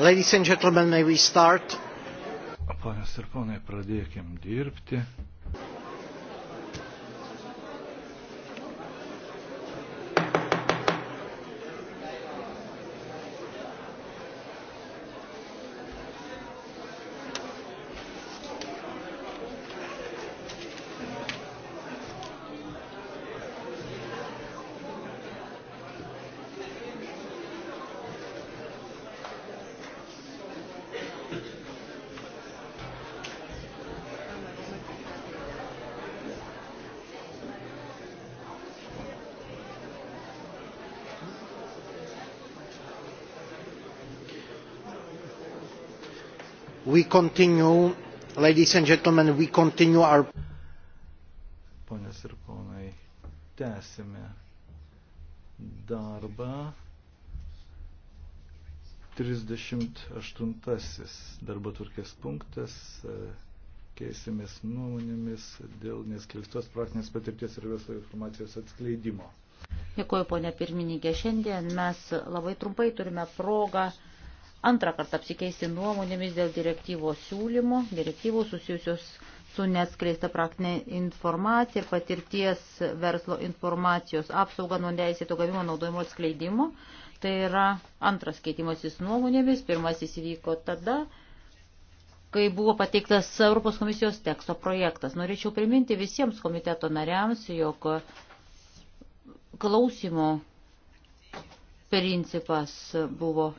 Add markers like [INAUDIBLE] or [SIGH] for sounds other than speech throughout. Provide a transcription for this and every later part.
Ladies and gentlemen, may we start? Ponas ir ponai, pradėkim dirbti. we continue, ladies and gentlemen, we continue our. Ponios ir ponai, tęsime darbą. 38 darbo turkės punktas. Keisimės nuomonėmis dėl neskleistos praktinės patirties ir verslo informacijos atskleidimo. Dėkuoju, ponė pirmininkė. Šiandien mes labai trumpai turime progą uh, antrą kartą apsikeisti nuomonėmis dėl direktyvos siūlymų, direktyvos susijusios su neatskleista praktinė informacija ir patirties verslo informacijos apsauga nuo neteisėto gavimo naudojimo atskleidimo. Tai yra antras keitimasis nuomonėmis, pirmasis įvyko tada, kai buvo pateiktas Europos komisijos teksto projektas. Norėčiau priminti visiems komiteto nariams, jog klausimo principas buvo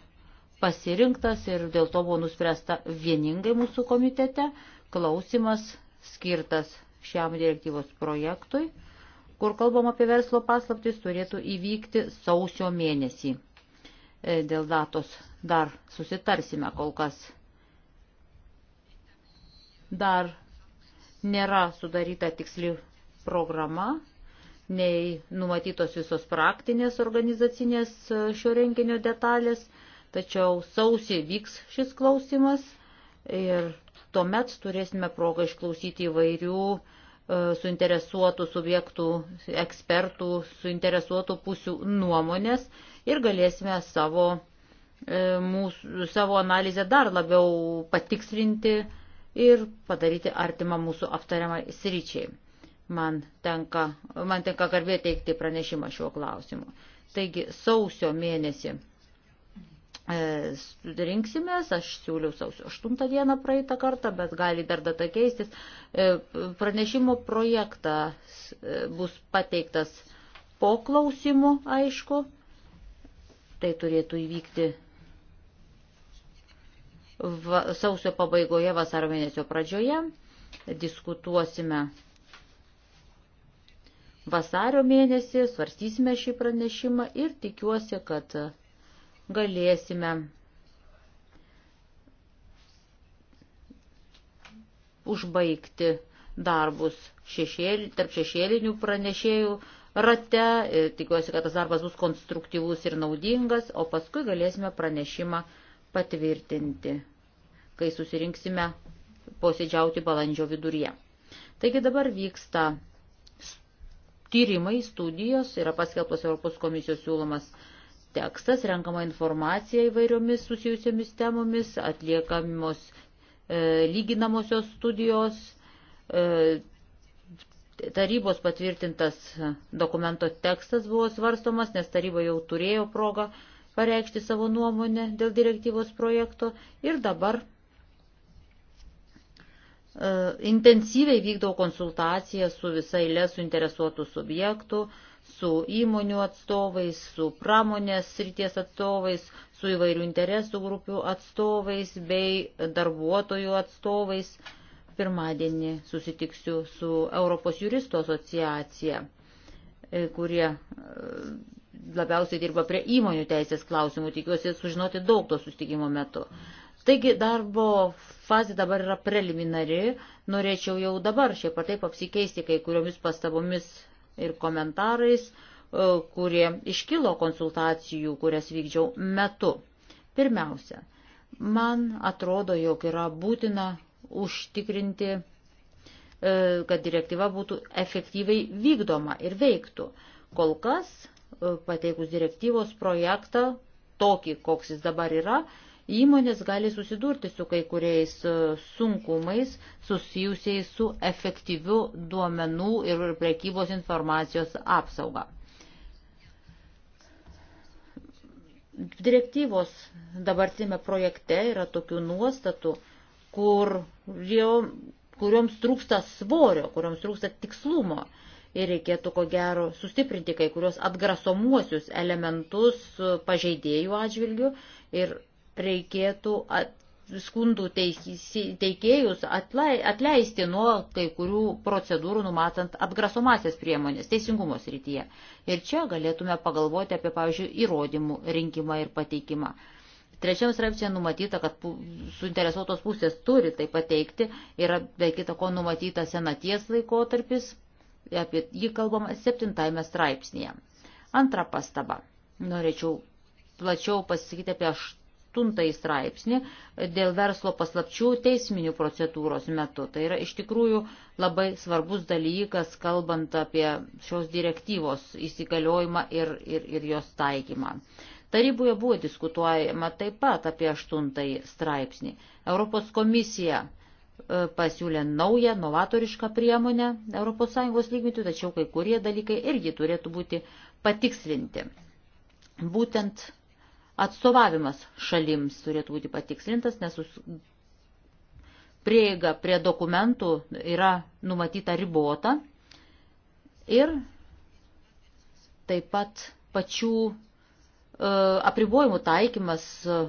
pasirinktas ir dėl to buvo nuspręsta vieningai mūsų komitete. Klausimas skirtas šiam direktyvos projektui, kur kalbam apie verslo paslaptis, turėtų įvykti sausio mėnesį. E, dėl datos dar susitarsime kol kas. Dar nėra sudaryta tiksli programa, nei numatytos visos praktinės organizacinės e, šio renginio detalės Tačiau sausį vyks šis klausimas ir tuomet turėsime progą išklausyti įvairių e, suinteresuotų subjektų, ekspertų, suinteresuotų pusių nuomonės ir galėsime savo, e, mūsų, savo analizę dar labiau patikslinti ir padaryti artimą mūsų aptariamai sryčiai. Man tenka, man tenka garbė teikti pranešimą šiuo klausimu. Taigi sausio mėnesį E, rinksimės, aš siūliau sausio 8 dieną praeitą kartą, bet gali dar data keistis. E, pranešimo projektas e, bus pateiktas po klausimų, aišku. Tai turėtų įvykti va, sausio pabaigoje, vasaro mėnesio pradžioje. Diskutuosime vasario mėnesį, svarstysime šį pranešimą ir tikiuosi, kad galėsime užbaigti darbus šešėlį, tarp šešėlinių pranešėjų rate. Tikiuosi, kad tas darbas bus konstruktyvus ir naudingas, o paskui galėsime pranešimą patvirtinti, kai susirinksime posėdžiauti balandžio viduryje. Taigi dabar vyksta tyrimai, studijos, yra paskelbtas Europos komisijos siūlomas tekstas, renkama informacija įvairiomis susijusiamis temomis, atliekamos e, lyginamosios studijos, e, tarybos patvirtintas dokumento tekstas buvo svarstomas, nes taryba jau turėjo progą pareikšti savo nuomonę dėl direktyvos projekto ir dabar e, intensyviai vykdau konsultaciją su visai lė suinteresuotų subjektų, e, su įmonių atstovais, su pramonės srities atstovais, su įvairių interesų grupių atstovais bei darbuotojų atstovais. Pirmadienį susitiksiu su Europos juristų asociacija, e, kurie e, labiausiai dirba prie įmonių teisės klausimų. Tikiuosi sužinoti daug to sustikimo metu. Taigi darbo fazė dabar yra preliminari. Norėčiau jau dabar šiaip ar taip apsikeisti kai kuriomis pastabomis ir komentarais, e, kurie iškilo konsultacijų, kurias vykdžiau metu. Pirmiausia, man atrodo, jog yra būtina užtikrinti, e, kad direktyva būtų efektyviai vykdoma ir veiktų. Kol kas, e, pateikus direktyvos projektą, tokį, koks jis dabar yra, Įmonės gali susidurti su kai kuriais e, sunkumais susijusiais su efektyviu duomenų ir prekybos informacijos apsauga. Direktyvos dabartime projekte yra tokių nuostatų, kur jau, kurioms trūksta svorio, kurioms trūksta tikslumo ir reikėtų ko gero sustiprinti kai kurios atgrasomuosius elementus e, pažeidėjų atžvilgių ir reikėtų at, skundų teikėjus atleisti nuo kai kurių procedūrų, numatant atgrasomasias priemonės teisingumo srityje. Ir čia galėtume pagalvoti apie, pavyzdžiui, įrodymų rinkimą ir pateikimą. Trečiam straipsnė numatyta, kad suinteresuotos pusės turi tai pateikti, yra be kita ko numatyta senaties laikotarpis, apie jį kalbama septintame straipsnėje. Antra pastaba. Norėčiau plačiau pasisakyti apie aš aštuntąjį straipsnį dėl verslo paslapčių teisminių procedūros metu. Tai yra iš tikrųjų labai svarbus dalykas, kalbant apie šios direktyvos įsigaliojimą ir, ir, ir jos taikymą. Taryboje buvo diskutuojama taip pat apie aštuntąjį straipsnį. Europos komisija e, pasiūlė naują novatorišką priemonę ES lygmitių, tačiau kai kurie dalykai irgi turėtų būti patikslinti. Būtent Atstovavimas šalims turėtų būti patikslintas, nes prieiga prie dokumentų yra numatyta ribota ir taip pat pačių e, apribojimų taikymas e,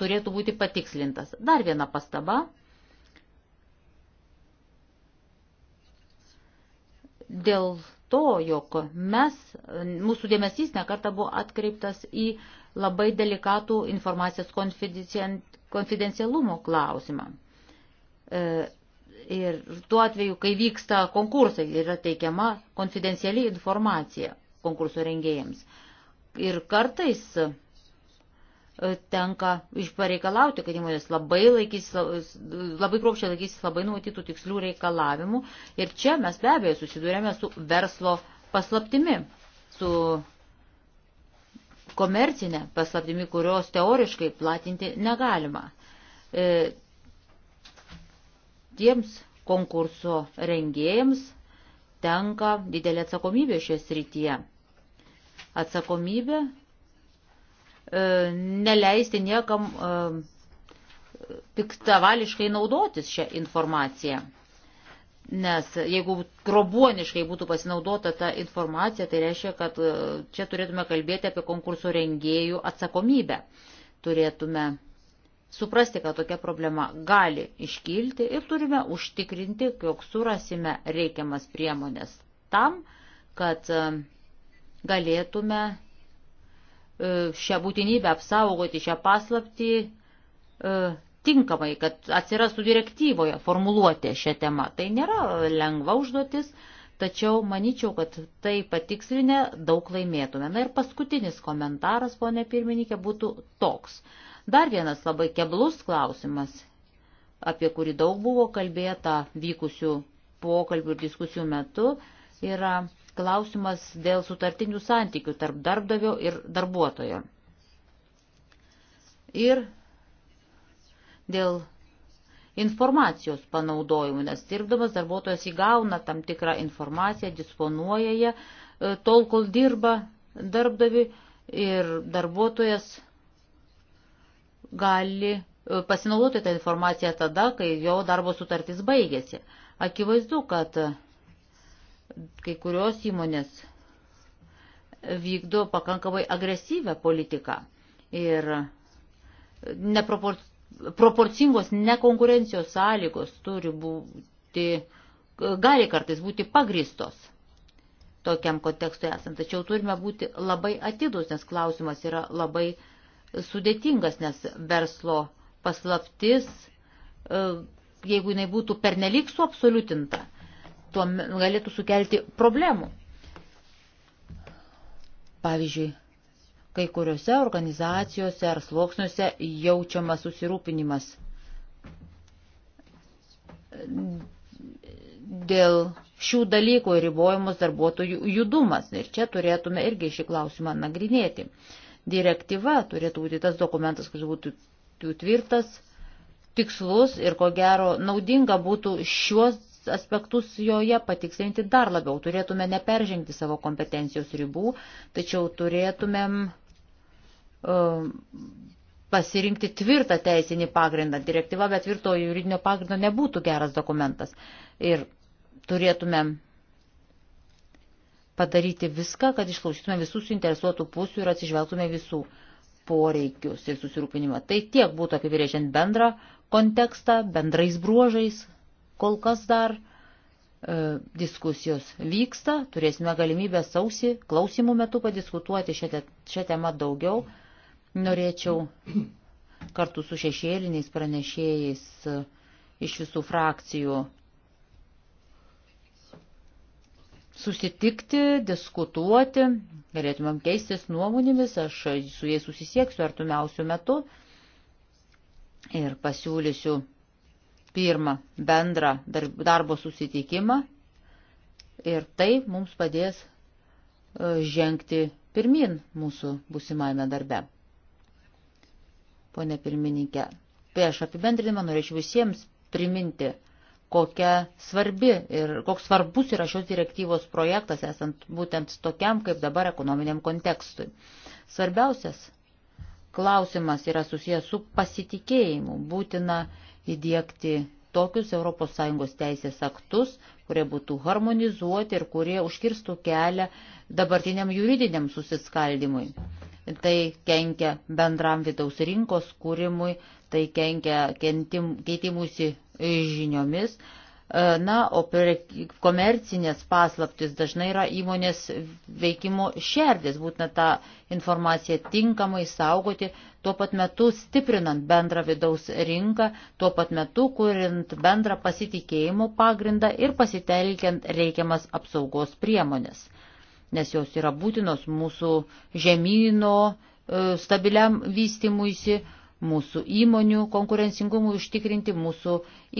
turėtų būti patikslintas. Dar viena pastaba. Dėl to, jog mes, mūsų dėmesys nekarta buvo atkreiptas į labai delikatų informacijos konfidencialumo klausimą. E, ir tuo atveju, kai vyksta konkursai, yra teikiama konfidenciali informacija konkurso rengėjams. Ir kartais tenka išpareikalauti, kad įmonės labai, laikys, labai kruopščiai laikysis labai numatytų tikslių reikalavimų. Ir čia mes be abejo susidurėme su verslo paslaptimi, su komercinė paslaptimi, kurios teoriškai platinti negalima. E, tiems konkurso rengėjams tenka didelė atsakomybė šioje srityje. Atsakomybė E, neleisti niekam e, piktavališkai naudotis šią informaciją. Nes jeigu grobuoniškai būtų pasinaudota ta informacija, tai reiškia, kad e, čia turėtume kalbėti apie konkurso rengėjų atsakomybę. Turėtume suprasti, kad tokia problema gali iškilti ir turime užtikrinti, jog surasime reikiamas priemonės tam, kad galėtume E, šią būtinybę apsaugoti šią paslaptį e, tinkamai, kad atsirastų direktyvoje formuluoti šią temą. Tai nėra lengva užduotis, tačiau manyčiau, kad tai patikslinę daug laimėtume. Na ir paskutinis komentaras, ponė pirmininkė, būtų toks. Dar vienas labai keblus klausimas, apie kurį daug buvo kalbėta vykusių pokalbių ir diskusijų metu, yra klausimas dėl sutartinių santykių tarp darbdavio ir darbuotojo. Ir dėl informacijos panaudojimu, nes dirbdamas darbuotojas įgauna tam tikrą informaciją, disponuoja ją e, tol, kol dirba darbdavi ir darbuotojas gali e, pasinaudoti tą informaciją tada, kai jo darbo sutartis baigėsi. Akivaizdu, kad kai kurios įmonės vykdo pakankamai agresyvę politiką ir nepropor, proporcingos nekonkurencijos sąlygos turi būti, gali kartais būti pagristos tokiam kontekstui esant. Tačiau turime būti labai atidus, nes klausimas yra labai sudėtingas, nes verslo paslaptis, e, jeigu jinai būtų pernelik suabsoliutinta, tuo galėtų sukelti problemų. Pavyzdžiui, kai kuriuose organizacijose ar sluoksniuose jaučiamas susirūpinimas dėl šių dalykų ir ribojimus darbuotojų judumas. Ir čia turėtume irgi šį klausimą nagrinėti. Direktyva turėtų būti tas dokumentas, kuris būtų tvirtas, tikslus ir ko gero naudinga būtų šiuos aspektus joje patikslinti dar labiau. Turėtume neperžengti savo kompetencijos ribų, tačiau turėtumėm um, pasirinkti tvirtą teisinį pagrindą. Direktyva be tvirto juridinio pagrindo nebūtų geras dokumentas. Ir turėtumėm padaryti viską, kad išklausytume visų suinteresuotų pusių ir atsižvelgtume visų poreikius ir susirūpinimą. Tai tiek būtų apibrėžiant bendrą kontekstą, bendrais bruožais, Kol kas dar e, diskusijos vyksta, turėsime galimybę sausį klausimų metu padiskutuoti šią, šią temą daugiau. Norėčiau kartu su šešėliniais pranešėjais e, iš visų frakcijų susitikti, diskutuoti, galėtumėm keistis nuomonėmis, aš su jais susisieksiu artumiausių metų ir pasiūlysiu pirmą bendrą darbo susitikimą ir tai mums padės e, žengti pirmin mūsų būsimajame darbe. Pone pirmininkė, prieš apibendrinimą norėčiau visiems priminti, kokia svarbi ir koks svarbus yra šios direktyvos projektas, esant būtent tokiam kaip dabar ekonominiam kontekstui. Svarbiausias klausimas yra susijęs su pasitikėjimu. Būtina įdėkti tokius ES teisės aktus, kurie būtų harmonizuoti ir kurie užkirstų kelią dabartiniam juridiniam susiskaldimui. Tai kenkia bendram vidaus rinkos kūrimui, tai kenkia keitimusi žiniomis, Na, o komercinės paslaptis dažnai yra įmonės veikimo šerdis, būtina tą informaciją tinkamai saugoti, tuo pat metu stiprinant bendrą vidaus rinką, tuo pat metu kuriant bendrą pasitikėjimo pagrindą ir pasitelkiant reikiamas apsaugos priemonės, nes jos yra būtinos mūsų žemynų e, stabiliam vystimuisi mūsų įmonių konkurencingumui užtikrinti, mūsų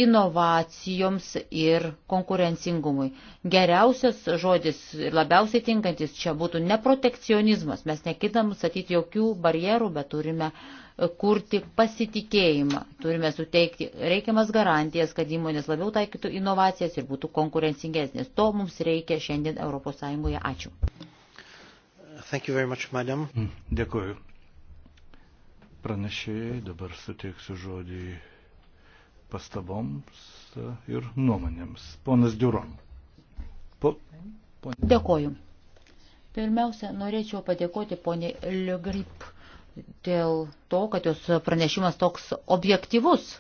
inovacijoms ir konkurencingumui. Geriausias žodis ir labiausiai tinkantis čia būtų ne protekcionizmas, mes nekitam statyti jokių barjerų, bet turime kurti pasitikėjimą, turime suteikti reikiamas garantijas, kad įmonės labiau taikytų inovacijas ir būtų konkurencingesnės. To mums reikia šiandien ES. Ačiū. Much, Dėkuoju pranešėjai. Dabar suteiksiu žodį pastaboms ir nuomonėms. Ponas Diuron. Po, ponė. Dėkoju. Pirmiausia, norėčiau padėkoti poniai Liugrip dėl to, kad jos pranešimas toks objektivus.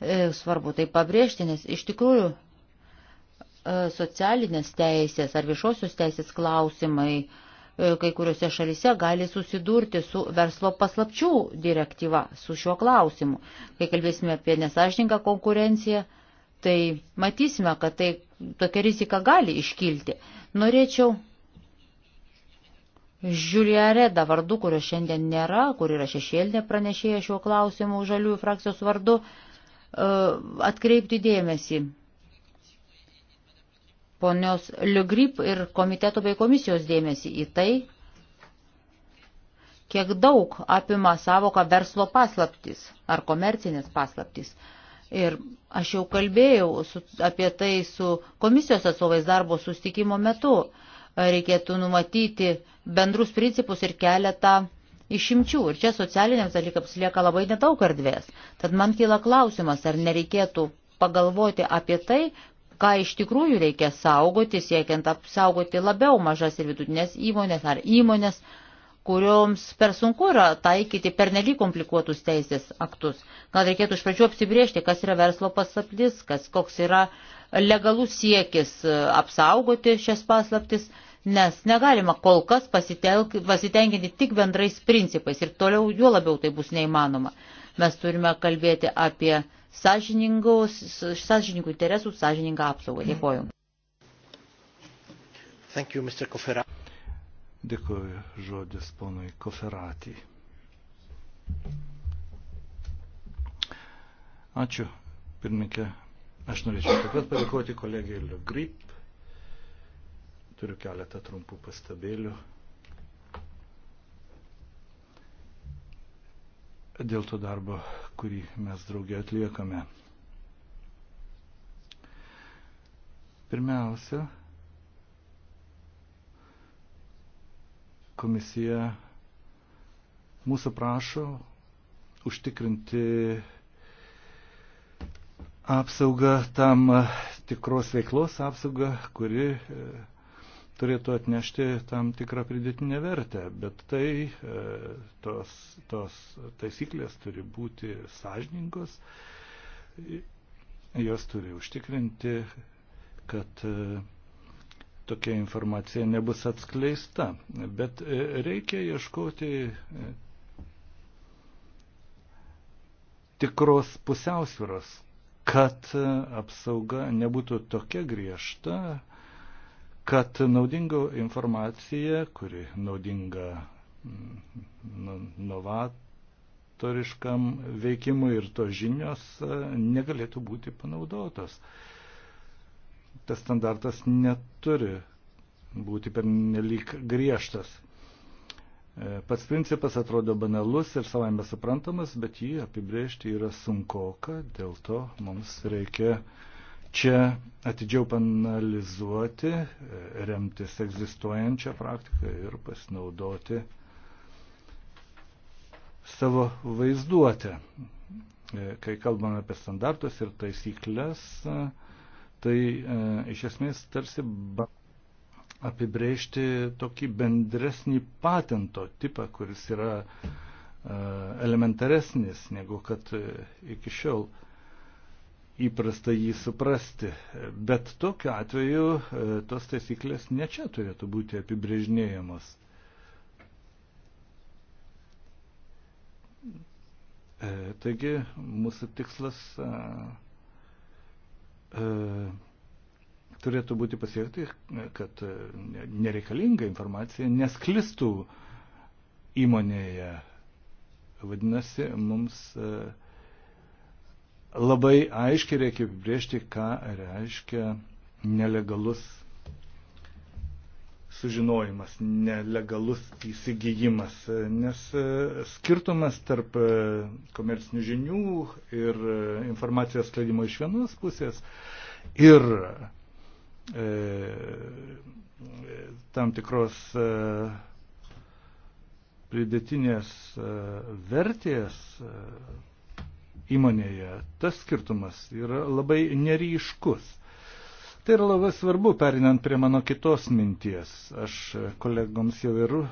E, svarbu tai pabrėžti, nes iš tikrųjų e, socialinės teisės ar viešosios teisės klausimai E, kai kuriuose šalise gali susidurti su verslo paslapčių direktyva, su šiuo klausimu. Kai kalbėsime apie nesažininką konkurenciją, tai matysime, kad tai tokia rizika gali iškilti. Norėčiau Žiuliareda vardu, kurio šiandien nėra, kur yra šešėlinė pranešėja šiuo klausimu žaliųjų frakcijos vardu, e, atkreipti dėmesį ponios Liugryp ir komiteto bei komisijos dėmesį į tai, kiek daug apima savoka verslo paslaptis ar komercinės paslaptis. Ir aš jau kalbėjau su, apie tai su komisijos atstovais darbo sustikimo metu. Reikėtų numatyti bendrus principus ir keletą išimčių. Ir čia socialiniams dalykams lieka labai nedaug erdvės. Tad man kyla klausimas, ar nereikėtų pagalvoti apie tai, ką iš tikrųjų reikia saugoti, siekiant apsaugoti labiau mažas ir vidutinės įmonės ar įmonės, kurioms per sunku yra taikyti pernelyg komplikuotus teisės aktus. Gal reikėtų iš pradžių apsibriežti, kas yra verslo paslaptis, kas, koks yra legalus siekis e, apsaugoti šias paslaptis, nes negalima kol kas pasitelk, pasitenkinti tik bendrais principais ir toliau juo labiau tai bus neįmanoma. Mes turime kalbėti apie sąžiningų interesų sąžiningą apsaugą. Dėkoju. Thank you, Mr. Kofera. Dėkoju žodis ponui Koferatį. Ačiū, pirmininkė. Aš norėčiau taip pat padėkoti kolegijai Liugrip. Turiu keletą trumpų pastabėlių. dėl to darbo, kurį mes draugė atliekame. Pirmiausia, komisija mūsų prašo užtikrinti apsaugą tam tikros veiklos apsaugą, kuri turėtų atnešti tam tikrą pridėtinę vertę, bet tai e, tos, tos taisyklės turi būti sąžiningos, jos turi užtikrinti, kad e, tokia informacija nebus atskleista, bet e, reikia ieškoti tikros pusiausviros, kad apsauga nebūtų tokia griežta, kad naudinga informacija, kuri naudinga mm, nu, novatoriškam veikimui ir to žinios e, negalėtų būti panaudotos. Tas standartas neturi būti pernelyg griežtas. E, pats principas atrodo banalus ir savaime suprantamas, bet jį apibrėžti yra sunkoka, dėl to mums reikia uh, čia atidžiau panalizuoti, remtis egzistuojančią praktiką ir pasinaudoti savo vaizduotę. Kai kalbame apie standartus ir taisyklės, tai e, iš esmės tarsi apibrėžti tokį bendresnį patento tipą, kuris yra e, elementaresnis negu kad e, iki šiol įprasta jį suprasti. Bet tokiu atveju e, tos taisyklės ne čia turėtų būti apibrėžinėjamos. E, taigi mūsų tikslas e, turėtų būti pasiekti, kad nereikalinga informacija nesklistų įmonėje. Vadinasi, mums uh, labai aiškiai reikia apibriežti, ką reiškia nelegalus sužinojimas, nelegalus įsigijimas, nes e, skirtumas tarp e, komercinių žinių ir e, informacijos skleidimo iš vienos pusės ir e, tam tikros e, pridėtinės e, vertės e, įmonėje. Tas skirtumas yra labai neryškus. Tai yra labai svarbu, perinant prie mano kitos minties. Aš kolegoms jau ir e,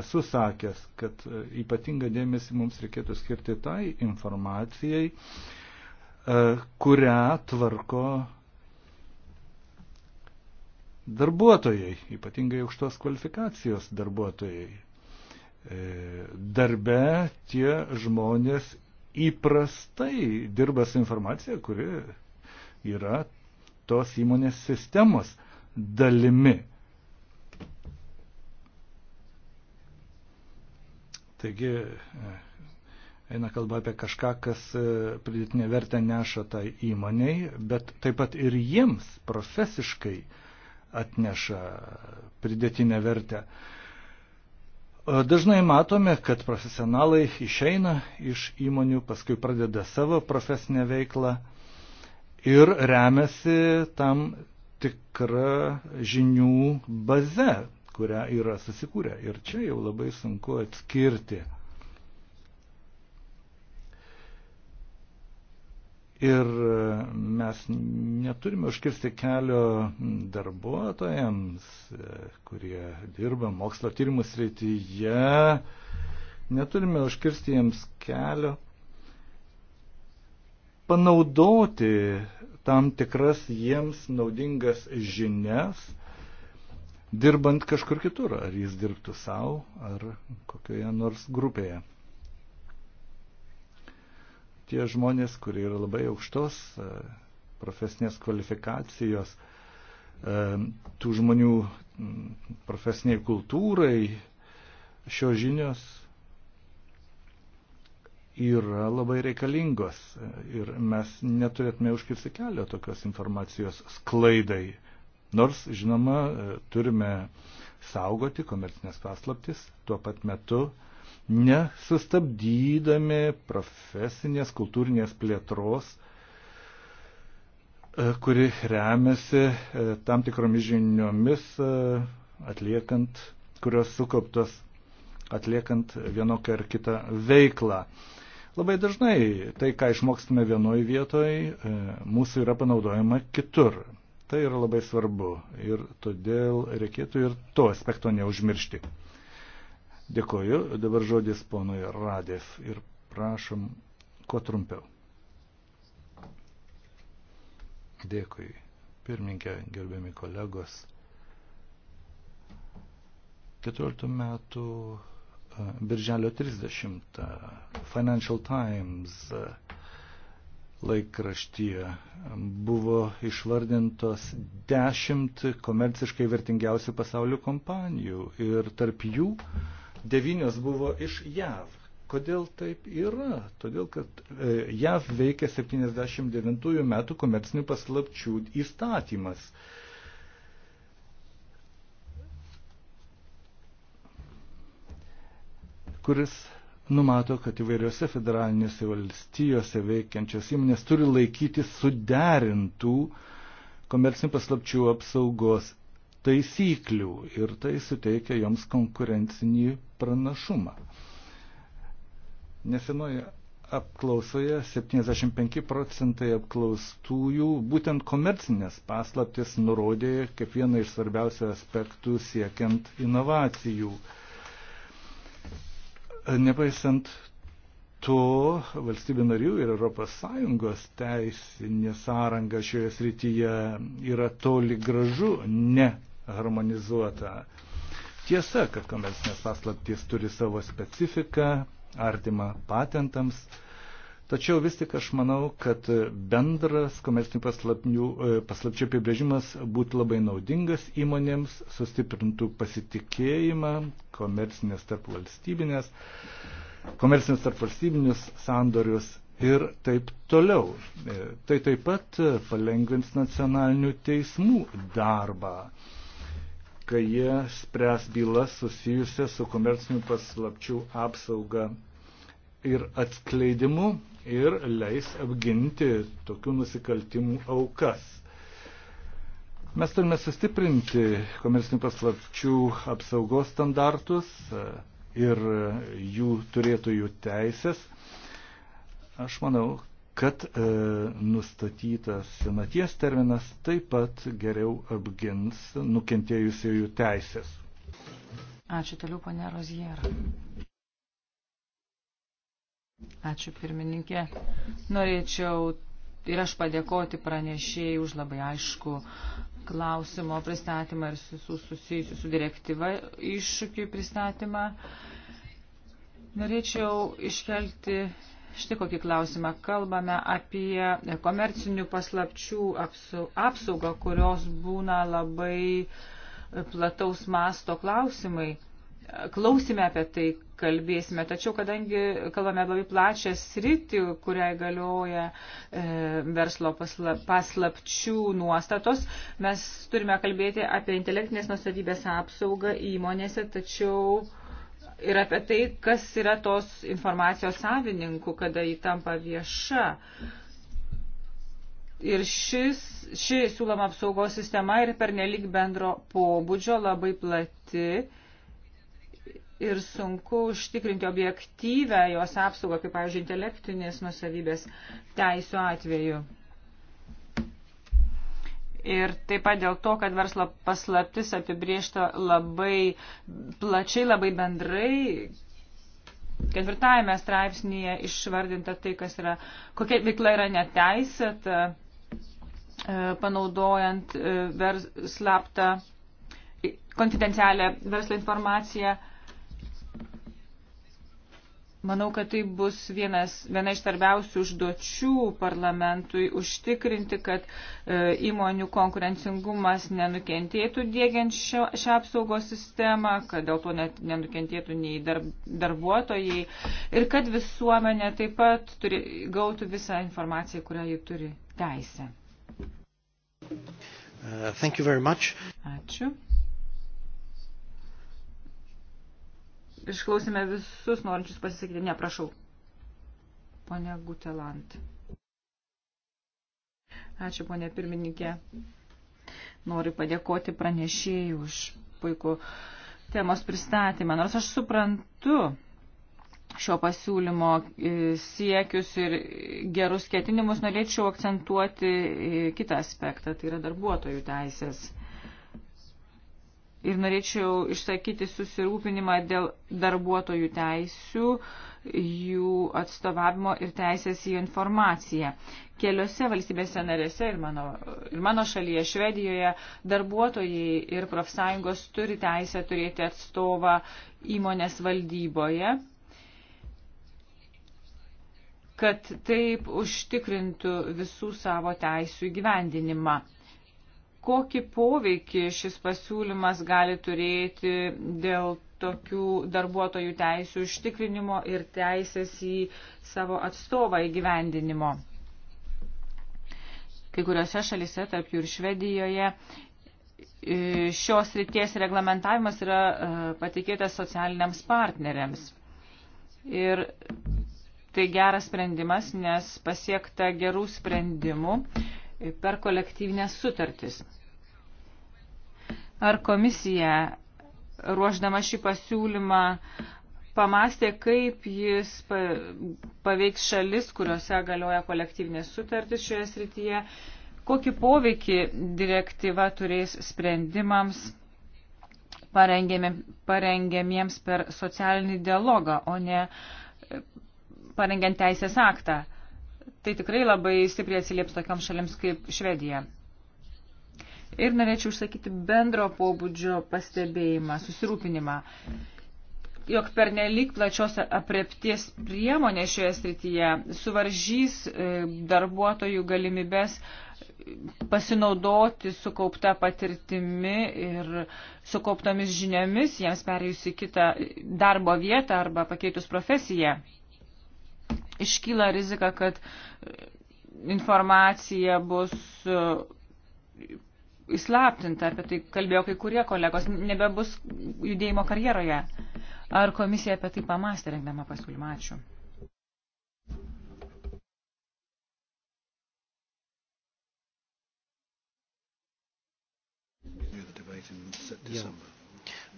esu sakęs, kad e, ypatingą dėmesį mums reikėtų skirti tai informacijai, e, kurią tvarko darbuotojai, ypatingai aukštos kvalifikacijos darbuotojai. Darbe tie žmonės įprastai dirba su informacija, kuri yra tos įmonės sistemos dalimi. Taigi e, eina kalba apie kažką, kas e, pridėtinė vertę neša tai įmoniai, bet taip pat ir jiems profesiškai atneša pridėtinę vertę. E, dažnai matome, kad profesionalai išeina iš įmonių, paskui pradeda savo profesinę veiklą ir remiasi tam tikra žinių baze, kurią yra susikūrę. Ir čia jau labai sunku atskirti Ir e, mes neturime užkirsti kelio darbuotojams, e, kurie dirba mokslo tyrimų srityje. Neturime užkirsti jiems kelio panaudoti tam tikras jiems naudingas žinias, dirbant kažkur kitur, ar jis dirbtų savo, ar kokioje nors grupėje tie žmonės, kurie yra labai aukštos e, profesinės kvalifikacijos, e, tų žmonių profesiniai kultūrai šios žinios yra labai reikalingos e, ir mes neturėtume užkirsti kelio tokios informacijos sklaidai. Nors, žinoma, turime saugoti komercinės paslaptis, tuo pat metu uh, nesustabdydami profesinės kultūrinės plėtros, e, kuri remiasi e, tam tikromis žiniomis e, atliekant, kurios sukauptos atliekant vienokią ar kitą veiklą. Labai dažnai tai, ką išmokstame vienoje vietoje, mūsų yra panaudojama kitur. Tai yra labai svarbu ir todėl reikėtų ir to aspekto neužmiršti. Dėkoju. Dabar žodis ponui Radev ir prašom, kuo trumpiau. Dėkui. Pirminkė, gerbiami kolegos. 14 metų Birželio 30 Financial Times laikraštyje buvo išvardintos dešimt komerciškai vertingiausių pasaulio kompanijų ir tarp jų uh, devynios buvo iš JAV. Kodėl taip yra? Todėl, kad e, JAV veikia 79 metų komercinių paslapčių įstatymas. kuris numato, kad įvairiose federalinėse valstijose veikiančios įmonės turi laikytis suderintų komercinių paslapčių apsaugos taisyklių ir tai suteikia joms konkurencinį pranašumą. Nesenoje apklausoje 75 procentai apklaustųjų būtent komercinės paslaptis nurodė kaip vieną iš svarbiausių aspektų siekiant inovacijų. Nepaisant to, valstybių narių ir ES teisinė sąranga šioje srityje yra toli gražu neharmonizuota. harmonizuota Tiesa, kad komercinės paslaptys turi savo specifiką, artimą patentams, tačiau vis tik aš manau, kad bendras komercinių e, paslapčių apibrėžimas būtų labai naudingas įmonėms, sustiprintų pasitikėjimą komercinės tarp valstybinės, komercinės tarp valstybinius sandorius ir taip toliau. E, tai taip pat palengvins nacionalinių teismų darbą kai jie spręs bylas susijusias su komercinių paslapčių apsauga ir atskleidimu ir leis apginti tokių nusikaltimų aukas. Mes turime sustiprinti komercinių paslapčių apsaugos standartus e, ir jų turėtojų teisės. Aš manau, kad e, nustatytas senaties terminas taip pat geriau apgins nukentėjusiejų teisės. Ačiū toliau, ponė Roziera. Ačiū pirmininkė. Norėčiau ir aš padėkoti pranešėjai už labai aišku klausimo pristatymą ir susijusiu su direktyva iššūkių pristatymą. Norėčiau iškelti Štai kokį klausimą kalbame apie komercinių paslapčių apsaugą, kurios būna labai plataus masto klausimai. Klausime apie tai kalbėsime, tačiau kadangi kalbame labai plačią sritį, kuriai galioja e, verslo pasla, paslapčių nuostatos, mes turime kalbėti apie intelektinės nusavybės apsaugą įmonėse, tačiau e, ir apie tai, kas yra tos informacijos savininkų, kada ji tampa vieša. Ir šis, ši siūloma apsaugos sistema yra pernelik bendro pobūdžio, labai plati ir sunku užtikrinti objektyvę jos apsaugą, kaip, pavyzdžiui, intelektinės nusavybės teisų atveju. Ir taip pat dėl to, kad verslo paslaptis apibriešta labai plačiai, labai bendrai. Ketvirtajame straipsnėje išvardinta tai, kas yra, kokia veikla yra neteisėta, e, panaudojant e, vers, slaptą, konfidencialią verslo informaciją. Manau, kad tai bus vienas, viena iš svarbiausių užduočių parlamentui užtikrinti, kad e, įmonių konkurencingumas nenukentėtų dėgiant šio, šią apsaugos sistemą, kad dėl to net nenukentėtų nei dar, darbuotojai ir kad visuomenė taip pat turi, gautų visą informaciją, kurią ji turi teisę. Uh, Ačiū. Išklausime visus norinčius pasisakyti. Ne, prašau. Pone Gutelant. Ačiū, ponė pirmininkė. Noriu padėkoti pranešėjai už puikų temos pristatymą. Nors aš suprantu šio pasiūlymo e, siekius ir gerus ketinimus, norėčiau akcentuoti e, kitą aspektą, tai yra darbuotojų teisės ir norėčiau išsakyti susirūpinimą dėl darbuotojų teisių, jų atstovavimo ir teisės į informaciją. Keliose valstybėse narėse ir mano, ir mano šalyje, Švedijoje, darbuotojai ir profsąjungos turi teisę turėti atstovą įmonės valdyboje kad taip užtikrintų visų savo teisų įgyvendinimą kokį poveikį šis pasiūlymas gali turėti dėl tokių darbuotojų teisų užtikrinimo ir teisės į savo atstovą įgyvendinimo. Kai kuriuose šalise, tarp jų ir Švedijoje, e, šios ryties reglamentavimas yra e, patikėtas socialiniams partneriams. Ir tai geras sprendimas, nes pasiekta gerų sprendimų per kolektyvinės sutartis. Ar komisija, ruoždama šį pasiūlymą, pamastė, kaip jis paveiks šalis, kuriuose galioja kolektyvinės sutartis šioje srityje, kokį poveikį direktyva turės sprendimams parengiamiems per socialinį dialogą, o ne parengiant teisės aktą tai tikrai labai stipriai atsilieps tokiam šalims kaip Švedija. Ir norėčiau užsakyti bendro pobūdžio pastebėjimą, susirūpinimą, jog per nelik plačios aprepties priemonė šioje srityje suvaržys e, darbuotojų galimybės pasinaudoti sukaupta patirtimi ir sukauptomis žiniomis, jiems perėjus į kitą darbo vietą arba pakeitus profesiją iškyla rizika, kad informacija bus e, įslaptinta, apie tai kalbėjo kai kurie kolegos, nebebus judėjimo karjeroje. Ar komisija apie tai pamastė rengdama pasiūlymą? Ačiū.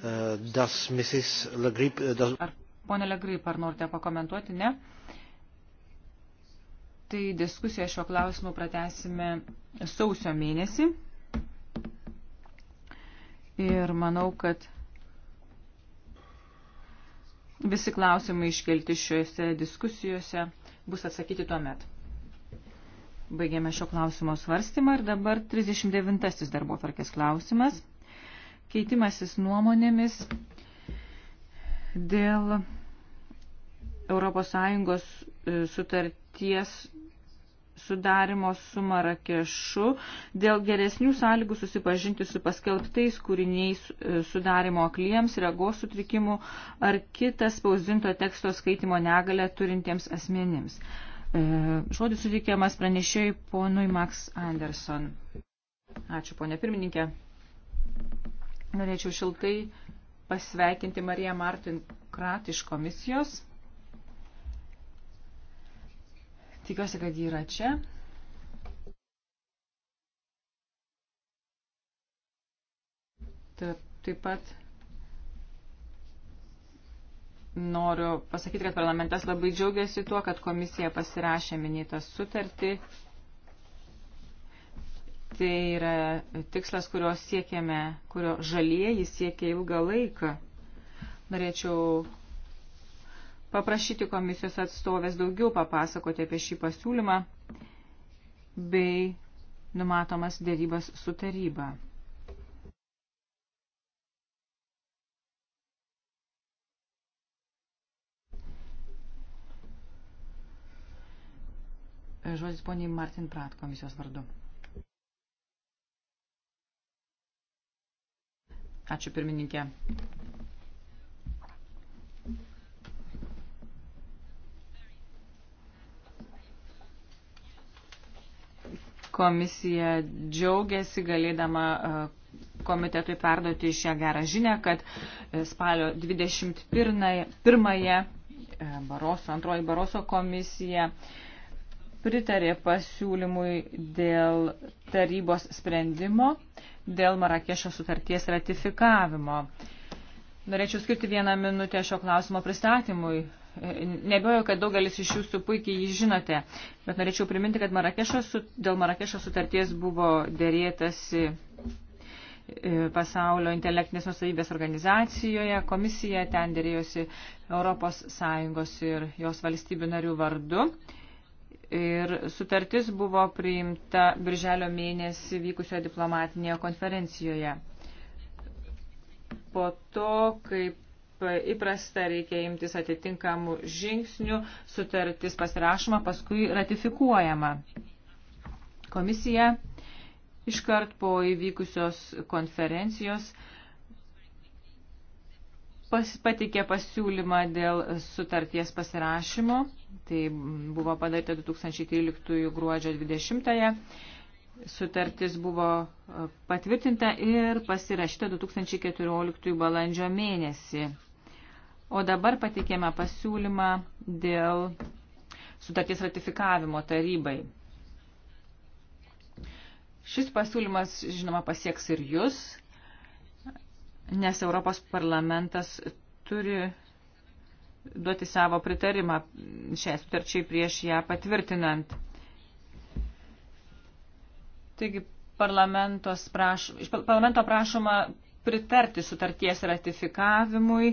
Uh, uh, ar ponė Legrip, ar norite pakomentuoti? Ne tai diskusiją šio klausimu pratesime sausio mėnesį. Ir manau, kad visi klausimai iškelti šiuose diskusijose bus atsakyti tuo met. Baigėme šio klausimo svarstymą ir dabar 39 darbo tvarkės klausimas. Keitimasis nuomonėmis dėl ES e, sutarties sudarimo su Marakešu dėl geresnių sąlygų susipažinti su paskelbtais kūriniais e, sudarimo akliems, regos sutrikimų ar kitas spausdinto teksto skaitimo negalę turintiems asmenims. E, žodis suteikiamas pranešėjai ponui Max Anderson. Ačiū, ponė pirmininkė. Norėčiau šiltai pasveikinti Mariją Martin Krat iš komisijos Tikiuosi, kad ji yra čia. Taip, taip pat noriu pasakyti, kad parlamentas labai džiaugiasi tuo, kad komisija pasirašė minėtą sutartį. Tai yra tikslas, kurio siekėme, kurio žalieji siekia ilgą laiką. Norėčiau paprašyti komisijos atstovės daugiau papasakoti apie šį pasiūlymą bei numatomas dėrybas su taryba. Žodis poniai Martin Prat komisijos vardu. Ačiū pirmininkė. komisija džiaugiasi galėdama e, komitetui perduoti šią gerą žinę, kad e, spalio 21-ąją e, Baroso, antroji Baroso komisija pritarė pasiūlymui dėl tarybos sprendimo, dėl Marakešo sutarties ratifikavimo. Norėčiau skirti vieną minutę šio klausimo pristatymui. Nebejoju, kad daugelis iš jūsų puikiai jį žinote, bet norėčiau priminti, kad Marakešo, dėl Marakešo sutarties buvo dėrėtasi e, pasaulio intelektinės nusavybės organizacijoje, komisija ten dėrėjosi ES ir jos valstybių narių vardu. Ir sutartis buvo priimta birželio mėnesį vykusioje diplomatinėje konferencijoje. Po to, kaip įprasta, reikia imtis atitinkamų žingsnių, sutartis pasirašoma, paskui ratifikuojama. Komisija iškart po įvykusios konferencijos pas, patikė pasiūlymą dėl sutarties pasirašymo. Tai buvo padaryta 2013 gruodžio 20-ąją. Sutartis buvo e, patvirtinta ir pasirašyta 2014 balandžio mėnesį. O dabar pateikėme pasiūlymą dėl sutarties ratifikavimo tarybai. Šis pasiūlymas, žinoma, pasieks ir jūs, nes Europos parlamentas turi duoti savo pritarimą šiai sutarčiai prieš ją patvirtinant. Taigi parlamento prašoma pritarti sutarties ratifikavimui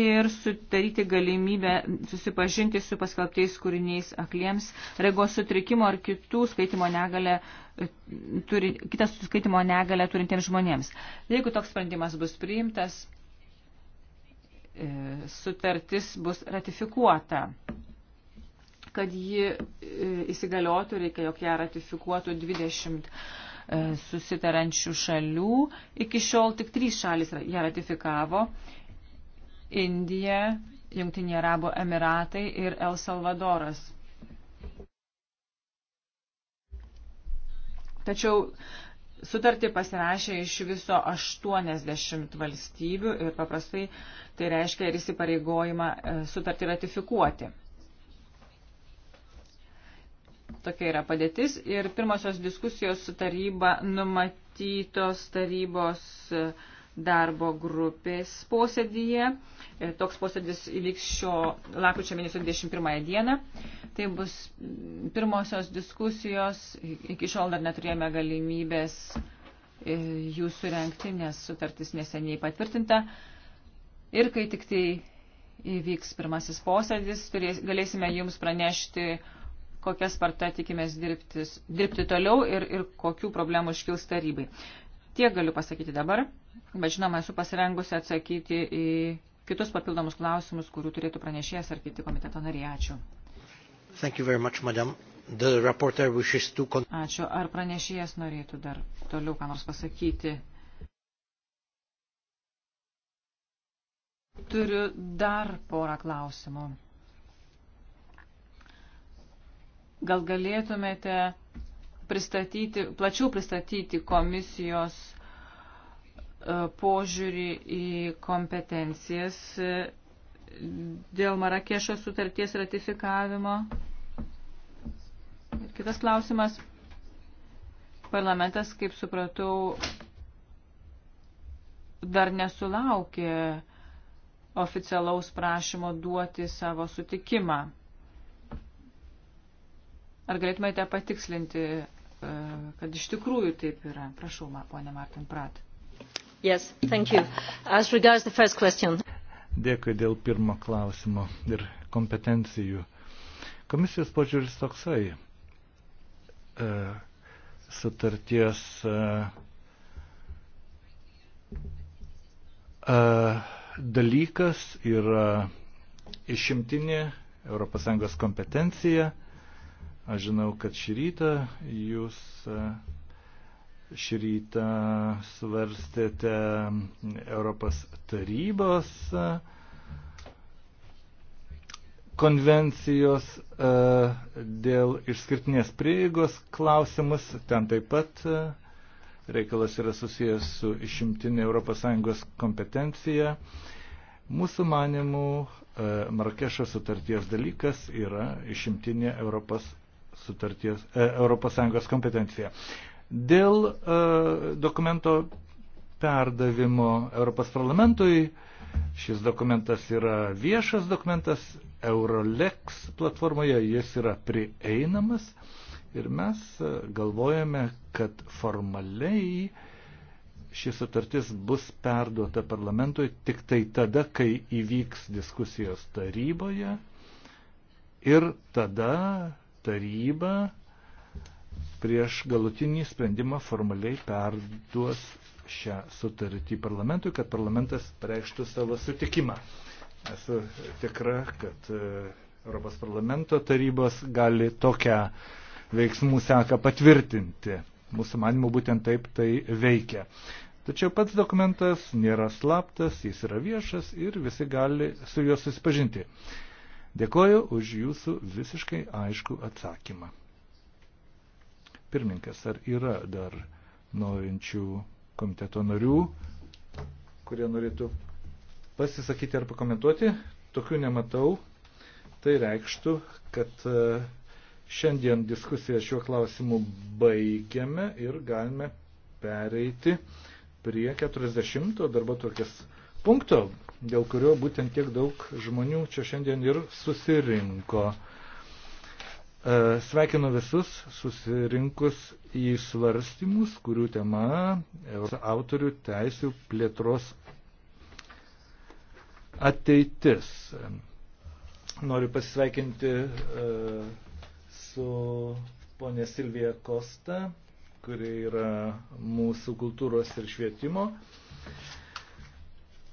ir sudaryti galimybę susipažinti su paskelbtais kūriniais akliems regos sutrikimo ar kitų skaitimo negalę e, turi, kitas skaitimo negalę turintiems žmonėms. Jeigu toks sprendimas bus priimtas, e, sutartis bus ratifikuota. Kad ji e, įsigaliotų, reikia, jog ją ratifikuotų 20 E, susitarančių šalių. Iki šiol tik trys šalis ją ratifikavo - Indija, Jungtiniai Arabo Emiratai ir El Salvadoras. Tačiau sutartį pasirašė iš viso 80 valstybių ir paprastai tai reiškia ir įsipareigojimą e, sutartį ratifikuoti. Tokia yra padėtis ir pirmosios diskusijos su taryba numatytos tarybos darbo grupės posėdyje. E, toks posėdis įvyks šio lakučio mėnesio 21 dieną. Tai bus pirmosios diskusijos. Iki šiol dar neturėjome galimybės e, jų surenkti, nes sutartis neseniai patvirtinta. Ir kai tik tai įvyks pirmasis posėdis, turės, galėsime jums pranešti kokia sparta tikimės dirbti, dirbti toliau ir, ir kokių problemų iškils tarybai. Tiek galiu pasakyti dabar, bet žinoma, esu pasirengusi atsakyti į kitus papildomus klausimus, kurių turėtų pranešėjas ar kiti komiteto nariai. Ačiū. Thank you very much, madam. The reporter wishes to... Ačiū. Ar pranešėjas norėtų dar toliau ką nors pasakyti? Turiu dar porą klausimų. Gal galėtumėte pristatyti, plačiau pristatyti komisijos e, požiūrį į kompetencijas e, dėl Marakešo sutarties ratifikavimo. Kitas klausimas. Parlamentas, kaip supratau, dar nesulaukė oficialaus prašymo duoti savo sutikimą. Ar galėtumėte patikslinti, e, kad iš tikrųjų taip yra? Prašau, ponė Martin Prat. Yes, thank you. As regards the first question. Dėkui dėl pirmo klausimo ir kompetencijų. Komisijos požiūris toksai. E, sutarties e, e, dalykas yra išimtinė ES kompetencija. E, Aš žinau, kad šį rytą jūs e, šį rytą svarstėte Europos tarybos e, konvencijos e, dėl išskirtinės prieigos klausimus. Ten taip pat reikalas yra susijęs su išimtinė ES kompetencija. Mūsų manimų Marakešo sutarties dalykas yra išimtinė Europos sutarties ES kompetencija. Dėl e, dokumento perdavimo Europos parlamentui, šis dokumentas yra viešas dokumentas, Eurolex platformoje jis yra prieinamas ir mes e, galvojame, kad formaliai ši sutartis bus perduota parlamentui tik tai tada, kai įvyks diskusijos taryboje ir tada taryba prieš galutinį sprendimą formaliai perduos šią sutartį parlamentui, kad parlamentas reikštų savo sutikimą. Esu tikra, kad e, Europos parlamento tarybos gali tokią veiksmų seką patvirtinti. Mūsų manimų būtent taip tai veikia. Tačiau pats dokumentas nėra slaptas, jis yra viešas ir visi gali su juo susipažinti. Dėkoju už jūsų visiškai aišku atsakymą. Pirmininkas, ar yra dar norinčių komiteto narių, kurie norėtų pasisakyti ar pakomentuoti? Tokių nematau. Tai reikštų, kad e, šiandien diskusiją šiuo klausimu baigiame ir galime pereiti prie 40 darbo tokias punkto, dėl kurio būtent tiek daug žmonių čia šiandien ir susirinko. E, sveikinu visus susirinkus į svarstymus, kurių tema autorių teisių plėtros ateitis. Noriu pasveikinti e, su ponė Silvija Kosta, kuri yra mūsų kultūros ir švietimo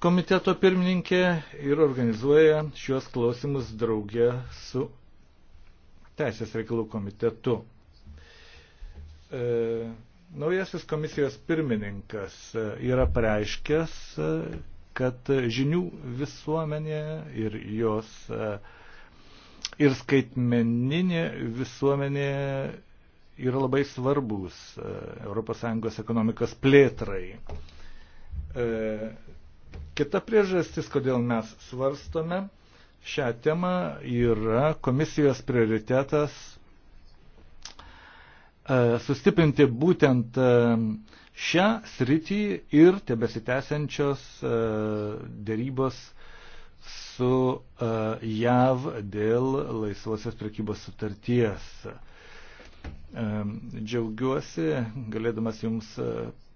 komiteto pirmininkė ir organizuoja šiuos klausimus draugė su Teisės reikalų komitetu. E, naujasis komisijos pirmininkas e, yra pareiškęs, e, kad žinių visuomenė ir jos e, ir skaitmeninė visuomenė yra labai svarbus ES ekonomikos plėtrai. Kita priežastis, kodėl mes svarstome šią temą, yra komisijos prioritetas e, sustiprinti būtent e, šią sritį ir tebesitęsiančios e, dėrybos su JAV dėl laisvosios prekybos sutarties. Džiaugiuosi, galėdamas Jums e,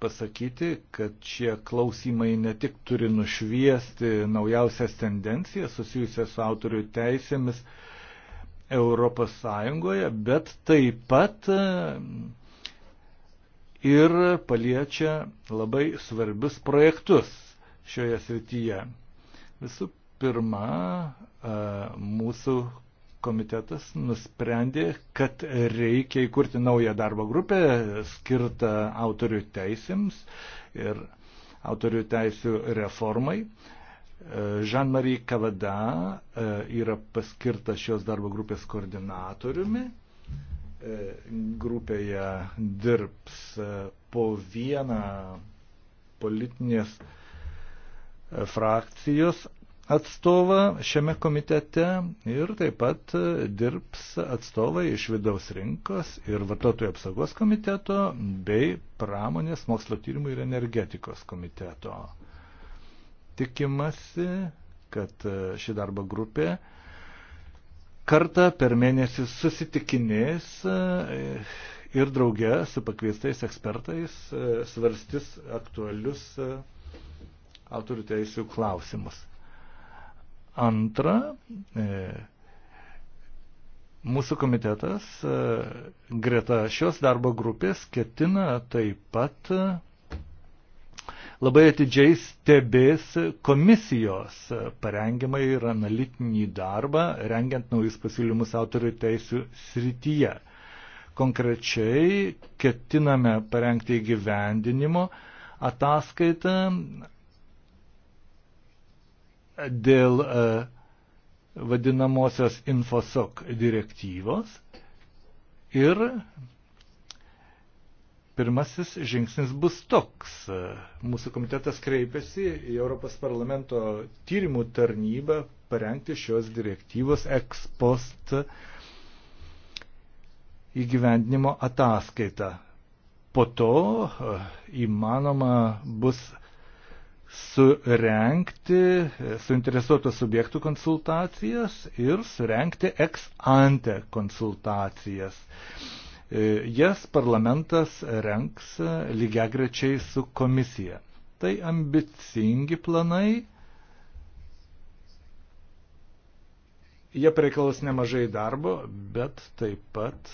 pasakyti, kad šie klausimai ne tik turi nušviesti naujausias tendencijas susijusias su autorių teisėmis Europos Sąjungoje, bet taip pat e, ir paliečia labai svarbius projektus šioje srityje. Visų pirma, e, mūsų komitetas nusprendė, kad reikia įkurti naują darbo grupę skirtą autorių teisėms ir autorių teisų reformai. E, Jean-Marie Kavada e, yra paskirtas šios darbo grupės koordinatoriumi. E, grupėje dirbs po vieną politinės frakcijos atstovą šiame komitete ir taip pat e, dirbs atstovai iš vidaus rinkos ir vartotojų apsaugos komiteto bei pramonės mokslo tyrimų ir energetikos komiteto. Tikimasi, kad e, ši darbo grupė kartą per mėnesį susitikinės e, ir drauge su pakviestais ekspertais svarstis aktualius autorių teisų klausimus. Antra, e, mūsų komitetas e, greta šios darbo grupės ketina taip pat e, labai atidžiai stebės komisijos parengimą ir analitinį darbą, rengiant naujus pasiūlymus autorių teisų srityje. Konkrečiai ketiname parengti įgyvendinimo ataskaitą dėl e, vadinamosios infosok direktyvos ir pirmasis žingsnis bus toks. E, mūsų komitetas kreipiasi į Europos parlamento tyrimų tarnybą parengti šios direktyvos ekspost įgyvendinimo ataskaitą. Po to e, įmanoma bus surenkti suinteresuoto subjektų konsultacijas ir surenkti ex ante konsultacijas. E, jas parlamentas renks lygiagrečiai su komisija. Tai ambicingi planai. Jie reikalaus nemažai darbo, bet taip pat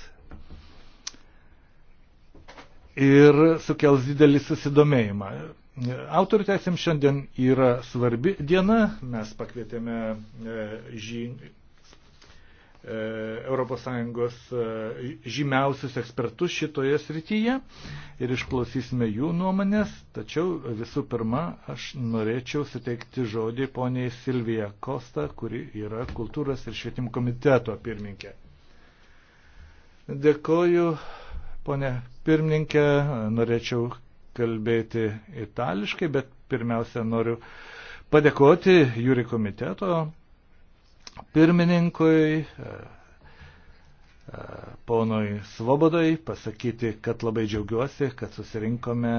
ir sukels didelį susidomėjimą. Autorių teisėm šiandien yra svarbi diena. Mes pakvietėme e, žyn... ES e, žymiausius ekspertus šitoje srityje ir išklausysime jų nuomonės. Tačiau visų pirma, aš norėčiau suteikti žodį poniai Silvija Kosta, kuri yra kultūros ir švietimo komiteto pirmininkė. Dėkoju, ponė pirmininkė, norėčiau kalbėti itališkai, bet pirmiausia noriu padėkoti jūri komiteto pirmininkui, e, e, ponui Svobodai, pasakyti, kad labai džiaugiuosi, kad susirinkome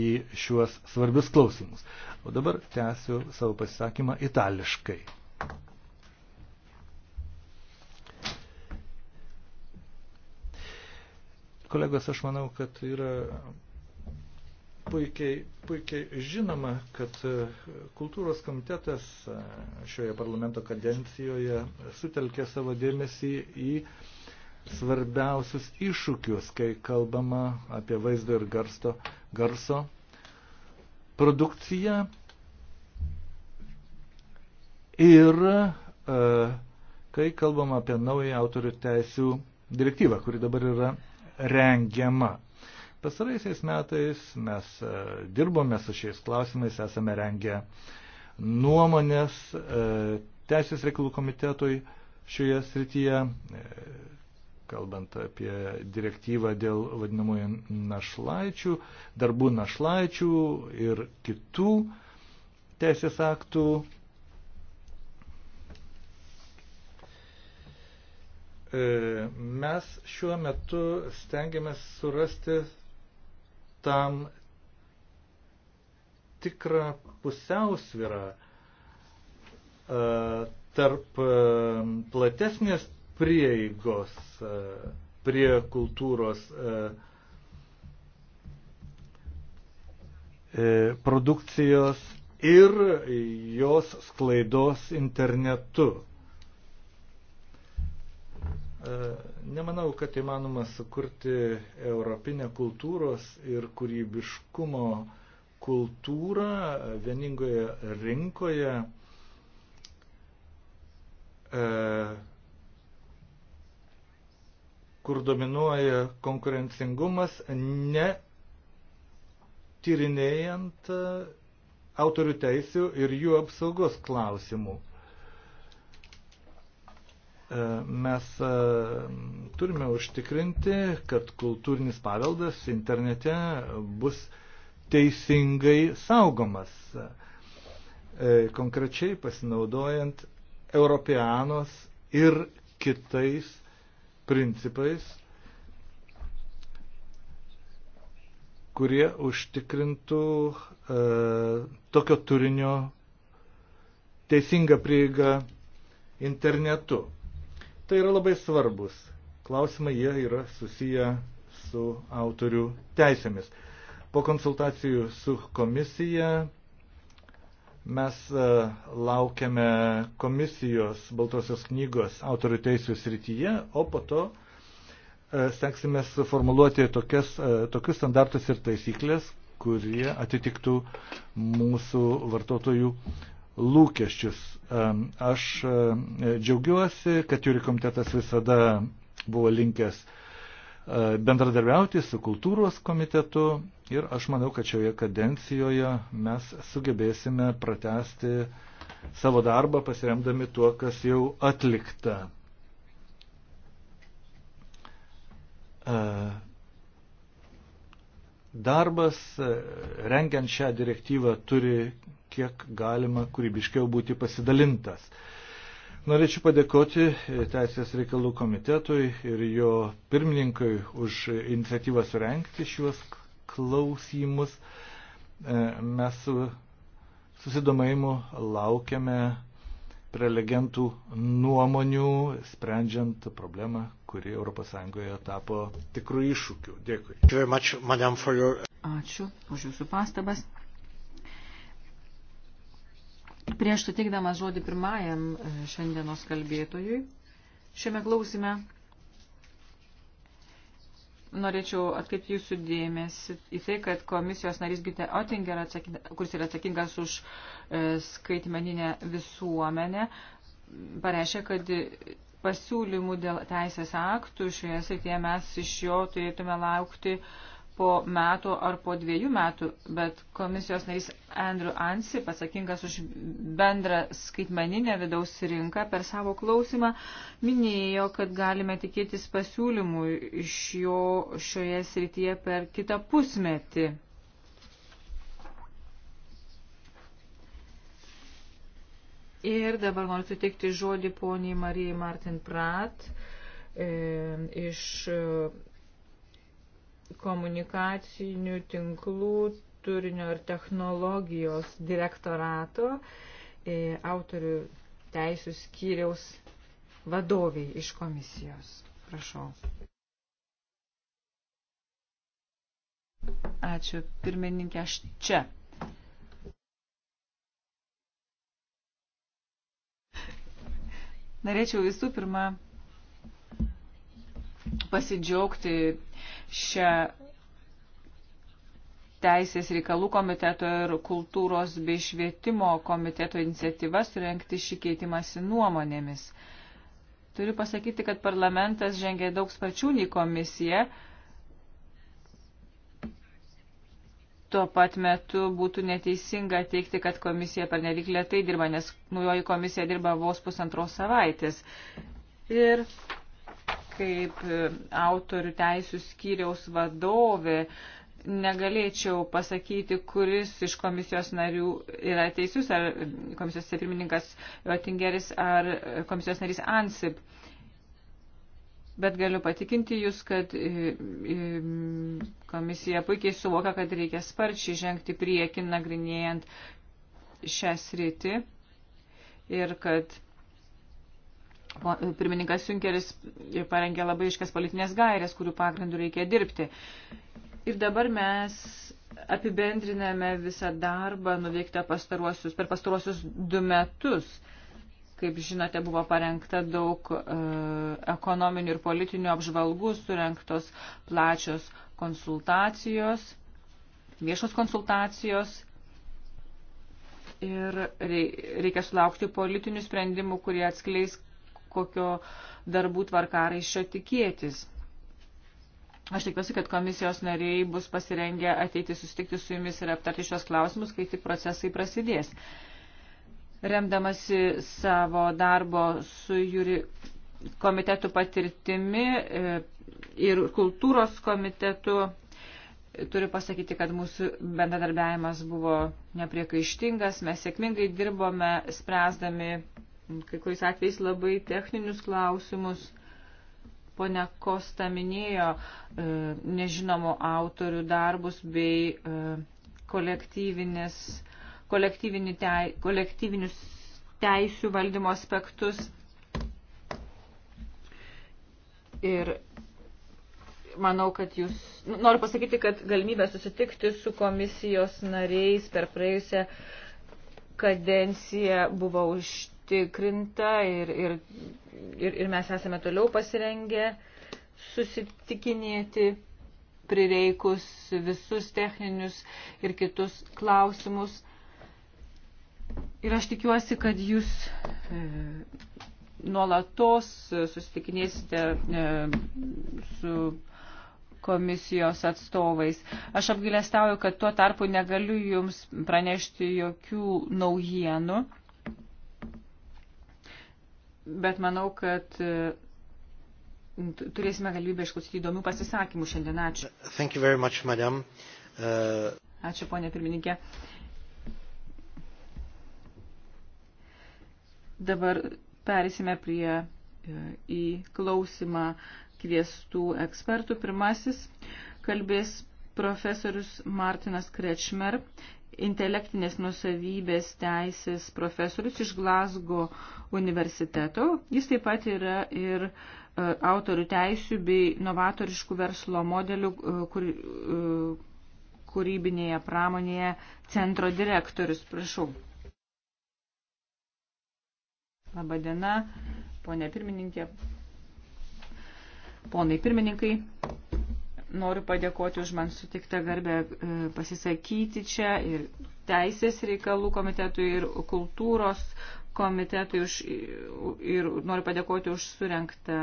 į šiuos svarbius klausimus. O dabar tęsiu savo pasisakymą itališkai. Kolegos, aš manau, kad yra puikiai, puikiai žinoma, kad e, kultūros komitetas e, šioje parlamento kadencijoje sutelkė savo dėmesį į svarbiausius iššūkius, kai kalbama apie vaizdo ir garsto, garso produkciją. Ir e, kai kalbam apie naują autorių teisių direktyvą, kuri dabar yra rengiama Pasaraisiais metais mes e, dirbome su šiais klausimais, esame rengę nuomonės e, Teisės reikalų komitetui šioje srityje, e, kalbant apie direktyvą dėl vadinamųjų našlaičių, darbų našlaičių ir kitų teisės aktų. Mes šiuo metu stengiamės surasti tam tikrą pusiausvyrą e, tarp e, platesnės prieigos e, prie kultūros produkcijos ir jos sklaidos internetu. E, nemanau, kad įmanoma sukurti europinę kultūros ir kūrybiškumo kultūrą vieningoje rinkoje. E, kur dominuoja konkurencingumas, ne tyrinėjant e, autorių teisių ir jų apsaugos klausimų. E, mes e, turime užtikrinti, kad kultūrinis paveldas internete bus teisingai saugomas, e, konkrečiai pasinaudojant Europeanos ir kitais principais, kurie užtikrintų e, tokio turinio teisingą prieigą internetu. Tai yra labai svarbus. Klausimai jie yra susiję su autorių teisėmis. Po konsultacijų su komisija mes e, laukiame komisijos Baltosios knygos autorių teisų srityje, o po to e, stengsime suformuluoti tokias, e, tokius standartus ir taisyklės, kurie atitiktų mūsų vartotojų lūkesčius. Aš e, džiaugiuosi, kad jūri komitetas visada buvo linkęs e, bendradarbiauti su kultūros komitetu ir aš manau, kad šioje kadencijoje mes sugebėsime pratesti savo darbą pasiremdami tuo, kas jau atlikta. E, Darbas e, rengiant šią direktyvą turi kiek galima kūrybiškiau būti pasidalintas. Norėčiau padėkoti e, Teisės reikalų komitetui ir jo pirmininkui už iniciatyvą surenkti šiuos klausimus. E, mes su susidomėjimu laukiame prelegentų nuomonių, sprendžiant problemą, kuri ES tapo tikrų iššūkių. Dėkui. Ačiū už Jūsų pastabas. Prieš sutikdamas žodį pirmajam e, šiandienos kalbėtojui, šiame klausime norėčiau atkreipti jūsų dėmesį į tai, kad komisijos narys Gite Otinger, kuris yra atsakingas už e, skaitmeninę visuomenę, pareiškia, kad pasiūlymų dėl teisės aktų šioje srityje mes iš jo turėtume laukti po metų ar po dviejų metų, bet komisijos narys Andrew Ansi, pasakingas už bendrą skaitmeninę vidaus rinką, per savo klausimą minėjo, kad galime tikėtis pasiūlymų iš jo šioje srityje per kitą pusmetį. Ir dabar noriu sutikti žodį poniai Marijai Martin Prat e, iš e, komunikacinių tinklų turinio ir technologijos direktorato e, autorių teisų skyriaus vadoviai iš komisijos. Prašau. Ačiū, pirmininkė, aš čia Norėčiau visų pirma pasidžiaugti šią Teisės reikalų komiteto ir kultūros bei švietimo komiteto iniciatyva surenkti šį keitimąsi nuomonėmis. Turiu pasakyti, kad parlamentas žengė daug sparčių nei komisija, tuo pat metu būtų neteisinga teikti, kad komisija per nelik lietai dirba, nes naujoji komisija dirba vos pusantros savaitės. Ir kaip e, autorių teisų skyriaus vadovė, negalėčiau pasakyti, kuris iš komisijos narių yra teisus, ar e, komisijos pirmininkas Jotingeris, ar e, komisijos narys Ansip. Uh, bet galiu patikinti Jūs, kad e, e, komisija puikiai suvoka, kad reikia sparčiai žengti priekin nagrinėjant šią sritį ir kad e, pirmininkas Junkeris parengė labai iškas politinės gairės, kurių pagrindų reikia dirbti. Ir dabar mes apibendriname visą darbą nuveiktą pastaruosius, per pastaruosius du metus. Kaip žinote, buvo parengta daug e, ekonominių ir politinių apžvalgų, surinktos plačios konsultacijos, viešos konsultacijos ir reikia sulaukti politinių sprendimų, kurie atskleis, kokio darbų tvarkaraiščio tikėtis. Aš tikiuosi, kad komisijos nariai bus pasirengę ateiti susitikti su jumis ir aptarti šios klausimus, kai tik procesai prasidės remdamasi savo darbo su jūri komitetu patirtimi e, ir kultūros komitetu turiu pasakyti, kad mūsų bendradarbiavimas buvo nepriekaištingas, mes sėkmingai dirbome, spręsdami kai kuriais atvejais labai techninius klausimus. Pone Kosta minėjo e, nežinomų autorių darbus bei e, kolektyvinės kolektyvinių tei, kolektyvinius teisių valdymo aspektus. Ir manau, kad jūs, nu, noriu pasakyti, kad galimybė susitikti su komisijos nariais per praėjusią kadenciją buvo užtikrinta ir, ir, ir, ir mes esame toliau pasirengę susitikinėti prireikus visus techninius ir kitus klausimus. Ir aš tikiuosi, kad jūs e, nuolatos e, susitikinėsite e, su komisijos atstovais. Aš apgailestauju, kad tuo tarpu negaliu jums pranešti jokių naujienų, bet manau, kad e, turėsime galimybę išklausyti įdomių pasisakymų šiandien. Ačiū. Much, madam. uh... Ačiū, ponė pirmininkė. Uh, Dabar perėsime prie e, į klausimą kvieštų ekspertų. Pirmasis kalbės profesorius Martinas Krečmer, intelektinės nusavybės teisės profesorius iš Glasgo universiteto. Jis taip pat yra ir e, autorių teisių bei novatoriškų verslo modelių e, kur, kūrybinėje pramonėje centro direktorius. Prašau. Labadiena, ponė pirmininkė, ponai pirmininkai. Noriu padėkoti už man sutiktą garbę e, pasisakyti čia ir Teisės reikalų komitetui ir kultūros komitetui už, ir noriu padėkoti už surenktą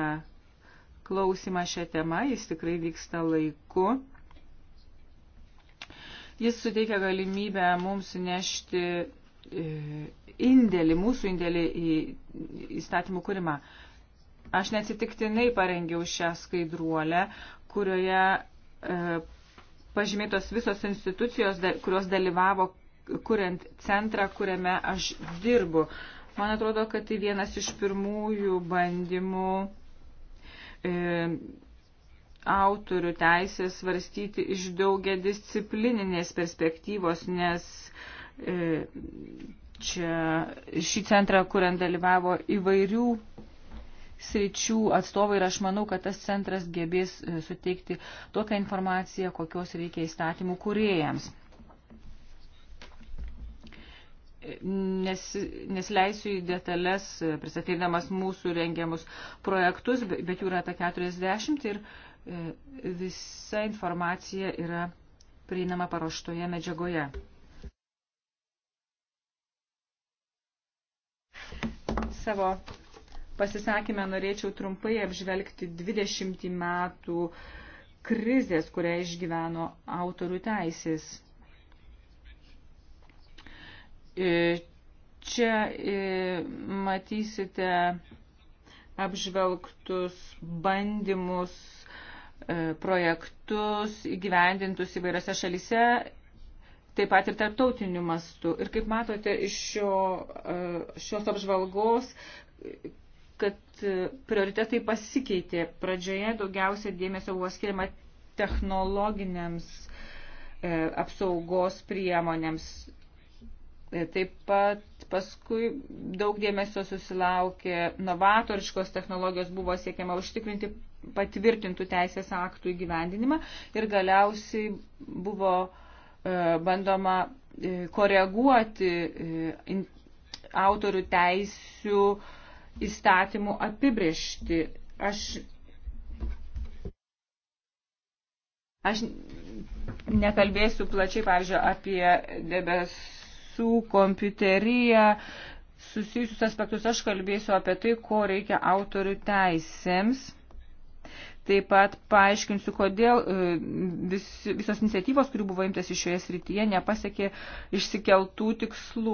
klausimą šią temą. Jis tikrai vyksta laiku. Jis suteikia galimybę mums nešti E, indėlį, mūsų indėlį į įstatymų kūrimą. Aš neatsitiktinai parengiau šią skaidruolę, kurioje e, pažymėtos visos institucijos, kurios dalyvavo kuriant centrą, kuriame aš dirbu. Man atrodo, kad tai vienas iš pirmųjų bandymų e, autorių teisės svarstyti iš daugia disciplininės perspektyvos, nes e, E, čia šį centrą, kuriant dalyvavo įvairių sričių atstovai ir aš manau, kad tas centras gebės e, suteikti tokią informaciją, kokios reikia įstatymų kuriejams. E, nes, nesleisiu į detalės, pristatydamas mūsų rengiamus projektus, bet jų yra apie 40 ir visa informacija yra prieinama paruoštoje medžiagoje. savo pasisakymę norėčiau trumpai apžvelgti 20 metų krizės, kurią išgyveno autorių teisės. E, čia e, matysite apžvelgtus bandymus e, projektus įgyvendintus įvairiose šalyse taip pat ir tarptautiniu mastu. Ir kaip matote iš šio, e, šios apžvalgos, kad prioritetai pasikeitė. Pradžioje daugiausia dėmesio buvo skiriama technologinėms e, apsaugos priemonėms. E, taip pat paskui daug dėmesio susilaukė novatoriškos technologijos, buvo siekiama užtikrinti patvirtintų teisės aktų įgyvendinimą ir galiausiai buvo uh, E, bandoma e, koreguoti e, autorių teisių įstatymų apibriešti. Aš, aš nekalbėsiu plačiai, pavyzdžiui, apie debesų kompiuteriją, susijusius aspektus, aš kalbėsiu apie tai, ko reikia autorių teisėms Taip pat paaiškinsiu, kodėl e, vis, visos iniciatyvos, kurių buvo imtas iš šioje srityje, nepasiekė išsikeltų tikslų.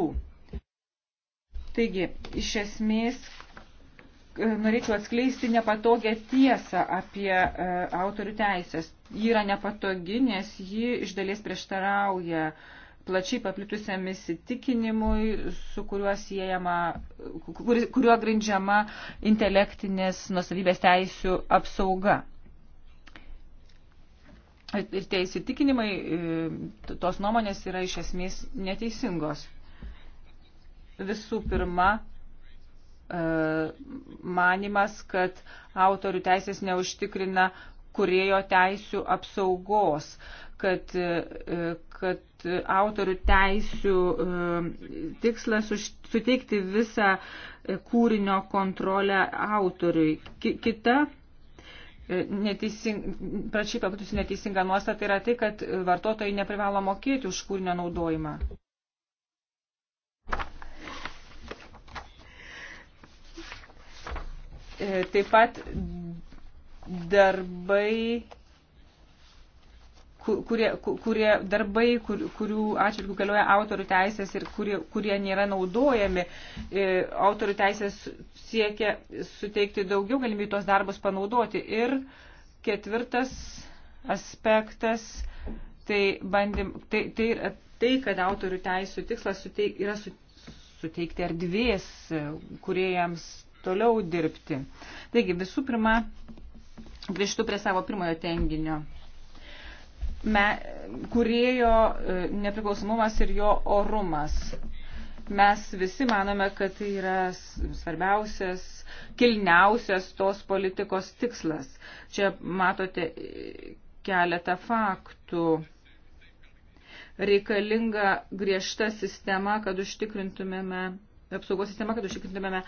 Taigi, iš esmės, e, norėčiau atskleisti nepatogią tiesą apie e, autorių teisės. Ji yra nepatogi, nes ji iš dalies prieštarauja e, plačiai paplitusiam įsitikinimui, su kuriuo siejama, kuriuo grindžiama intelektinės nusavybės teisių apsauga. Ir tie įsitikinimai, e, tos nuomonės yra iš esmės neteisingos. Visų pirma, e, manimas, kad autorių teisės neužtikrina kurėjo teisių apsaugos. Uh, kad, e, kad autorių teisių e, tikslas suteikti visą e, kūrinio kontrolę autoriui. Kita neteising, prašy papatusi neteisinga nuostata tai yra tai, kad vartotojai neprivalo mokėti už kūrinio naudojimą. Taip pat darbai kurie, kurie darbai, kur, kurių atžvilgių galioja autorių teisės ir kurie, kurie nėra naudojami. E, autorių teisės siekia suteikti daugiau galimybių tos darbus panaudoti. Ir ketvirtas aspektas, tai, bandym, tai, tai, tai kad autorių teisų tikslas suteik, yra suteikti erdvės e, kuriejams toliau dirbti. Taigi visų pirma, grįžtu prie savo pirmojo tenginio me, kurėjo e, nepriklausomumas ir jo orumas. Mes visi manome, kad tai yra svarbiausias, kilniausias tos politikos tikslas. Čia matote e, keletą faktų. Reikalinga griežta sistema, kad užtikrintumėme, apsaugos sistema, kad užtikrintumėme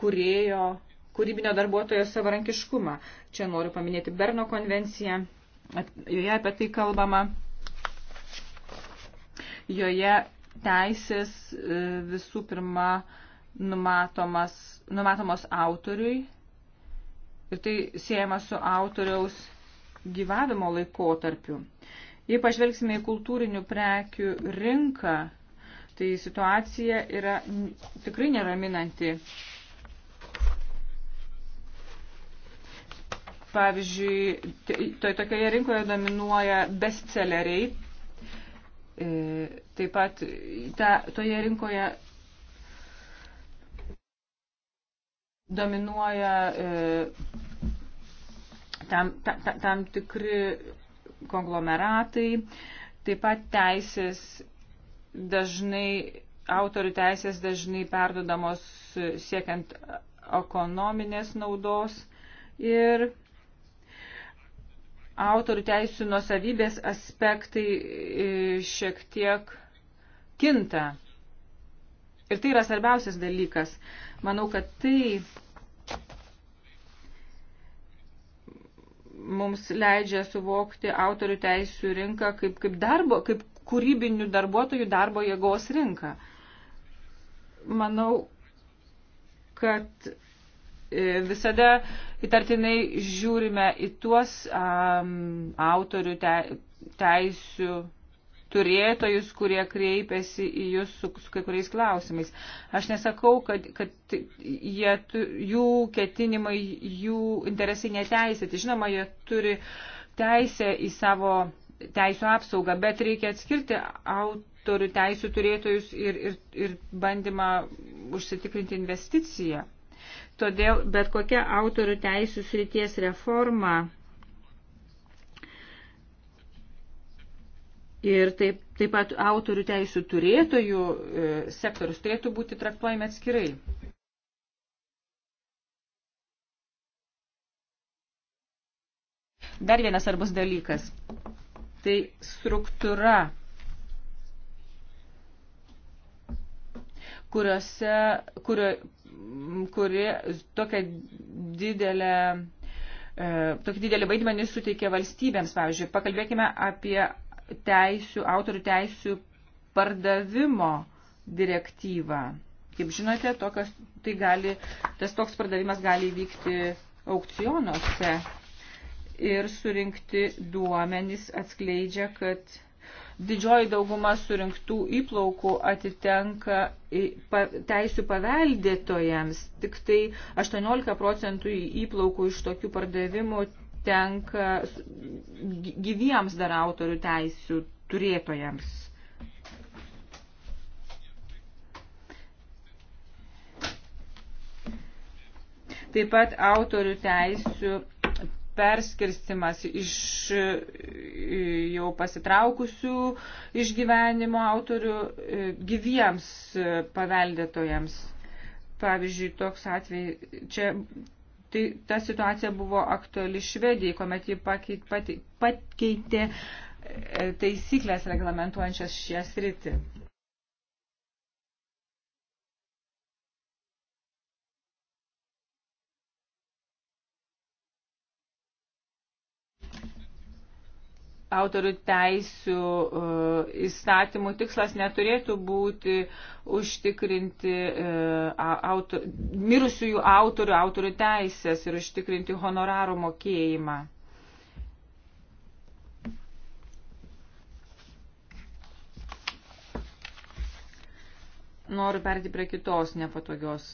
kurėjo, kūrybinio darbuotojo savarankiškumą. Čia noriu paminėti Berno konvenciją joje apie tai kalbama, joje teisės e, visų pirma numatomas, numatomos autoriui ir tai siejama su autoriaus gyvavimo laikotarpiu. Jei pažvelgsime į kultūrinių prekių rinką, tai situacija yra tikrai neraminanti. Pavyzdžiui, toj tokioje rinkoje dominuoja bestselleriai. E, taip pat ta, toje rinkoje dominuoja e, tam, tam, tam tikri konglomeratai, taip pat teisės dažnai, autorių teisės dažnai perdodamos siekiant ekonominės naudos ir autorių teisų nuosavybės aspektai e, šiek tiek kinta. Ir tai yra svarbiausias dalykas. Manau, kad tai mums leidžia suvokti autorių teisų rinką kaip, kaip, darbo, kaip kūrybinių darbuotojų darbo jėgos rinką. Manau, kad E, visada įtartinai žiūrime į tuos um, autorių te, teisių turėtojus, kurie kreipiasi į jūs su, su kai kuriais klausimais. Aš nesakau, kad, kad jie, jų ketinimai, jų interesai neteisėti. Žinoma, jie turi teisę į savo teisų apsaugą, bet reikia atskirti autorių teisų turėtojus ir, ir, ir bandymą užsitikrinti investiciją. Todėl bet kokia autorių teisų srities reforma ir taip, taip pat autorių teisų turėtojų e, sektorius turėtų būti traktuojami atskirai. Dar vienas svarbus dalykas. Tai struktūra, kuriuose, kurio, kuri tokia didelė e, tokį didelį vaidmenį suteikė valstybėms, pavyzdžiui. Pakalbėkime apie teisių, autorių teisių pardavimo direktyvą. Kaip žinote, tokios, tai gali, tas toks pardavimas gali vykti aukcionuose ir surinkti duomenys atskleidžia, kad didžioji dauguma surinktų įplaukų atitenka teisų paveldėtojams. Tik tai 18 procentų įplaukų iš tokių pardavimų tenka gyviems dar autorių teisų turėtojams. Taip pat autorių teisų perskirstimas iš e, jau pasitraukusių iš gyvenimo autorių e, gyviems e, paveldėtojams. Pavyzdžiui, toks atvejai čia. Tai ta situacija buvo aktuali Švedijai, kuomet ji pakeit, pakeit, pakeitė taisyklės reglamentuojančias šią sritį. autorių teisių e, įstatymų tikslas neturėtų būti užtikrinti e, autor, mirusiųjų autorių, autorių teisės ir užtikrinti honorarų mokėjimą. Noriu perti prie kitos nepatogios,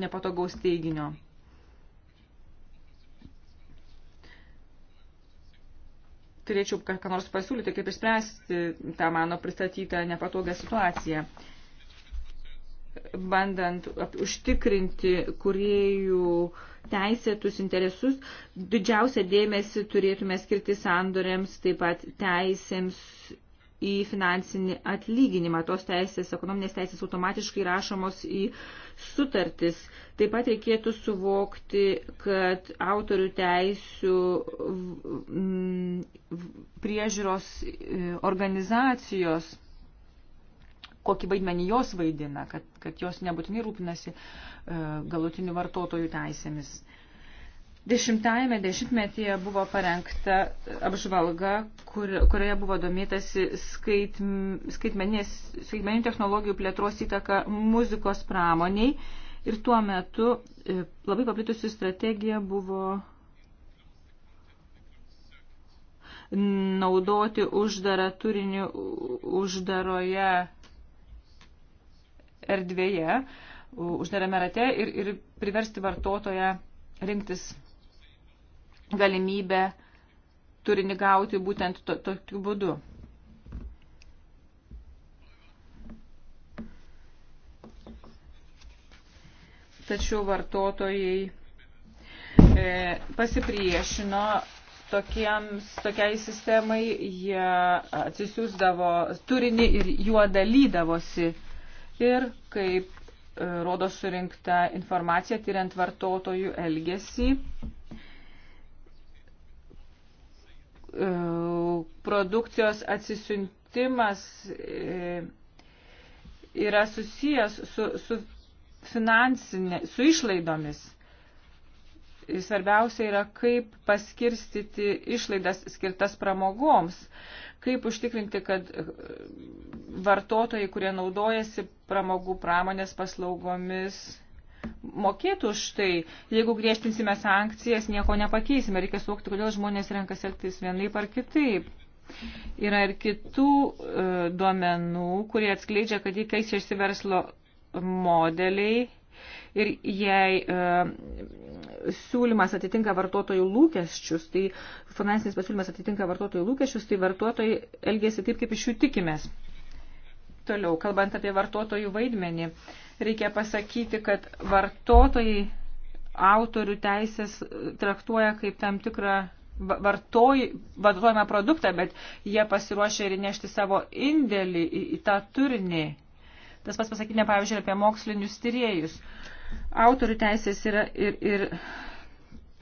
nepatogaus teiginio. turėčiau ką nors pasiūlyti, kaip išspręsti tą mano pristatytą nepatogią situaciją. Bandant užtikrinti kuriejų teisėtus interesus, didžiausią dėmesį turėtume skirti sandoriams, taip pat teisėms į finansinį atlyginimą. Tos teisės, ekonominės teisės automatiškai rašomos į sutartis. Taip pat reikėtų suvokti, kad autorių teisų priežiūros e, organizacijos kokį vaidmenį jos vaidina, kad, kad jos nebūtinai rūpinasi e, galutinių vartotojų teisėmis. Dešimtajame dešimtmetyje buvo parengta apžvalga, kur, kurioje buvo domėtasi skaitmeninių technologijų plėtros įtaka muzikos pramoniai. Ir tuo metu e, labai paplitusi strategija buvo naudoti uždarą turinį uždaroje erdvėje, uždarame rate ir, ir priversti vartotoją rinktis galimybę turinį gauti būtent to, tokiu būdu. Tačiau vartotojai e, pasipriešino tokiems, tokiai sistemai, jie atsisiųsdavo turinį ir juo dalydavosi. Ir kaip e, rodo surinkta informacija, tyriant vartotojų elgesį, E, produkcijos atsisiuntimas e, yra susijęs su, su, finansinė, su išlaidomis. Svarbiausia yra, kaip paskirstyti išlaidas skirtas pramogoms, kaip užtikrinti, kad vartotojai, kurie naudojasi pramogų pramonės paslaugomis, mokėtų už tai. Jeigu griežtinsime sankcijas, nieko nepakeisime. Reikia suvokti, kodėl žmonės renkasi elgtis vienaip ar kitaip. Yra ir kitų e, duomenų, kurie atskleidžia, kad jei keičiasi verslo modeliai ir jei e, siūlymas atitinka vartotojų lūkesčius, tai finansinis pasiūlymas atitinka vartotojų lūkesčius, tai vartotojai elgėsi taip, kaip iš jų tikimės. Toliau, kalbant apie vartotojų vaidmenį. E, reikia pasakyti, kad vartotojai autorių teisės traktuoja kaip tam tikrą vartoj, vartojamą produktą, bet jie pasiruošia ir nešti savo indėlį į, į tą turinį. Tas pats pasakytinė, pavyzdžiui, apie mokslinius tyriejus. Autorių teisės yra ir, ir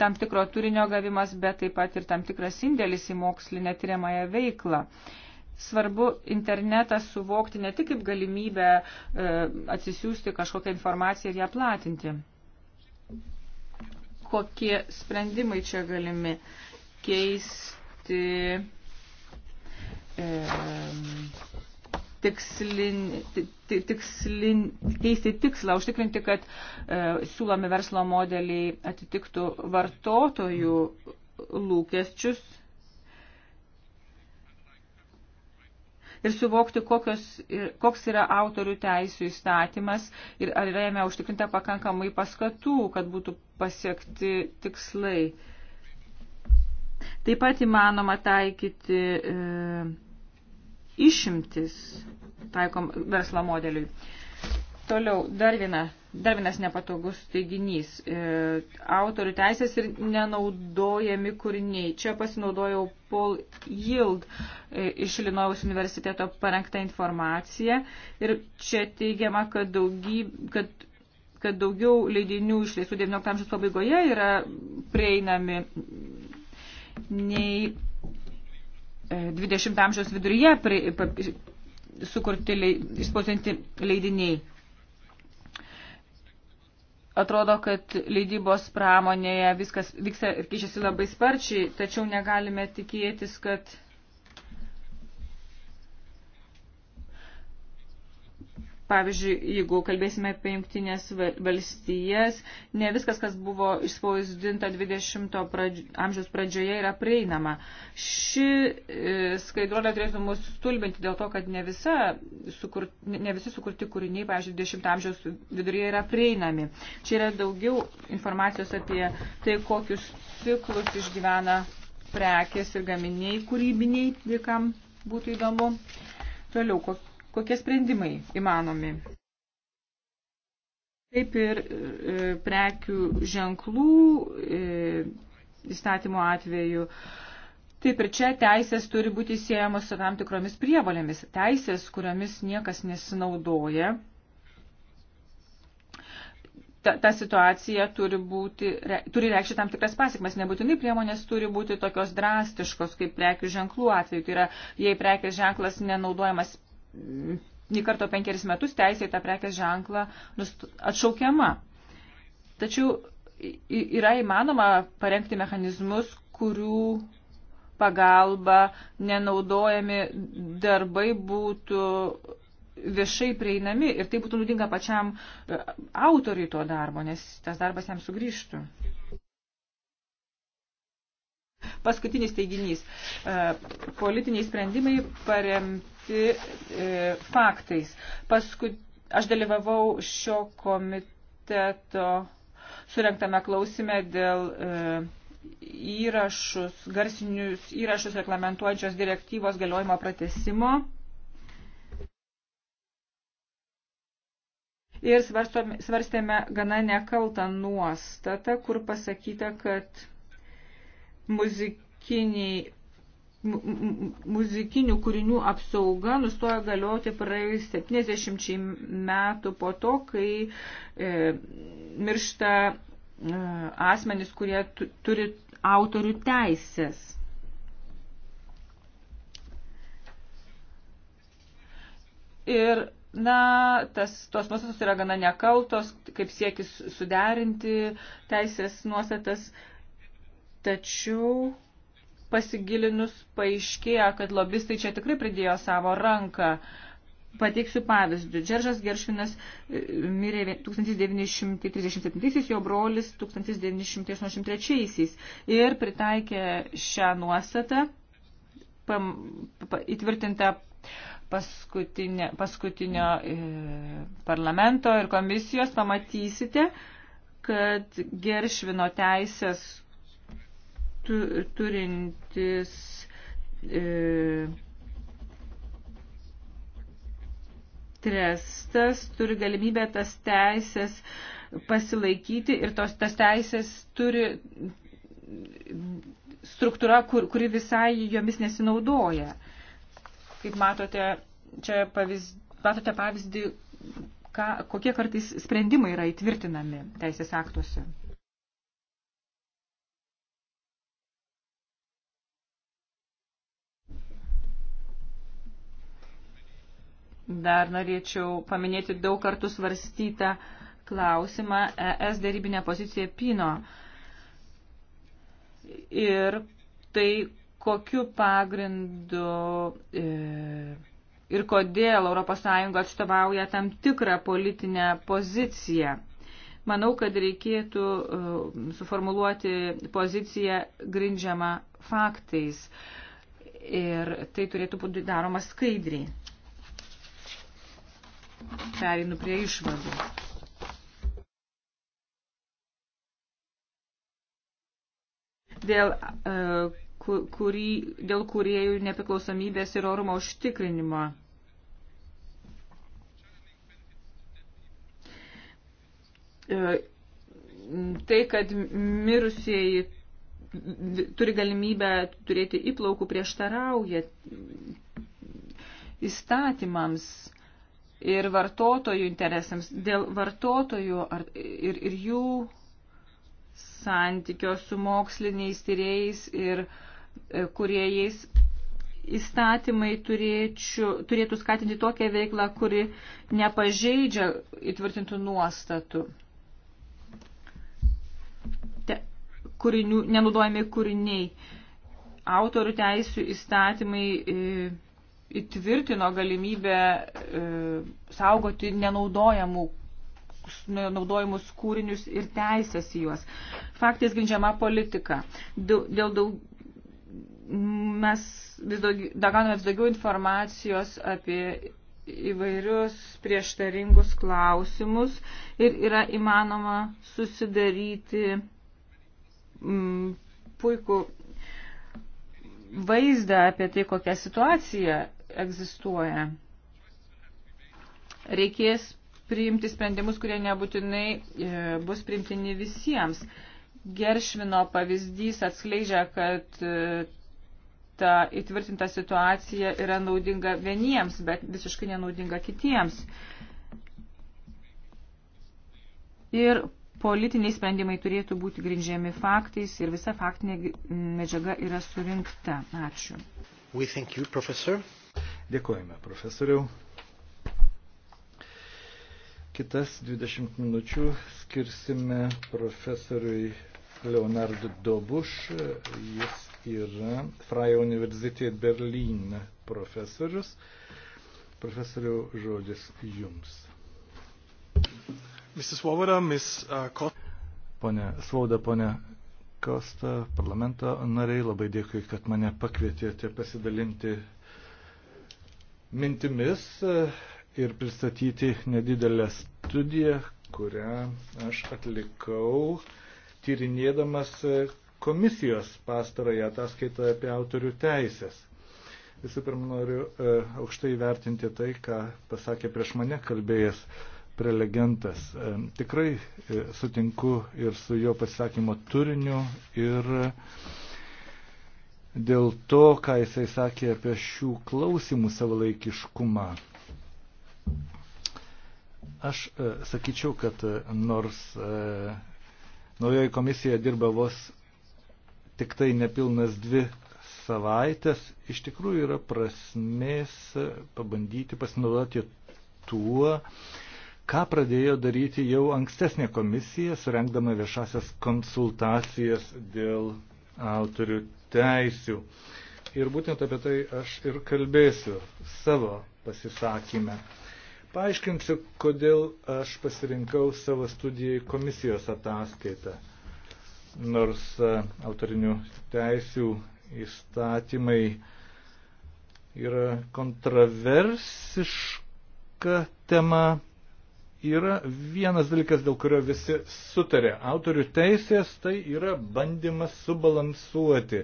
tam tikro turinio gavimas, bet taip pat ir tam tikras indėlis į mokslinę tyriamąją veiklą. Uh, svarbu internetą suvokti ne tik kaip galimybę e, atsisiųsti kažkokią informaciją ir ją platinti. Kokie sprendimai čia galimi keisti e, tikslin, tikslin, keisti tikslą, užtikrinti, kad e, siūlomi verslo modeliai atitiktų vartotojų lūkesčius ir suvokti, kokios, koks yra autorių teisų įstatymas ir ar yra jame užtikrinta pakankamai paskatų, kad būtų pasiekti tikslai. Taip pat įmanoma taikyti e, išimtis taikom verslo modeliui. Toliau, dar, viena, dar vienas nepatogus teiginys. E, autorių teisės ir nenaudojami kūriniai. Čia pasinaudojau Paul Yield e, iš Linojaus universiteto parengtą informaciją. Ir čia teigiama, kad, daugyb, kad, kad daugiau leidinių išleistų XIX amžiaus pabaigoje yra prieinami nei 20 e, amžiaus viduryje prie, pa, sukurti, išspausinti leidiniai. Atrodo, kad leidybos pramonėje viskas vyksta ir keičiasi labai sparčiai, tačiau negalime tikėtis, kad Pavyzdžiui, jeigu kalbėsime apie jungtinės valstijas, ne viskas, kas buvo išspausdinta 20 pradž... amžiaus pradžioje, yra prieinama. Ši e, skaidruolė turėtų mus stulbinti dėl to, kad ne, visa, sukur... ne visi sukurti kūriniai, pavyzdžiui, 20 amžiaus viduryje yra prieinami. Čia yra daugiau informacijos apie tai, kokius ciklus išgyvena prekės ir gaminiai kūrybiniai, dėkam būtų įdomu. Toliau, kokie sprendimai įmanomi. Taip ir e, prekių ženklų e, įstatymo atveju. Taip ir čia teisės turi būti siejamos su tam tikromis prievalėmis. Teisės, kuriomis niekas nesinaudoja. Ta, ta situacija turi, būti, re, turi reikšti tam tikras pasiekmes. Nebūtinai priemonės turi būti tokios drastiškos, kaip prekių ženklų atveju. Tai yra, jei prekės ženklas nenaudojamas nekarto penkeris metus teisė į tą prekės ženklą atšaukiama. Tačiau yra įmanoma parengti mechanizmus, kurių pagalba nenaudojami darbai būtų viešai prieinami ir tai būtų naudinga pačiam e, autoriui to darbo, nes tas darbas jam sugrįžtų. Paskutinis teiginys. E, politiniai sprendimai paremti paremti e, faktais. Paskui aš dalyvavau šio komiteto surinktame klausime dėl e, įrašus, garsinius įrašus reglamentuojančios direktyvos galiojimo pratesimo. Ir svarstome, svarstėme gana nekaltą nuostatą, kur pasakyta, kad muzikiniai muzikinių kūrinių apsauga nustojo galioti praėjus 70 metų po to, kai e, miršta e, asmenys, kurie turi autorių teisės. Ir, na, tas, tos nuostatos yra gana nekaltos, kaip siekis suderinti teisės nuostatas, tačiau pasigilinus paaiškėja, kad lobistai čia tikrai pridėjo savo ranką. Pateiksiu pavyzdį. Džeržas Geršvinas e, mirė 1937, jo brolis 1983 ir pritaikė šią nuostatą pam, pa, įtvirtintą paskutinio, paskutinio e, parlamento ir komisijos. Pamatysite, kad Geršvino teisės tu, turintis e, trestas turi galimybę tas teisės pasilaikyti ir tos, tas teisės turi struktūra, kur, kuri visai jomis nesinaudoja. Kaip matote, čia pavyz, matote pavyzdį, ką, kokie kartais sprendimai yra įtvirtinami teisės aktuose. Dar norėčiau paminėti daug kartų svarstytą klausimą ES darybinę poziciją Pino. Ir tai, kokiu pagrindu e, ir kodėl ES atstovauja tam tikrą politinę poziciją. Manau, kad reikėtų e, suformuluoti poziciją grindžiamą faktais. Ir tai turėtų būti daroma skaidriai. Perinu prie išvadų. Dėl, e, kurį, dėl kuriejų nepriklausomybės ir orumo užtikrinimo. E, tai, kad mirusieji turi galimybę turėti įplaukų prieštarauja įstatymams ir vartotojų interesams, dėl vartotojų ar, ir, ir jų santykio su moksliniais tyrėjais ir e, kuriejais įstatymai turėčių, turėtų skatinti tokią veiklą, kuri nepažeidžia įtvirtintų nuostatų. Te, kūrinių, nenaudojami kūriniai. Autorių teisų įstatymai. E, įtvirtino galimybę e, saugoti nenaudojamų naudojimus kūrinius ir teisės į juos. Faktais grindžiama politika. Dėl daug, mes vis daugiau, gauname vis daugiau informacijos apie įvairius prieštaringus klausimus ir yra įmanoma susidaryti mm, puikų vaizdą apie tai, kokia situacija egzistuoja. Reikės priimti sprendimus, kurie nebūtinai e, bus priimtini visiems. Geršvino pavyzdys atskleidžia, kad e, ta įtvirtinta situacija yra naudinga vieniems, bet visiškai nenaudinga kitiems. Ir politiniai sprendimai turėtų būti grindžiami faktais ir visa faktinė medžiaga yra surinkta. Ačiū. We thank you, professor. Dėkojame, profesoriau. Kitas 20 minučių skirsime profesoriui Leonard Dobuš. Jis yra Freie Universität Berlin profesorius. Profesoriau, žodis jums. Mrs. Svoboda, Ms. Kosta. Uh, pone Svoboda, pone Kosta, parlamento nariai, labai dėkui, kad mane pakvietėte pasidalinti mintimis e, ir pristatyti nedidelę studiją, kurią aš atlikau tyrinėdamas e, komisijos pastarąją ataskaitą apie autorių teisės. Visų pirma, noriu e, aukštai vertinti tai, ką pasakė prieš mane kalbėjęs prelegentas. Tikrai sutinku ir su jo pasisakymo turiniu ir dėl to, ką jisai sakė apie šių klausimų savalaikiškumą. Aš e, sakyčiau, kad e, nors e, naujoji komisija dirba vos tik tai nepilnas dvi savaitės, iš tikrųjų yra prasmės e, pabandyti pasinaudoti tuo, ką pradėjo daryti jau ankstesnė komisija, surenkdama viešasias konsultacijas dėl autorių teisių. Ir būtent apie tai aš ir kalbėsiu savo pasisakymę. Paaiškinsiu, kodėl aš pasirinkau savo studijai komisijos ataskaitą. Nors e, autorinių teisių įstatymai yra kontroversiška tema, yra vienas dalykas, dėl kurio visi sutarė. Autorių teisės tai yra bandymas subalansuoti,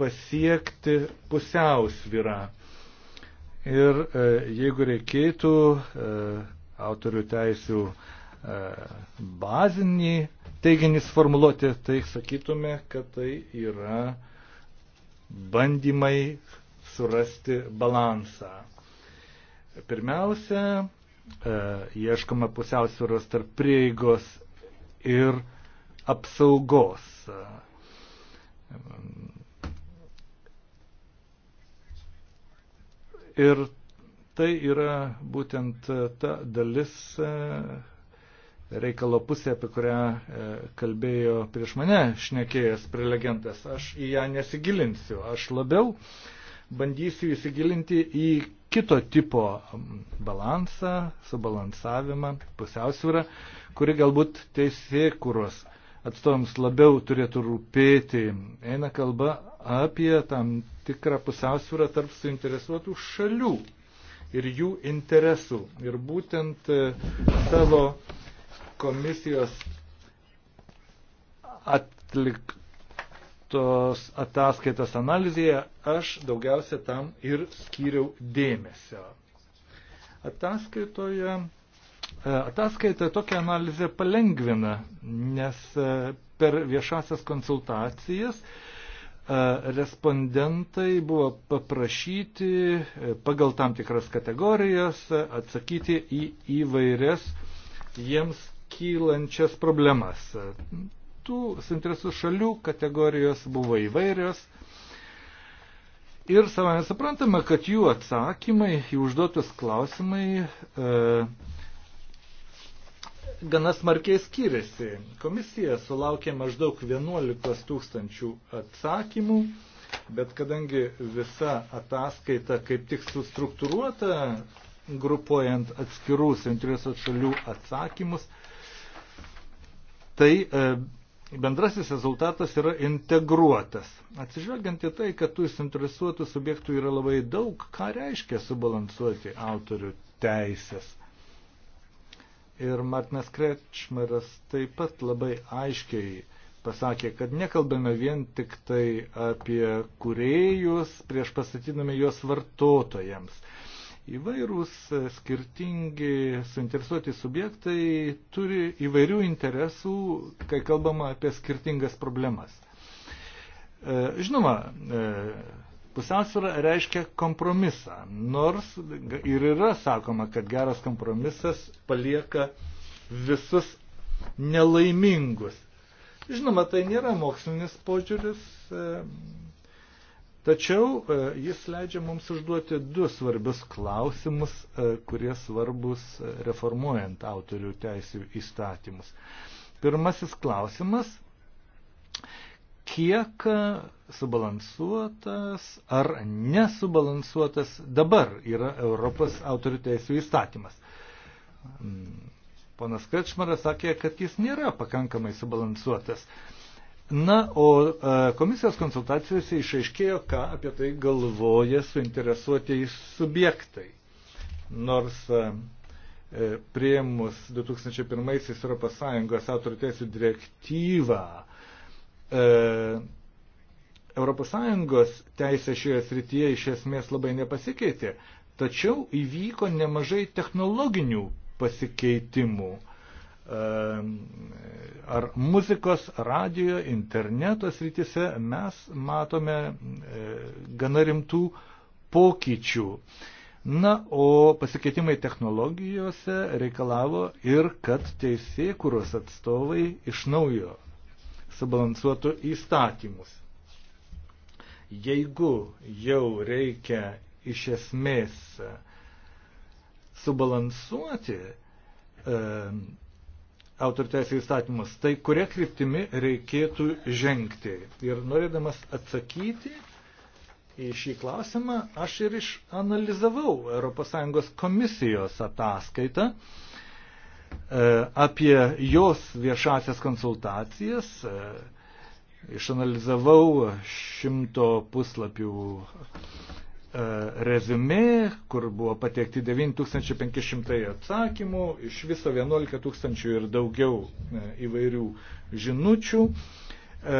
pasiekti pusiausvyrą. Ir e, jeigu reikėtų e, autorių teisių e, bazinį teiginį sformuluoti, tai sakytume, kad tai yra bandymai surasti balansą. Pirmiausia, E, ieškoma pusiausvėros tarp prieigos ir apsaugos. Ir tai yra būtent ta dalis e, reikalo pusė, apie kurią e, kalbėjo prieš mane šnekėjęs prelegentas. Aš į ją nesigilinsiu, aš labiau uh, bandysiu įsigilinti į kito tipo balansą, subalansavimą, pusiausvyrą, kuri galbūt teisėkuros atstovams labiau turėtų rūpėti. Eina kalba apie tam tikrą pusiausvyrą tarp suinteresuotų šalių ir jų interesų. Ir būtent e, savo komisijos atliktų tos ataskaitos analizėje aš daugiausia tam ir skyriau dėmesio. Ataskaitoje, e, ataskaita tokią analizę palengvina, nes e, per viešasias konsultacijas e, respondentai buvo paprašyti pagal tam tikras kategorijas atsakyti į įvairias jiems kylančias problemas kitų suinteresų šalių kategorijos buvo įvairios. Ir savame suprantama, kad jų atsakymai į užduotus klausimai e, gana smarkiai skiriasi. Komisija sulaukė maždaug 11 tūkstančių atsakymų, bet kadangi visa ataskaita kaip tik sustruktūruota, grupuojant atskirų suinteresuotų šalių atsakymus, tai e, bendrasis rezultatas yra integruotas. Atsižvelgiant į tai, kad tų suinteresuotų subjektų yra labai daug, ką reiškia subalansuoti autorių teisės. Ir Martinas Krečmaras taip pat labai aiškiai pasakė, kad nekalbame vien tik tai apie kuriejus prieš pasatydami juos vartotojams. Įvairūs e, skirtingi suinteresuoti subjektai turi įvairių interesų, kai kalbama apie skirtingas problemas. E, žinoma, e, pusiausvėra reiškia kompromisą, nors ir yra sakoma, kad geras kompromisas palieka visus nelaimingus. Žinoma, tai nėra mokslinis požiūris, Tačiau e, jis leidžia mums užduoti du svarbius klausimus, e, kurie svarbus e, reformuojant autorių teisų įstatymus. Pirmasis klausimas - kiek subalansuotas ar nesubalansuotas dabar yra Europos autorių teisų įstatymas? Mm, ponas Krečmaras sakė, kad jis nėra pakankamai subalansuotas. Na, o e, komisijos konsultacijose išaiškėjo, ką apie tai galvoja suinteresuotieji subjektai. Nors e, e, prieimus 2001 Europos Sąjungos autorių teisų direktyvą, Europos Sąjungos teisė šioje srityje iš esmės labai nepasikeitė, tačiau įvyko nemažai technologinių pasikeitimų ar muzikos, radio, interneto srityse mes matome e, gana rimtų pokyčių. Na, o pasikeitimai technologijose reikalavo ir, kad teisėkuros atstovai iš naujo subalansuotų įstatymus. Jeigu jau reikia iš esmės subalansuoti e, autoriteisės įstatymus. Tai kuria kryptimi reikėtų žengti? Ir norėdamas atsakyti į šį klausimą, aš ir išanalizavau ES komisijos ataskaitą e, apie jos viešasias konsultacijas. E, išanalizavau šimto puslapių E, rezumė, kur buvo pateikti 9500 atsakymų, iš viso 11 tūkstančių ir daugiau e, įvairių žinučių. E,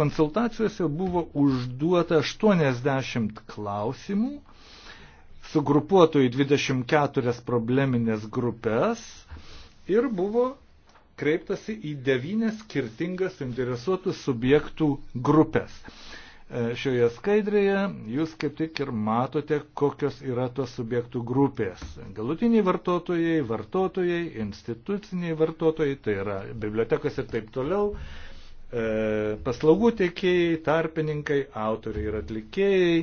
konsultacijose buvo užduota 80 klausimų, sugrupuotų į 24 probleminės grupės ir buvo kreiptasi į devynes skirtingas interesuotų subjektų grupės. E, šioje skaidrėje jūs kaip tik ir matote, kokios yra tos subjektų grupės. Galutiniai vartotojai, vartotojai, instituciniai vartotojai, tai yra bibliotekas ir taip toliau, e, paslaugų teikėjai, tarpininkai, autoriai ir atlikėjai,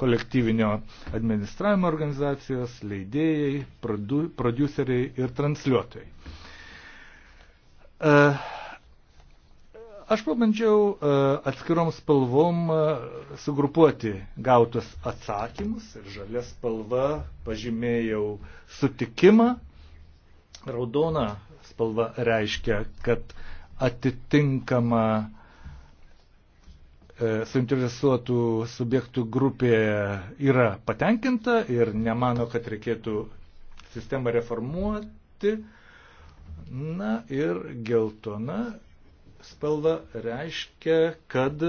kolektyvinio administravimo organizacijos, leidėjai, produ, produceriai ir transliuotojai. Uh, Aš pabandžiau e, atskirom spalvom e, sugrupuoti gautus atsakymus ir žalia spalva pažymėjau sutikimą, raudona spalva reiškia, kad atitinkama e, suinteresuotų subjektų grupė yra patenkinta ir nemano, kad reikėtų sistemą reformuoti. Na ir geltona spalva reiškia, kad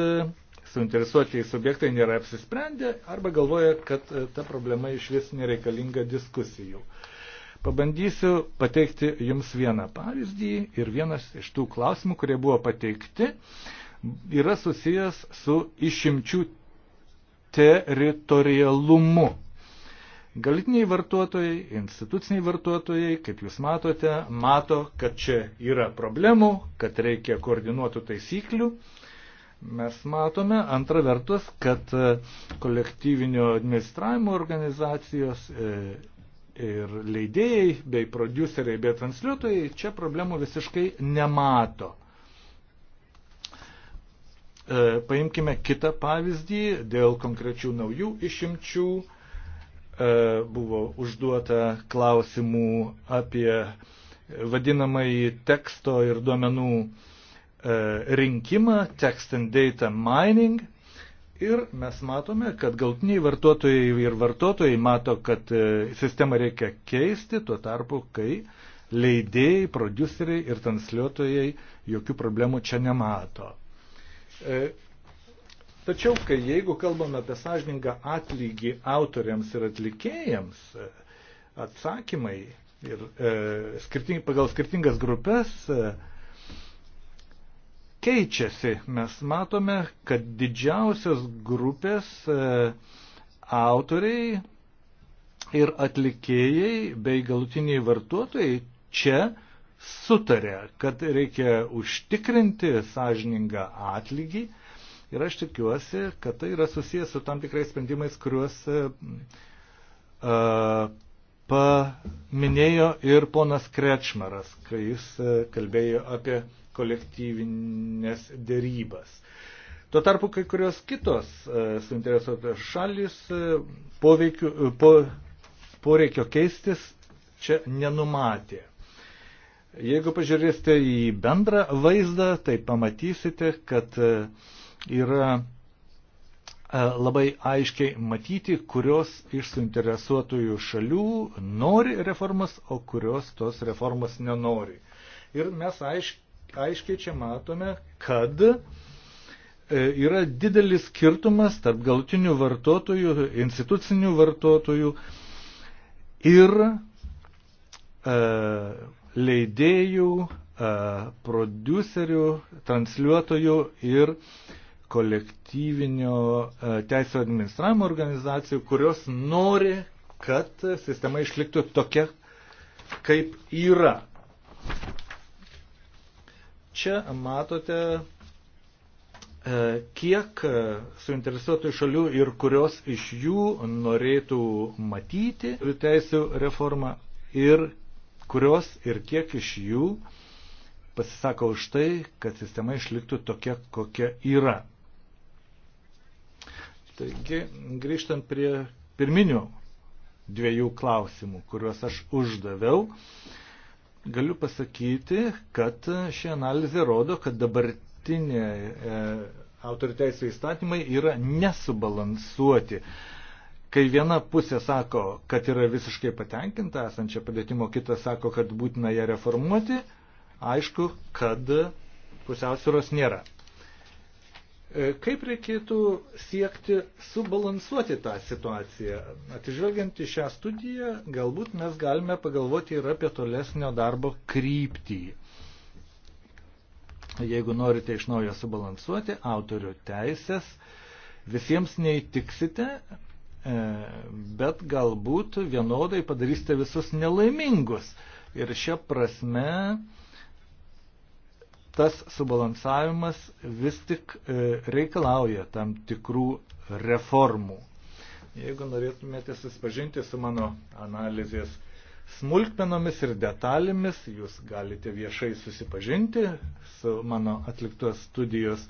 suinteresuotieji subjektai nėra apsisprendę arba galvoja, kad e, ta problema iš vis nereikalinga diskusijų. Pabandysiu pateikti Jums vieną pavyzdį ir vienas iš tų klausimų, kurie buvo pateikti, yra susijęs su išimčių teritorialumu. Galitiniai vartotojai, instituciniai vartotojai, kaip jūs matote, mato, kad čia yra problemų, kad reikia koordinuotų taisyklių. Mes matome, antra vertus, kad e, kolektyvinio administravimo organizacijos e, ir leidėjai bei produceriai bei transliuotojai čia problemų visiškai nemato. E, paimkime kitą pavyzdį dėl konkrečių naujų išimčių E, buvo užduota klausimų apie vadinamąjį teksto ir duomenų e, rinkimą, text and data mining. Ir mes matome, kad galtiniai vartotojai ir vartotojai mato, kad e, sistemą reikia keisti, tuo tarpu, kai leidėjai, produceriai ir transliuotojai jokių problemų čia nemato. Tačiau, kai jeigu kalbame apie sąžiningą atlygį autoriams ir atlikėjams, e, atsakymai ir e, skirting, pagal skirtingas grupės e, keičiasi. Mes matome, kad didžiausios grupės e, autoriai ir atlikėjai bei galutiniai vartotojai čia sutarė, kad reikia užtikrinti sąžiningą atlygį, Ir aš tikiuosi, kad tai yra susijęs su tam tikrais sprendimais, kuriuos uh, paminėjo ir ponas Krečmaras, kai jis e, kalbėjo apie kolektyvinės dėrybas. Tuo tarpu kai kurios kitos e, suinteresuotos šalis poveikiu, po, poreikio keistis čia nenumatė. Jeigu pažiūrėsite į bendrą vaizdą, tai pamatysite, kad uh, yra e, labai aiškiai matyti, kurios iš suinteresuotųjų šalių nori reformas, o kurios tos reformas nenori. Ir mes aiškiai čia matome, kad e, yra didelis skirtumas tarp galutinių vartotojų, institucinių vartotojų ir e, leidėjų, e, producerių, transliuotojų ir e, kolektyvinio e, teisų administravimo organizacijų, kurios nori, kad sistema išliktų tokia, kaip yra. Čia matote, e, kiek suinteresuotų šalių ir kurios iš jų norėtų matyti teisų reformą ir kurios ir kiek iš jų pasisako už tai, kad sistema išliktų tokia, kokia yra. Taigi, grįžtant prie pirminių dviejų klausimų, kuriuos aš uždaviau, galiu pasakyti, kad ši analizė rodo, kad dabartinė e, autorių teisų įstatymai yra nesubalansuoti. Kai viena pusė sako, kad yra visiškai patenkinta esančia padėtimo, kita sako, kad būtina ją reformuoti, aišku, kad pusiausvėros nėra. E, kaip reikėtų siekti subalansuoti tą situaciją? Atižvelgiant į šią studiją, galbūt mes galime pagalvoti ir apie tolesnio darbo kryptį. Jeigu norite iš naujo subalansuoti autorių teisės, visiems neįtiksite, e, bet galbūt vienodai padarysite visus nelaimingus. Ir šia prasme, tas subalansavimas vis tik e, reikalauja tam tikrų reformų. Jeigu norėtumėte susipažinti su mano analizės smulkmenomis ir detalėmis, jūs galite viešai susipažinti su mano atliktos studijos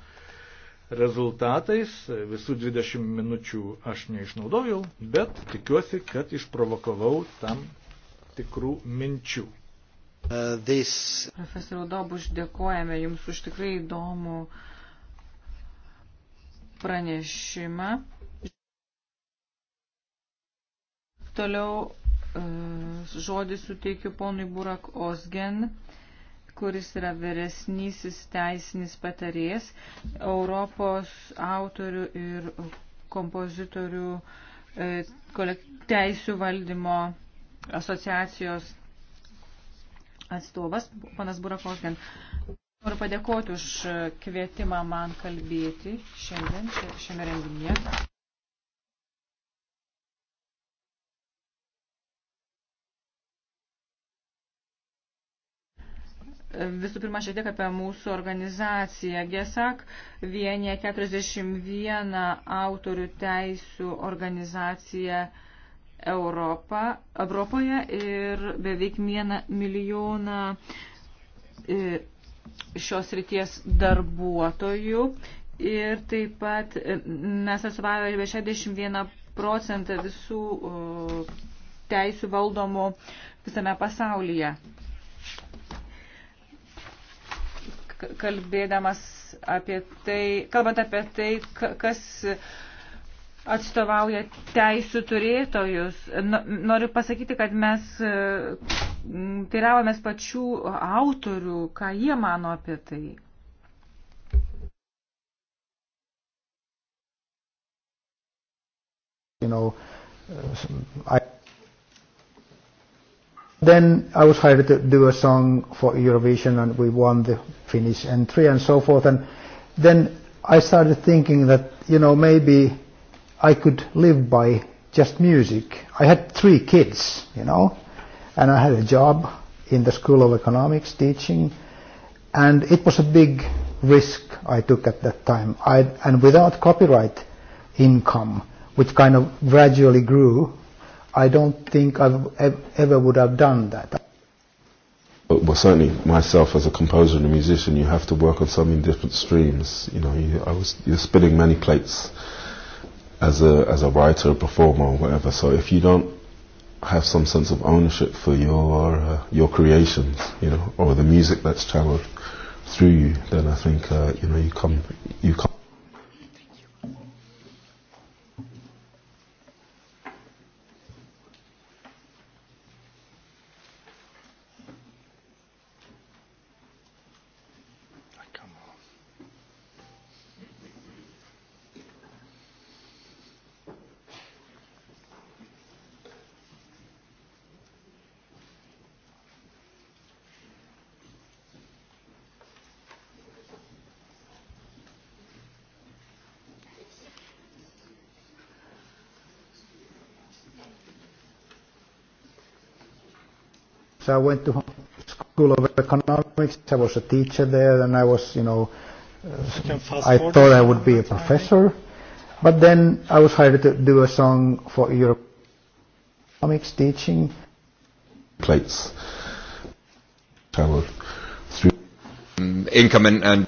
rezultatais. Visų 20 minučių aš neišnaudojau, bet tikiuosi, kad išprovokavau tam tikrų minčių. Uh, this... Profesoriau Dobuš, dėkojame Jums už tikrai įdomų pranešimą. Toliau uh, žodį suteikiu ponui Burak Osgen, kuris yra vyresnysis teisinis patarėjas Europos autorių ir kompozitorių uh, teisių valdymo asociacijos atstovas, panas Burakovskin. Noriu padėkoti už kvietimą man kalbėti šiandien šiame renginyje. Visų pirma, šiek tiek apie mūsų organizaciją. GESAK vienyje 41 autorių teisų organizaciją Europą, Europoje ir beveik vieną milijoną e, šios ryties darbuotojų. Ir taip pat e, mes atsvavėme 61 procentą visų teisų valdomų visame pasaulyje. Kalbėdamas apie tai, kalbant apie tai, kas atstovauja teisų turėtojus. Noriu pasakyti, kad mes e, teiravomės pačių autorių, ką jie mano apie tai. You know, uh, I Then I was hired to do a song for Eurovision and we won the Finnish entry and so forth. And then I started thinking that, you know, maybe I could live by just music. I had three kids, you know, and I had a job in the School of Economics teaching, and it was a big risk I took at that time. I, and without copyright income, which kind of gradually grew, I don't think I ever would have done that. Well, certainly myself as a composer and a musician, you have to work on so many different streams. You know, you, I was, you're spinning many plates as a as a writer, performer, or whatever. So if you don't have some sense of ownership for your uh, your creations, you know, or the music that's channeled through you, then I think uh, you know you come you come. So I went to School of Economics. I was a teacher there, and I was, you know, you I thought I would be a professor. But then I was hired to do a song for Europe economics teaching. Plates. Travel through um, income and, and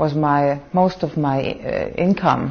was my most of my uh, income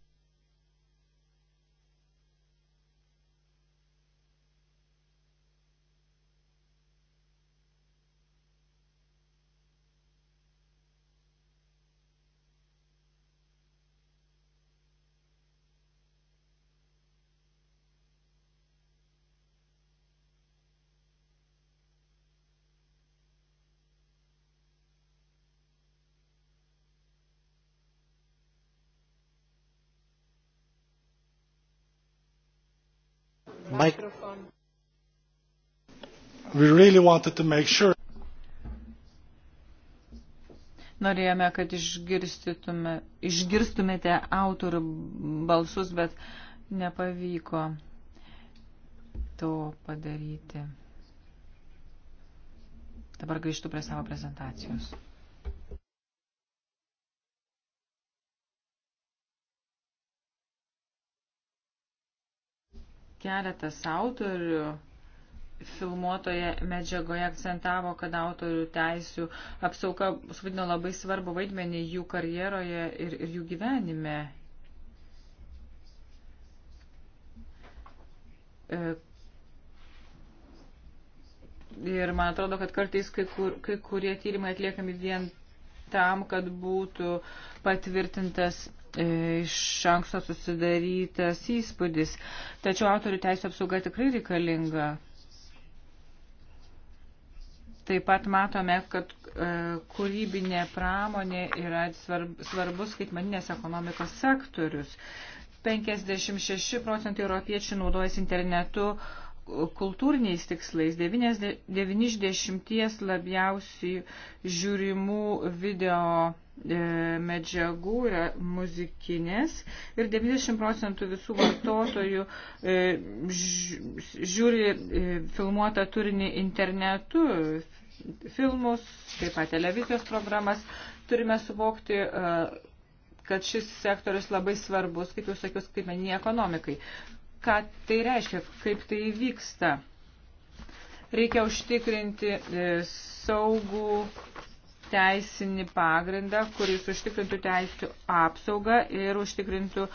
really wanted to make sure. Norėjome, kad išgirstumėte autorių balsus, bet nepavyko to padaryti. Dabar grįžtu prie savo prezentacijos. Keletas autorių filmuotoje medžiagoje akcentavo, kad autorių teisių apsauga suvaidino labai svarbu vaidmenį jų karjeroje ir, ir jų gyvenime. E, ir man atrodo, kad kartais kai, kur, kai kurie tyrimai atliekami vien tam, kad būtų patvirtintas e, iš anksto susidarytas įspūdis. Tačiau autorių teisų apsauga tikrai reikalinga. Taip pat matome, kad e, kūrybinė pramonė yra svarbus skaitmaninės ekonomikos sektorius. 56 procentai europiečių naudojasi internetu e, kultūriniais tikslais. 9 iš 10 labiausiai žiūrimų video E, medžiagų yra muzikinės ir 90 procentų visų vartotojų e, žiūri e, filmuotą turinį internetu, filmus, taip pat televizijos programas. Turime suvokti, kad šis sektorius labai svarbus, kaip jau sakiau, skaitmeniniai ekonomikai. Ką tai reiškia, kaip tai vyksta? Reikia užtikrinti saugų teisinį pagrindą, kuris užtikrintų teisų apsaugą ir užtikrintų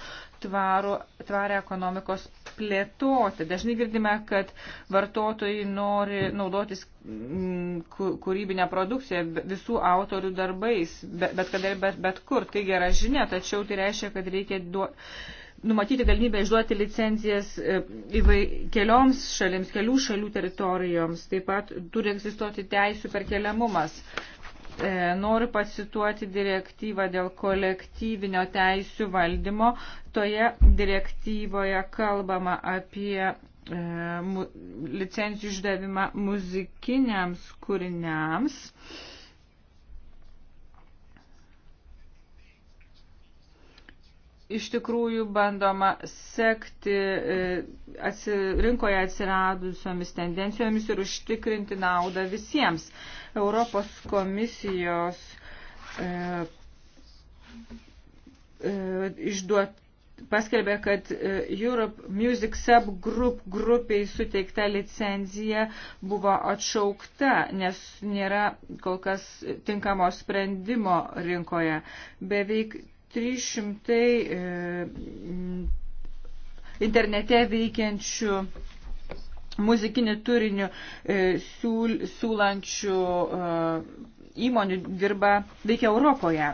tvarų, tvarę ekonomikos plėtoti. Dažnai girdime, kad vartotojai nori naudotis mm, kūrybinę produkciją visų autorių darbais, bet, bet kada ir bet, bet kur. Tai gera žinia, tačiau tai reiškia, kad reikia duoti numatyti galimybę išduoti licencijas e, įvai, kelioms šalims, kelių šalių teritorijoms. Taip pat turi egzistuoti teisų perkeliamumas. keliamumas E, noriu pacituoti direktyvą dėl kolektyvinio teisų valdymo. Toje direktyvoje kalbama apie e, licencijų išdavimą muzikiniams kūriniams. iš tikrųjų bandoma sekti e, atsi, rinkoje atsiradusiomis tendencijomis ir užtikrinti naudą visiems. Europos komisijos e, e, išduot, paskelbė, kad e, Europe Music Subgroup grupiai suteikta licenzija buvo atšaukta, nes nėra kol kas tinkamo sprendimo rinkoje. Beveik 300 e, internete veikiančių muzikinį turinį e, siūl, siūlančių e, įmonių dirba, veikia Europoje.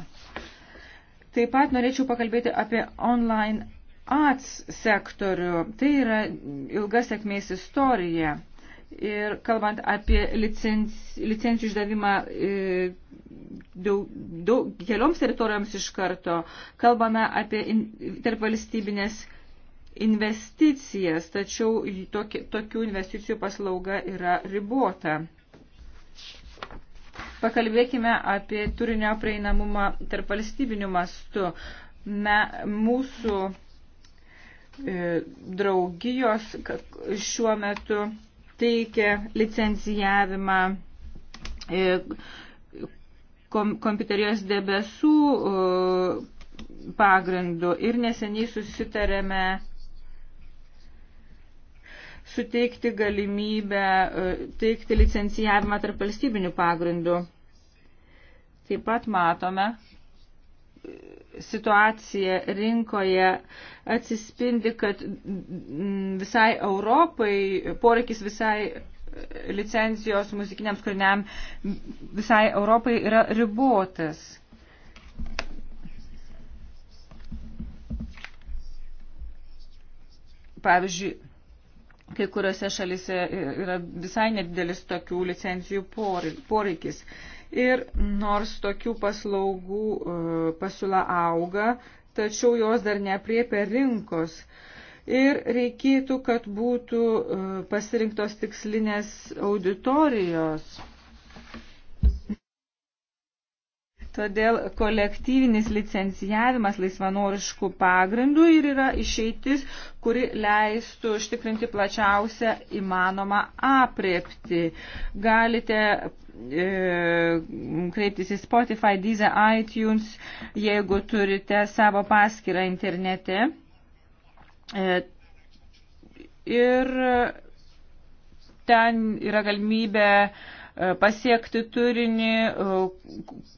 Taip pat norėčiau pakalbėti apie online ads sektorių. Tai yra ilga sėkmės istorija. Ir kalbant apie licencijų licenci išdavimą e, daug, daug, kelioms teritorijoms iš karto, kalbame apie in, tarp valstybinės investicijas, tačiau toki, tokių investicijų paslauga yra ribota. Pakalbėkime apie turinio prieinamumą tarp valstybinių mastų. Me, mūsų e, draugijos šiuo metu teikia licencijavimą e, kom, kompiuterijos debesų e, pagrindu ir neseniai susitarėme suteikti galimybę e, teikti licencijavimą tarp valstybinių pagrindų. Taip pat matome, e, situacija rinkoje atsispindi, kad mm, visai Europai, poreikis visai e, licencijos muzikiniams kūriniam visai Europai yra ribotas. Pavyzdžiui, Kai kuriuose šalise yra visai nedidelis tokių licencijų poreikis. Ir nors tokių paslaugų e, pasiūla auga, tačiau jos dar nepriepia rinkos. Ir reikėtų, kad būtų e, pasirinktos tikslinės auditorijos Todėl kolektyvinis licencijavimas laisvanoriškų pagrindų ir yra išeitis, kuri leistų užtikrinti plačiausią įmanomą apriepti. Galite e, kreiptis į Spotify, Deezer, iTunes, jeigu turite savo paskirą internete. E, ir ten yra galimybė e, E, pasiekti turinį e,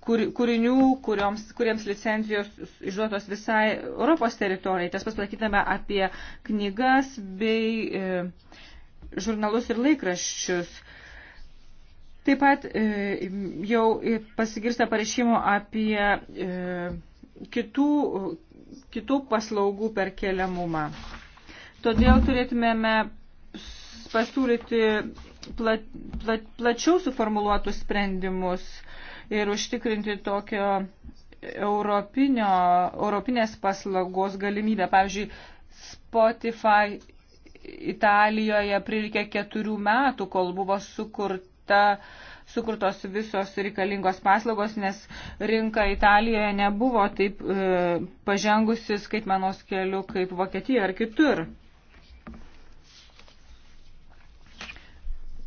kūrinių, kurioms, kuriems licencijos išduotos visai Europos teritorijai. Tas pasakytame apie knygas bei e, žurnalus ir laikraščius. Taip pat jau pasigirsta pareiškimų apie kitų, kitų paslaugų perkeliamumą. Todėl turėtumėme pasiūlyti pla, pla, plačiau suformuluotus sprendimus ir užtikrinti tokio europinio, europinės paslaugos galimybę. Pavyzdžiui, Spotify Italijoje prireikė keturių metų, kol buvo sukurta sukurtos visos reikalingos paslaugos, nes rinka Italijoje nebuvo taip e, pažengusi skaitmenos keliu kaip Vokietijoje ar kitur.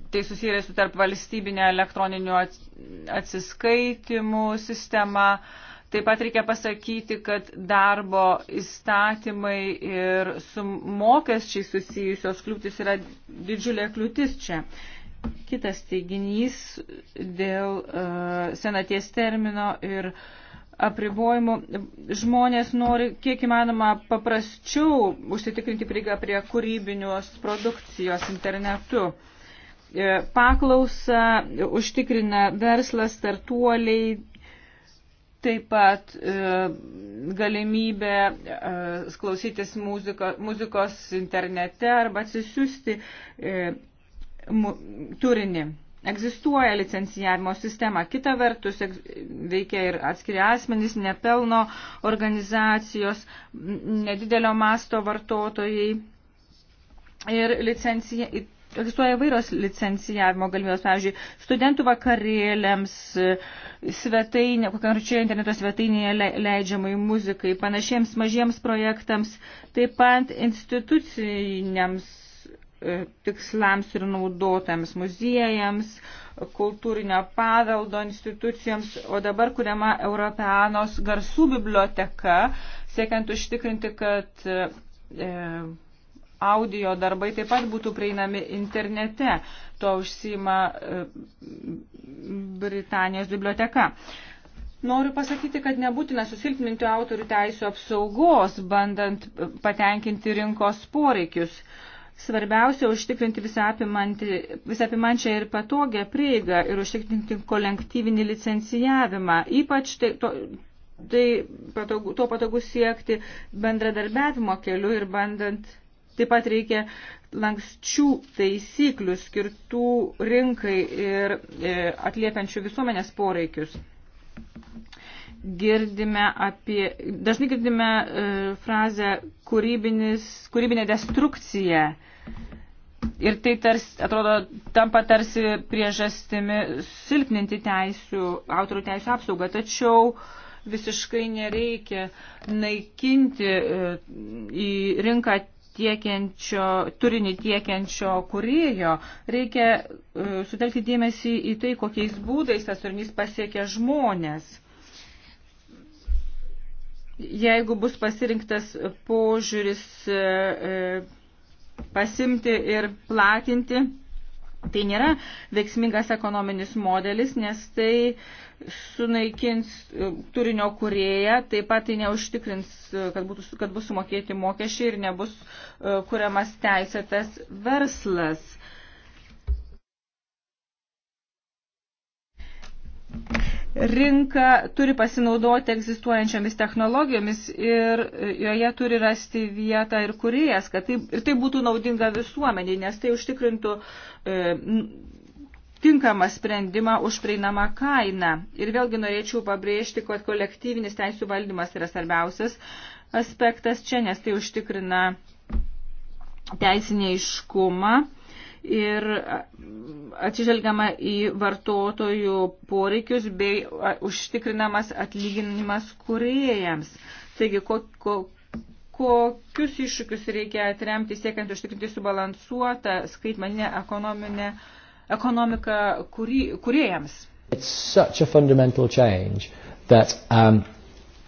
tai susiję su tarp valstybinė elektroninių atsiskaitimų sistema. Taip pat reikia pasakyti, kad darbo įstatymai ir su mokesčiai susijusios kliūtis yra didžiulė kliūtis čia. Kitas teiginys dėl uh, senaties termino ir uh, apribojimų. Žmonės nori kiek įmanoma paprasčiau užsitikrinti prieigą prie kūrybinios produkcijos internetu. Uh, E, paklausą užtikrina verslas, startuoliai, taip pat e, galimybė e, klausytis muziko, muzikos internete arba atsisiųsti e, mu, turinį. Egzistuoja licencijavimo sistema. Kita vertus, veikia ir atskiri asmenys, nepelno organizacijos, nedidelio masto vartotojai. Ir licencija, egzistuoja įvairios licencijavimo galimybės, pavyzdžiui, studentų vakarėlėms, svetainė, kokiančioje interneto svetainėje leidžiamai muzikai, panašiems mažiems projektams, taip pat instituciniams e, tikslams ir naudotams muziejams, kultūrinio paveldo institucijoms, o dabar kuriama Europeanos garsų biblioteka, siekiant užtikrinti, kad e, audio darbai taip pat būtų prieinami internete. To užsima e, Britanijos biblioteka. Noriu pasakyti, kad nebūtina susilpninti autorių teisų apsaugos, bandant e, patenkinti rinkos poreikius. Svarbiausia užtikrinti visapimančią ir patogią prieigą ir užtikrinti kolektyvinį licencijavimą. Ypač tai, to, tai patogu, to patogu siekti bendradarbiavimo keliu ir bandant Taip pat reikia lankščių taisyklių skirtų rinkai ir e, atliepiančių visuomenės poreikius. Girdime apie, dažnai girdime e, frazę kūrybinė destrukcija. Ir tai tarsi, atrodo, tampa tarsi priežastimi silpninti teisių, autorių teisų apsaugą. Tačiau visiškai nereikia naikinti e, į rinką tiekiančio, turinį tiekiančio kurėjo, reikia uh, sutelkti dėmesį į tai, kokiais būdais tas turinys pasiekia žmonės. Jeigu bus pasirinktas požiūris uh, pasimti ir platinti, uh, Tai nėra veiksmingas ekonominis modelis, nes tai sunaikins e, turinio kurėją, taip pat tai neužtikrins, e, kad, būtų, kad bus sumokėti mokesčiai ir nebus e, kuriamas teisėtas verslas. Rinka turi pasinaudoti egzistuojančiomis technologijomis ir joje turi rasti vietą ir kuriejas, kad tai, ir tai būtų naudinga visuomeniai, nes tai užtikrintų e, tinkamą sprendimą už prieinamą kainą. Ir vėlgi norėčiau pabrėžti, kad kolektyvinis teisų valdymas yra svarbiausias aspektas čia, nes tai užtikrina teisinį iškumą ir atsižvelgiama į vartotojų poreikius bei užtikrinamas atlyginimas kuriejams. Taigi, ko, ko, kokius iššūkius reikia atremti siekiant užtikrinti subalansuotą skaitmaninę ekonominę ekonomiką kuri, kuriejams. It's such a fundamental change that um,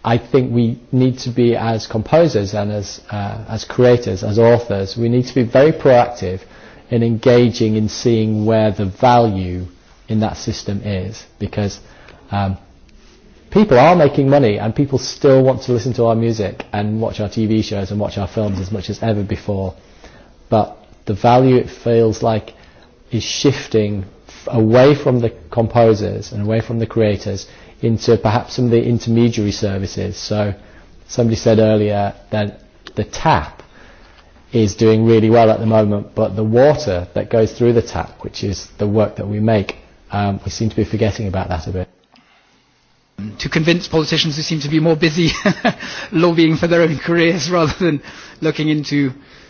I think we need to be as composers and as, uh, as creators, as authors, we need to be very proactive in engaging in seeing where the value in that system is because um, people are making money and people still want to listen to our music and watch our TV shows and watch our films as much as ever before. But the value it feels like is shifting f- away from the composers and away from the creators into perhaps some of the intermediary services. So somebody said earlier that the tap is doing really well at the moment, but the water that goes through the tap, which is the work that we make, um, we seem to be forgetting about that a bit. To convince politicians who seem to be more busy [LAUGHS] lobbying for their own careers rather than looking into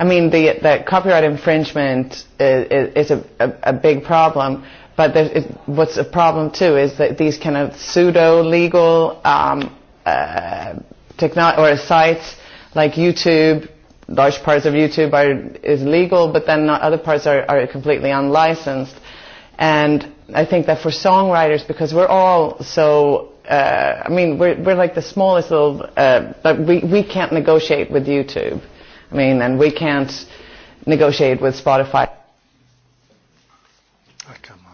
I mean, the, the copyright infringement is, is a, a, a big problem, but there is, what's a problem too is that these kind of pseudo-legal um, uh, technolo- or sites like YouTube, large parts of YouTube are, is legal, but then not, other parts are, are completely unlicensed. And I think that for songwriters, because we're all so, uh, I mean, we're, we're like the smallest little, uh, but we, we can't negotiate with YouTube. Uh, I mean, and we can't negotiate with Spotify. Oh, come on.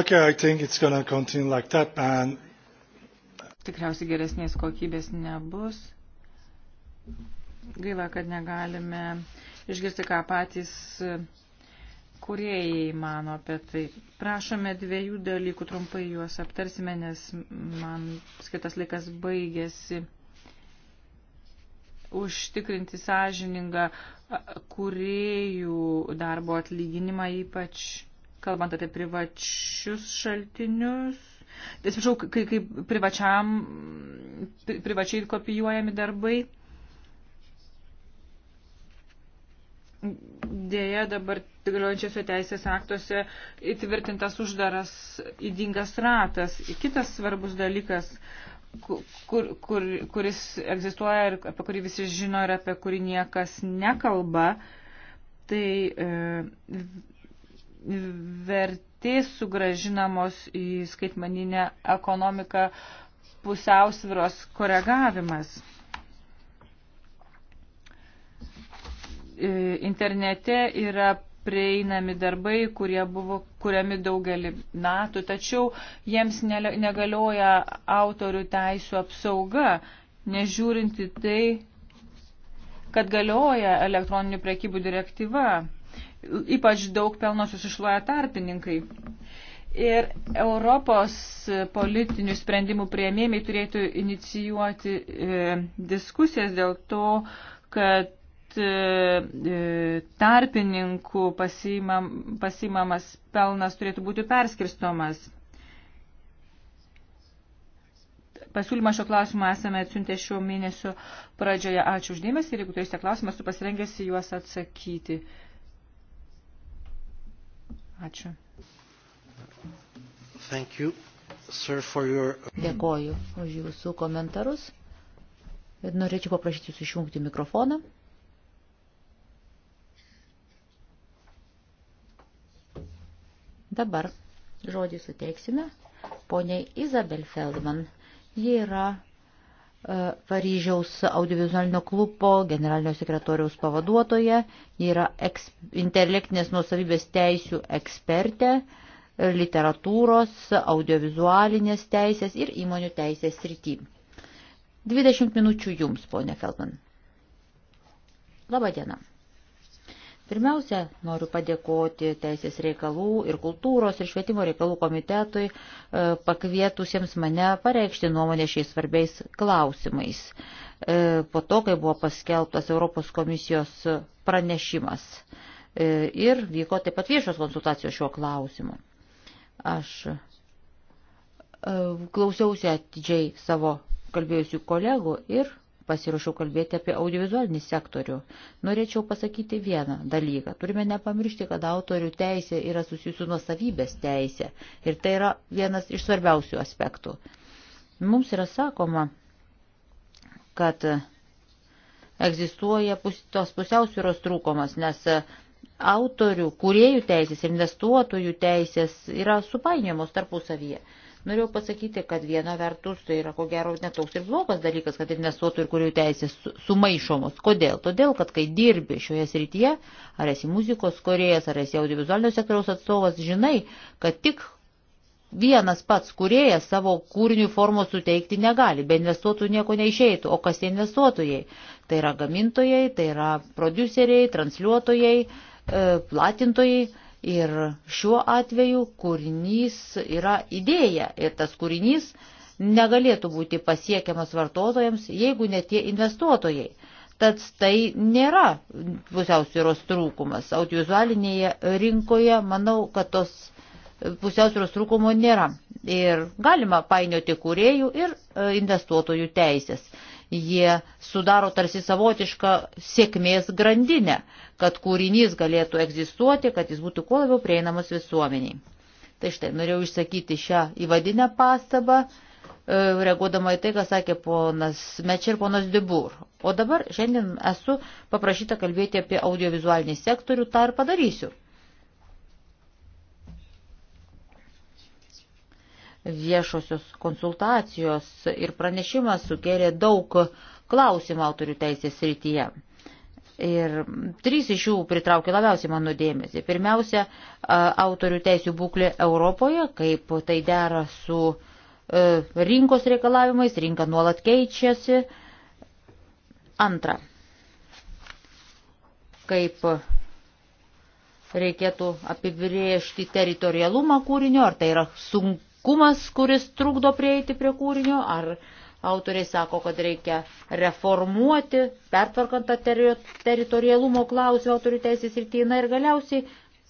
Okay, I think it's going to continue like that, and tikriausiai geresnės kokybės nebus. Gaila, kad negalime išgirsti, ką patys kuriejai mano apie tai. Prašome dviejų dalykų, trumpai juos aptarsime, nes man skirtas laikas baigėsi užtikrinti sąžiningą kuriejų darbo atlyginimą, ypač kalbant apie privačius šaltinius. Tiesiog, kai, kai privačiam, pri, privačiai kopijuojami darbai dėja dabar galiojančiose teisės aktuose įtvirtintas uždaras įdingas ratas. Kitas svarbus dalykas, kur, kur, kuris egzistuoja ir apie kurį visi žino ir apie kurį niekas nekalba, tai e, vertės sugražinamos į skaitmaninę ekonomiką pusiausviros koregavimas. E, internete yra prieinami darbai, kurie buvo kuriami daugelį metų, tačiau jiems negalioja autorių teisų apsauga, nežiūrinti tai, kad galioja elektroninių prekybų direktyva. Ypač daug pelnos susišluoja tarpininkai. Ir Europos politinių sprendimų prieimėjai turėtų inicijuoti e, diskusijas dėl to, kad E, e, tarpininkų pasiimam, pasiimamas pelnas turėtų būti perskirstomas. Pasiūlymą šio klausimą esame atsiuntę šio mėnesio pradžioje. Ačiū uždėmesį ir jeigu turėsite klausimą, esu pasirengęs juos atsakyti. Ačiū. Thank you, sir, for your... Dėkoju už jūsų komentarus. Norėčiau paprašyti jūsų išjungti mikrofoną. Dabar žodį suteiksime poniai Izabel Feldman. Ji yra e, Paryžiaus audiovizualinio klubo generalinio sekretoriaus pavaduotoja, ji yra eks, intelektinės nuosavybės teisių ekspertė, e, literatūros, audiovizualinės teisės ir įmonių teisės srity. 20 minučių jums, ponė Feldman. Labą dieną. Pirmiausia, noriu padėkoti Teisės reikalų ir kultūros ir švietimo reikalų komitetui, e, pakvietusiems mane pareikšti nuomonę šiais svarbiais klausimais. E, po to, kai buvo paskelbtas Europos komisijos pranešimas e, ir vyko taip pat viešos konsultacijos šiuo klausimu. Aš klausiausi atidžiai savo kalbėjusių kolegų ir pasiruošiau kalbėti apie audiovizualinį sektorių. Norėčiau pasakyti vieną dalyką. Turime nepamiršti, kad autorių teisė yra susijusi nuosavybės teisė. Ir tai yra vienas iš svarbiausių aspektų. Mums yra sakoma, kad egzistuoja pus, tos pusiausvyros trūkumas, nes autorių, kuriejų teisės ir investuotojų teisės yra supainiojamos tarpusavyje. Norėjau pasakyti, kad viena vertus tai yra ko gero netoks ir blogas dalykas, kad investuotojų ir kurių teisės sumaišomos. Kodėl? Todėl, kad kai dirbi šioje srityje, ar esi muzikos korėjas, ar esi audiovizualinio sektoriaus atstovas, žinai, kad tik vienas pats kurėjas savo kūrinių formos suteikti negali, be investuotojų nieko neišeitų. O kas tie investuotojai? Tai yra gamintojai, tai yra produceriai, transliuotojai, e, platintojai. Ir šiuo atveju kūrinys yra idėja ir tas kūrinys negalėtų būti pasiekiamas vartotojams, jeigu ne tie investuotojai. Tad tai nėra pusiausvėros trūkumas. Audiovizualinėje rinkoje manau, kad tos pusiausvėros trūkumo nėra. Ir galima painioti kuriejų ir e, investuotojų teisės. Jie sudaro tarsi savotišką sėkmės grandinę, kad kūrinys galėtų egzistuoti, kad jis būtų kuo labiau prieinamas visuomeniai. Tai štai, norėjau išsakyti šią įvadinę pastabą, e, reaguodama į tai, ką sakė ponas Meč ir ponas Dibur. O dabar šiandien esu paprašyta kalbėti apie audiovizualinį sektorių, tą ir padarysiu. viešosios konsultacijos ir pranešimas sukėlė daug klausimų autorių teisės srityje. Ir trys iš jų pritraukė labiausiai mano dėmesį. Pirmiausia, autorių teisų būklė Europoje, kaip tai dera su e, rinkos reikalavimais, rinka nuolat keičiasi. Antra, kaip reikėtų apibriežti teritorialumą kūrinio, ar tai yra sunk, meniškumas, kuris trukdo prieiti prie kūrinio, ar autoriai sako, kad reikia reformuoti, pertvarkant tą teritorialumo klausimą autorių teisės ir tyna ir galiausiai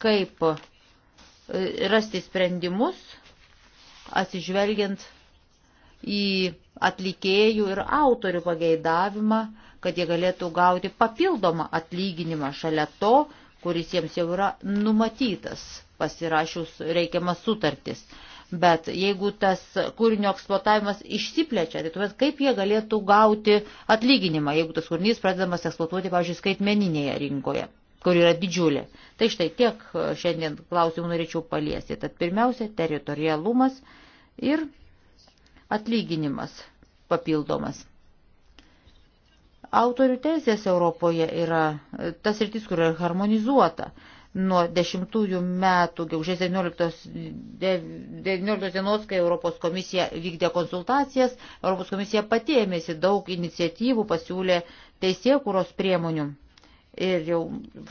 kaip e, rasti sprendimus, atsižvelgiant į atlikėjų ir autorių pageidavimą, kad jie galėtų gauti papildomą atlyginimą šalia to, kuris jiems jau yra numatytas pasirašius reikiamas sutartis. Bet jeigu tas kūrinio eksploatavimas išsiplečia, tai tuomet kaip jie galėtų gauti atlyginimą, jeigu tas kūrinys pradedamas eksploatuoti, pavyzdžiui, skaitmeninėje rinkoje, kur yra didžiulė. Tai štai tiek e, šiandien klausimų norėčiau paliesti. Tad pirmiausia, teritorialumas ir atlyginimas papildomas. Autorių teisės Europoje yra e, tas rytis, kur yra harmonizuota nuo 10 metų, gegužės 19, 19 dienos, kai Europos komisija vykdė konsultacijas, Europos komisija patėmėsi daug iniciatyvų, pasiūlė teisėkūros priemonių. Ir jau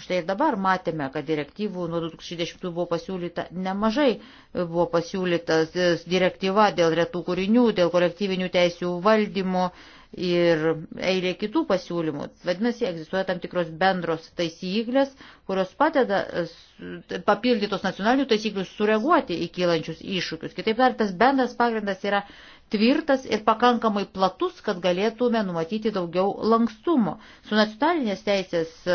štai dabar matėme, kad direktyvų nuo 2010 buvo pasiūlyta nemažai, buvo pasiūlytas direktyva dėl retų kūrinių, dėl kolektyvinių teisių valdymo, ir eilė kitų pasiūlymų. Vadinasi, egzistuoja tam tikros bendros taisyklės, kurios padeda e, papildytos nacionalinių taisyklių sureaguoti į kylančius iššūkius. Kitaip tariant, tas bendras pagrindas yra tvirtas ir pakankamai platus, kad galėtume numatyti daugiau lankstumo. Su nacionalinės teisės e,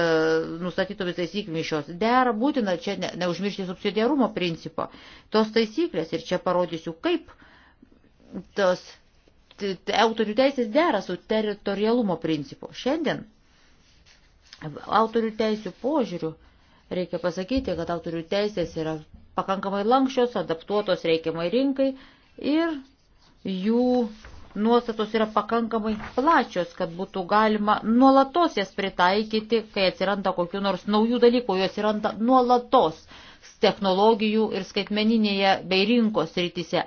nustatytomis taisyklėmis šios dera būtina čia ne, neužmiršti subsidiarumo principo. Tos taisyklės ir čia parodysiu, kaip tos autorių teisės dera su teritorialumo principu. Šiandien autorių teisių požiūrių reikia pasakyti, kad autorių teisės yra pakankamai lankščios, adaptuotos reikiamai rinkai ir jų nuostatos yra pakankamai plačios, kad būtų galima nuolatos jas pritaikyti, kai atsiranda kokiu nors naujų dalykų, jos atsiranda nuolatos technologijų ir skaitmeninėje bei rinkos rytise,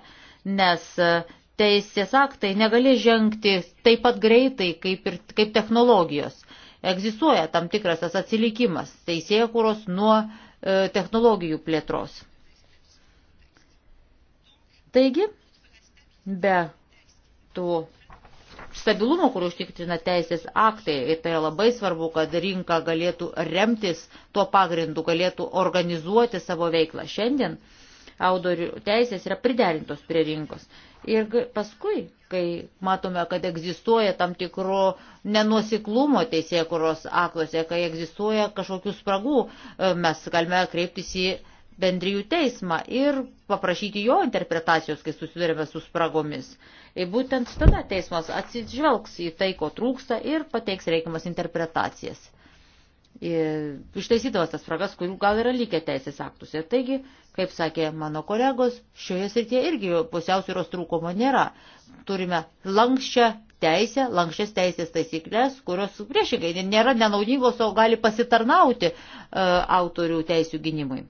nes teisės aktai negali žengti taip pat greitai kaip, ir, kaip technologijos. Egzistuoja tam tikras tas atsilikimas teisėjų kūros nuo e, technologijų plėtros. Taigi, be tų stabilumo, kur užtikrina teisės aktai, ir tai yra labai svarbu, kad rinka galėtų remtis tuo pagrindu, galėtų organizuoti savo veiklą. Šiandien autorių teisės yra priderintos prie rinkos. Ir paskui, kai matome, kad egzistuoja tam tikro nenuosiklumo teisėkuros aktuose, kai egzistuoja kažkokių spragų, e, mes galime kreiptis į bendrijų teismą ir paprašyti jo interpretacijos, kai susidurėme su spragomis. Ir būtent tada teismas atsižvelgs į tai, ko trūksta ir pateiks reikiamas interpretacijas ištaisydamas tas spragas, kurių gal yra likę teisės aktuose. Taigi, kaip sakė mano kolegos, šioje srityje irgi pusiausvyros trūkumo nėra. Turime lankščią teisę, lankščias teisės taisyklės, kurios priešingai nėra nenaudingos, o gali pasitarnauti e, autorių teisų gynimui.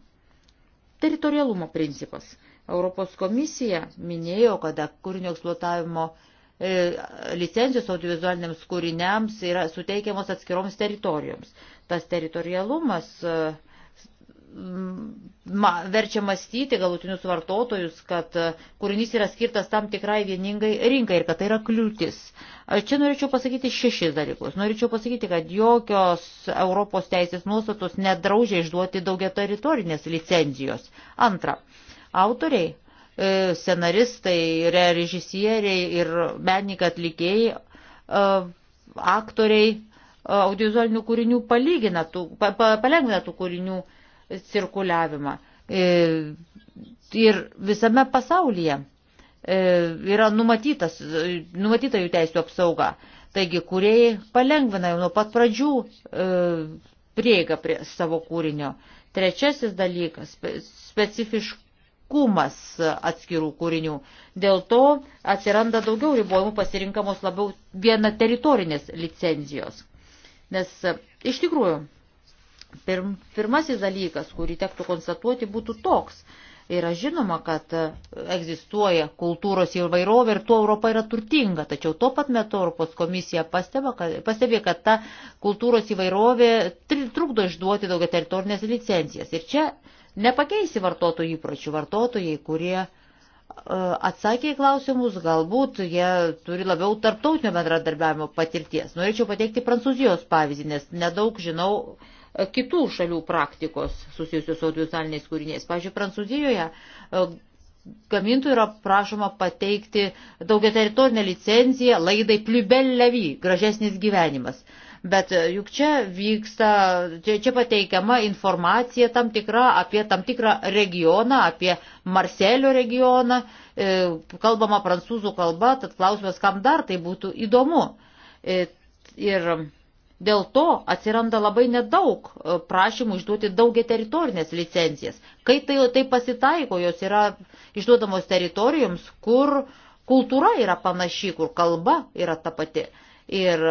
Teritorialumo principas. Europos komisija minėjo, kad kūrinio eksploatavimo e, E, licencijos audiovizualiniams kūriniams yra suteikiamos atskiroms teritorijoms. Tas teritorialumas e, ma, verčia mąstyti galutinius vartotojus, kad e, kūrinys yra skirtas tam tikrai vieningai rinkai ir kad tai yra kliūtis. Čia norėčiau pasakyti šešis dalykus. Norėčiau pasakyti, kad jokios Europos teisės nuostatos nedraužia išduoti daugia teritorinės licenzijos. Antra, autoriai E, scenaristai, režisieriai ir menininkai atlikėjai, e, aktoriai e, audiovizualinių kūrinių palygina, tų, pa, pa, palengvina tų kūrinių cirkuliavimą. Ir visame pasaulyje yra numatytas, numatyta jų teisų apsauga. Taigi, kuriejai palengvina jau nuo pat pradžių prieigą prie savo kūrinio. Trečiasis dalykas - specifišk, kumas atskirų kūrinių. Dėl to atsiranda daugiau ribojimų pasirinkamos labiau viena teritorinės licenzijos. Nes iš tikrųjų, pirm, pirmasis dalykas, kurį tektų konstatuoti, būtų toks. Yra žinoma, kad egzistuoja kultūros įvairovė ir tuo Europa yra turtinga, tačiau tuo pat metu Europos komisija pastebė, kad, pastebė, kad ta kultūros įvairovė trukdo išduoti daugia teritorinės licencijas. Ir čia Nepakeisi vartotojų įpročių. Vartotojai, kurie e, atsakė į klausimus, galbūt jie turi labiau tarptautinio bendradarbiavimo patirties. Norėčiau pateikti Prancūzijos pavyzdį, nes nedaug žinau e, kitų šalių praktikos susijusios su audiovizualiniais kūriniais. Pavyzdžiui, Prancūzijoje e, gamintojų yra prašoma pateikti daugia teritorinę licenciją laidai Pliubel Levy, gražesnis gyvenimas bet e, juk čia vyksta, čia, čia pateikiama informacija tam tikra apie tam tikrą regioną, apie Marselio regioną, e, kalbama prancūzų kalba, tad klausimas, kam dar tai būtų įdomu. E, ir Dėl to atsiranda labai nedaug prašymų išduoti daugia teritorinės licencijas. Kai tai, tai pasitaiko, jos yra išduodamos teritorijoms, kur kultūra yra panaši, kur kalba yra ta pati. Ir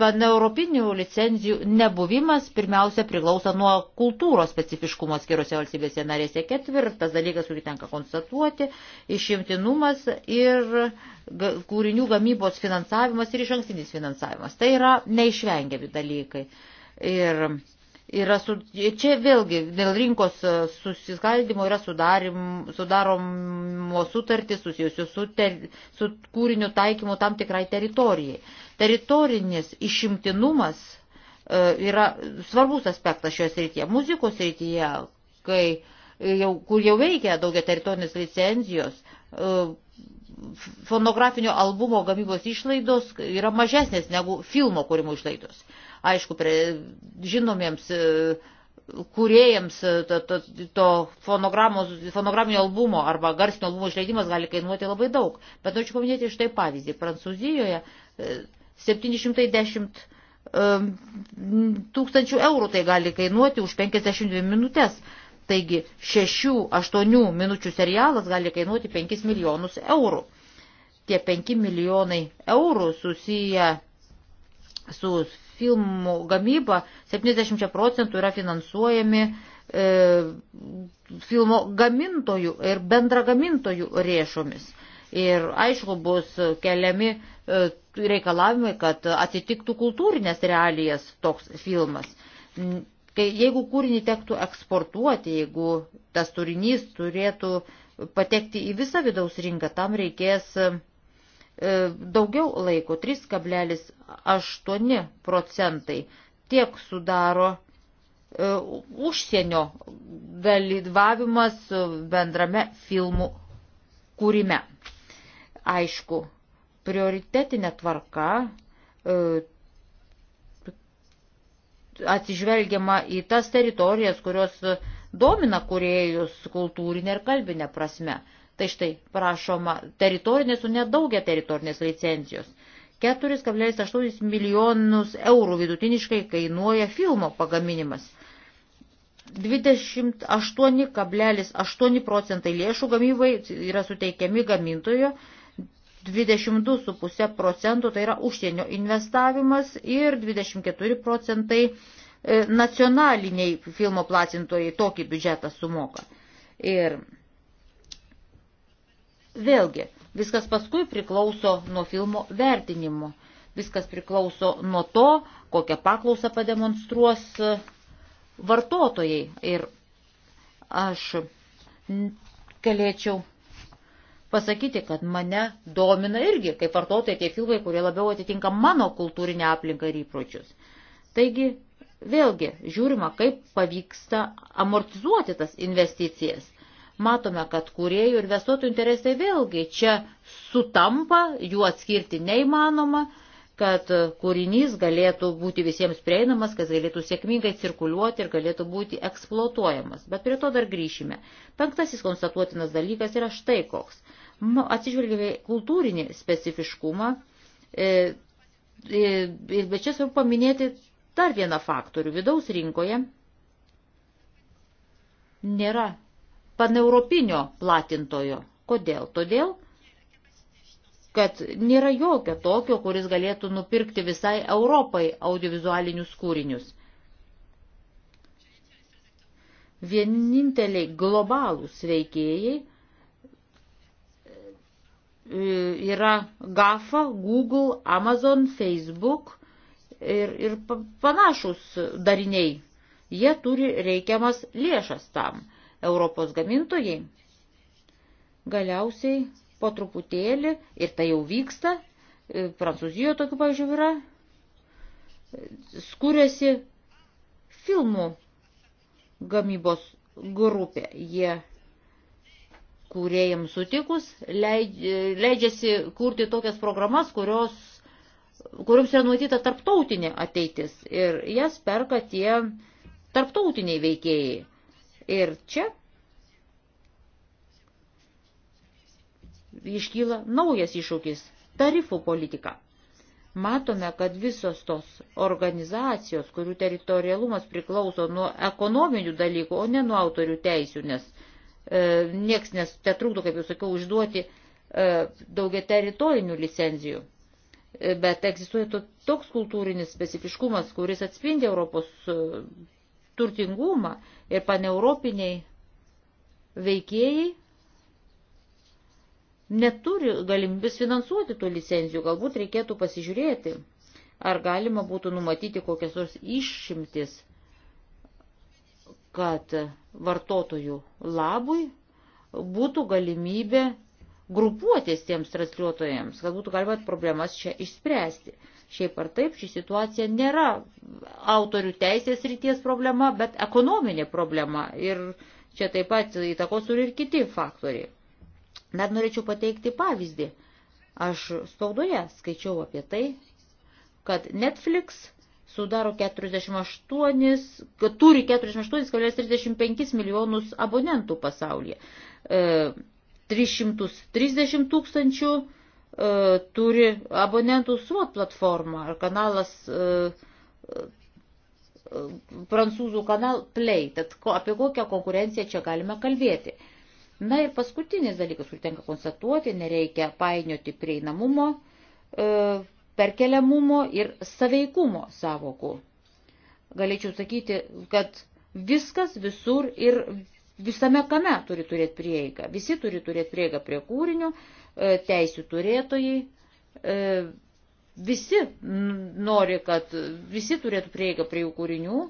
paneuropinių licenzijų nebuvimas pirmiausia priklauso nuo kultūros specifiškumo skiriuose valstybėse narėse. Ketvirtas dalykas, kurį tenka konstatuoti, išimtinumas ir kūrinių gamybos finansavimas ir iš ankstinis finansavimas. Tai yra neišvengiami dalykai. Ir yra su, čia vėlgi dėl rinkos susiskaldimo yra sudarim, sudaromos sutartys susijusios su, ter, su kūriniu taikymu tam tikrai teritorijai. Teritorinis išimtinumas e, yra svarbus aspektas šioje srityje. Muzikos srityje, kai jau, kur jau veikia daugia teritorinės licenzijos, e, fonografinio albumo gamybos išlaidos yra mažesnės negu filmo kūrimo išlaidos. Aišku, prie žinomiems e, kuriejams to, to, to fonograminio albumo arba garsinio albumo išleidimas gali kainuoti labai daug. Bet norėčiau paminėti štai pavyzdį. Prancūzijoje 710 tūkstančių eurų tai gali kainuoti už 52 minutės. Taigi 6-8 minučių serialas gali kainuoti 5 milijonus eurų. Tie 5 milijonai eurų susiję su filmų gamyba 70 procentų yra finansuojami e, filmo gamintojų ir bendragamintojų rėšomis. Ir aišku, bus keliami e, reikalavimai, kad atitiktų kultūrinės realijas toks filmas. Kai, jeigu kūrinį tektų eksportuoti, jeigu tas turinys turėtų patekti į visą vidaus rinką, tam reikės e, daugiau laiko, 3,8 procentai. Tiek sudaro e, užsienio dalyvavimas bendrame filmų kūrime. Aišku, prioritetinė tvarka e, atsižvelgiama į tas teritorijas, kurios domina kuriejus kultūrinė ir kalbinė prasme. Tai štai prašoma teritorinės, o nedaugia teritorinės licencijos. 4,8 milijonus eurų vidutiniškai kainuoja filmo pagaminimas. 28,8 procentai lėšų gamybai yra suteikiami gamintojo 22,5 procentų tai yra užsienio investavimas ir 24 procentai e, nacionaliniai filmo platintojai tokį biudžetą sumoka. Ir vėlgi, viskas paskui priklauso nuo filmo vertinimo. Viskas priklauso nuo to, kokią paklausą pademonstruos e, vartotojai. Ir aš galėčiau pasakyti, kad mane domina irgi, kaip vartotojai, tie filmai, kurie labiau atitinka mano kultūrinę aplinką ir įpročius. Taigi, vėlgi, žiūrima, kaip pavyksta amortizuoti tas investicijas. Matome, kad kuriejų ir investuotojų interesai vėlgi čia sutampa, jų atskirti neįmanoma, kad kūrinys galėtų būti visiems prieinamas, kad galėtų sėkmingai cirkuliuoti ir galėtų būti eksploatuojamas. Bet prie to dar grįšime. Penktasis konstatuotinas dalykas yra štai koks. Nu, atsižvelgia kultūrinį specifiškumą. E, e, bet čia svarbu paminėti dar vieną faktorių. Vidaus rinkoje nėra paneuropinio platintojo. Kodėl? Todėl, kad nėra jokio tokio, kuris galėtų nupirkti visai Europai audiovizualinius kūrinius. Vieninteliai globalūs veikėjai yra GAFA, Google, Amazon, Facebook ir, ir panašus dariniai. Jie turi reikiamas lėšas tam. Europos gamintojai galiausiai po truputėlį, ir tai jau vyksta, e, Prancūzijoje tokių pavyzdžių yra, e, skūrėsi filmų gamybos grupė. Jie kūrėjams sutikus, leidžiasi kurti tokias programas, kurios, kuriams yra numatyta tarptautinė ateitis ir jas perka tie tarptautiniai veikėjai. Ir čia iškyla naujas iššūkis – tarifų politika. Matome, kad visos tos organizacijos, kurių teritorialumas priklauso nuo ekonominių dalykų, o ne nuo autorių teisių, nes – E, nieks netrukdo, kaip jau sakiau, užduoti e, daugia teritorinių licenzijų. E, bet egzistuoja toks kultūrinis specifiškumas, kuris atspindi Europos turtingumą ir paneuropiniai veikėjai neturi galimybės finansuoti tų licenzijų. Galbūt reikėtų pasižiūrėti, ar galima būtų numatyti kokias nors išimtis kad vartotojų labui būtų galimybė grupuotis tiems transliuotojams, kad būtų galima problemas čia išspręsti. Šiaip ar taip, ši situacija nėra autorių teisės ryties problema, bet ekonominė problema. Ir čia taip pat įtakos turi ir kiti faktoriai. Dar norėčiau pateikti pavyzdį. Aš spaudoje skaičiau apie tai, kad Netflix sudaro 48, turi 48,35 milijonus abonentų pasaulyje. 330 e, tūkstančių e, turi abonentų SWOT platformą ar kanalas e, prancūzų kanal Play. Tad apie kokią konkurenciją čia galime kalbėti. Na ir paskutinis dalykas, kur tenka konstatuoti, nereikia painioti prieinamumo perkeliamumo ir saveikumo savokų. Galėčiau sakyti, kad viskas visur ir visame kame turi turėti prieigą. Visi turi turėti prieigą prie kūrinio, e, teisių turėtojai, e, visi nori, kad visi turėtų prieigą prie jų kūrinių.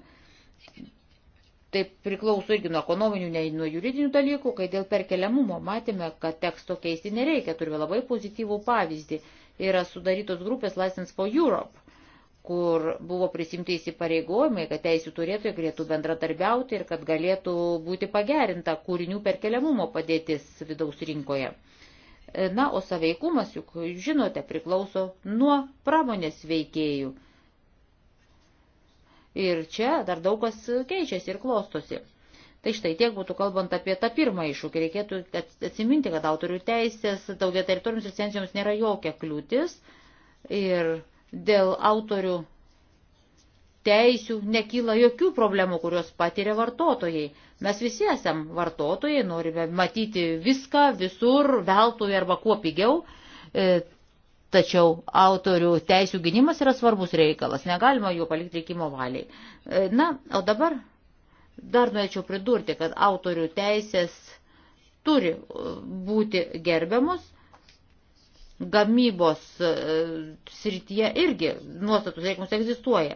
Tai priklauso irgi nuo ekonominių, nei nuo juridinių dalykų, kai dėl perkeliamumo matėme, kad teksto keisti nereikia. Turime labai pozityvų pavyzdį yra sudarytos grupės License for Europe, kur buvo prisimti įsipareigojimai, kad teisų turėtojai galėtų bendradarbiauti ir kad galėtų būti pagerinta kūrinių perkeliamumo padėtis vidaus rinkoje. Na, o saveikumas, juk žinote, priklauso nuo pramonės veikėjų. Ir čia dar daug kas keičiasi ir klostosi. Tai štai tiek būtų kalbant apie tą pirmą iššūkį. Reikėtų atsiminti, kad autorių teisės daugia teritorijoms licencijoms nėra jokia kliūtis ir dėl autorių teisių nekyla jokių problemų, kurios patiria vartotojai. Mes visi esam vartotojai, norime matyti viską, visur, veltui arba kuo pigiau. E, tačiau autorių teisių gynimas yra svarbus reikalas, negalima jų palikti reikimo valiai. E, na, o dabar Dar norėčiau pridurti, kad autorių teisės turi uh, būti gerbiamos. Gamybos uh, srityje irgi nuostatus reikmus egzistuoja.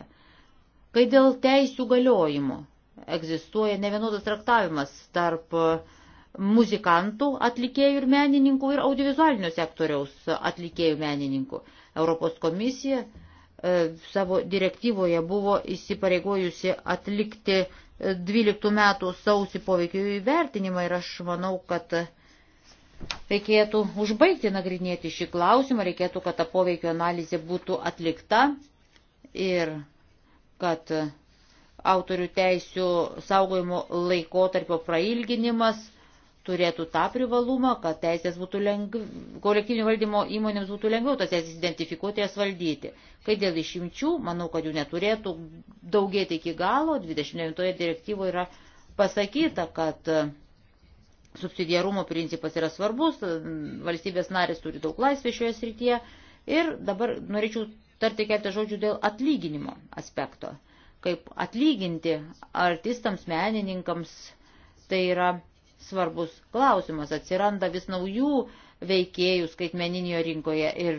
Kai dėl teisių galiojimo egzistuoja nevienodas traktavimas tarp uh, muzikantų, atlikėjų ir menininkų ir audiovizualinio sektoriaus atlikėjų menininkų. Europos komisija E, savo direktyvoje buvo įsipareigojusi atlikti 12 e, metų sausį poveikio įvertinimą ir aš manau, kad reikėtų užbaigti nagrinėti šį klausimą, reikėtų, kad ta poveikio analizė būtų atlikta ir kad autorių teisių saugojimo laikotarpio prailginimas – turėtų tą privalumą, kad teisės būtų lengv... kolektyvinio valdymo įmonėms būtų lengviau tas teisės identifikuoti, jas valdyti. Kai dėl išimčių, manau, kad jų neturėtų daugėti iki galo, 29 direktyvoje yra pasakyta, kad e, subsidiarumo principas yra svarbus, e, valstybės narės turi daug laisvės šioje srityje ir dabar norėčiau tarti keletą žodžių dėl atlyginimo aspekto. Kaip atlyginti artistams, menininkams, tai yra svarbus klausimas. Atsiranda vis naujų veikėjų skaitmeninėje rinkoje ir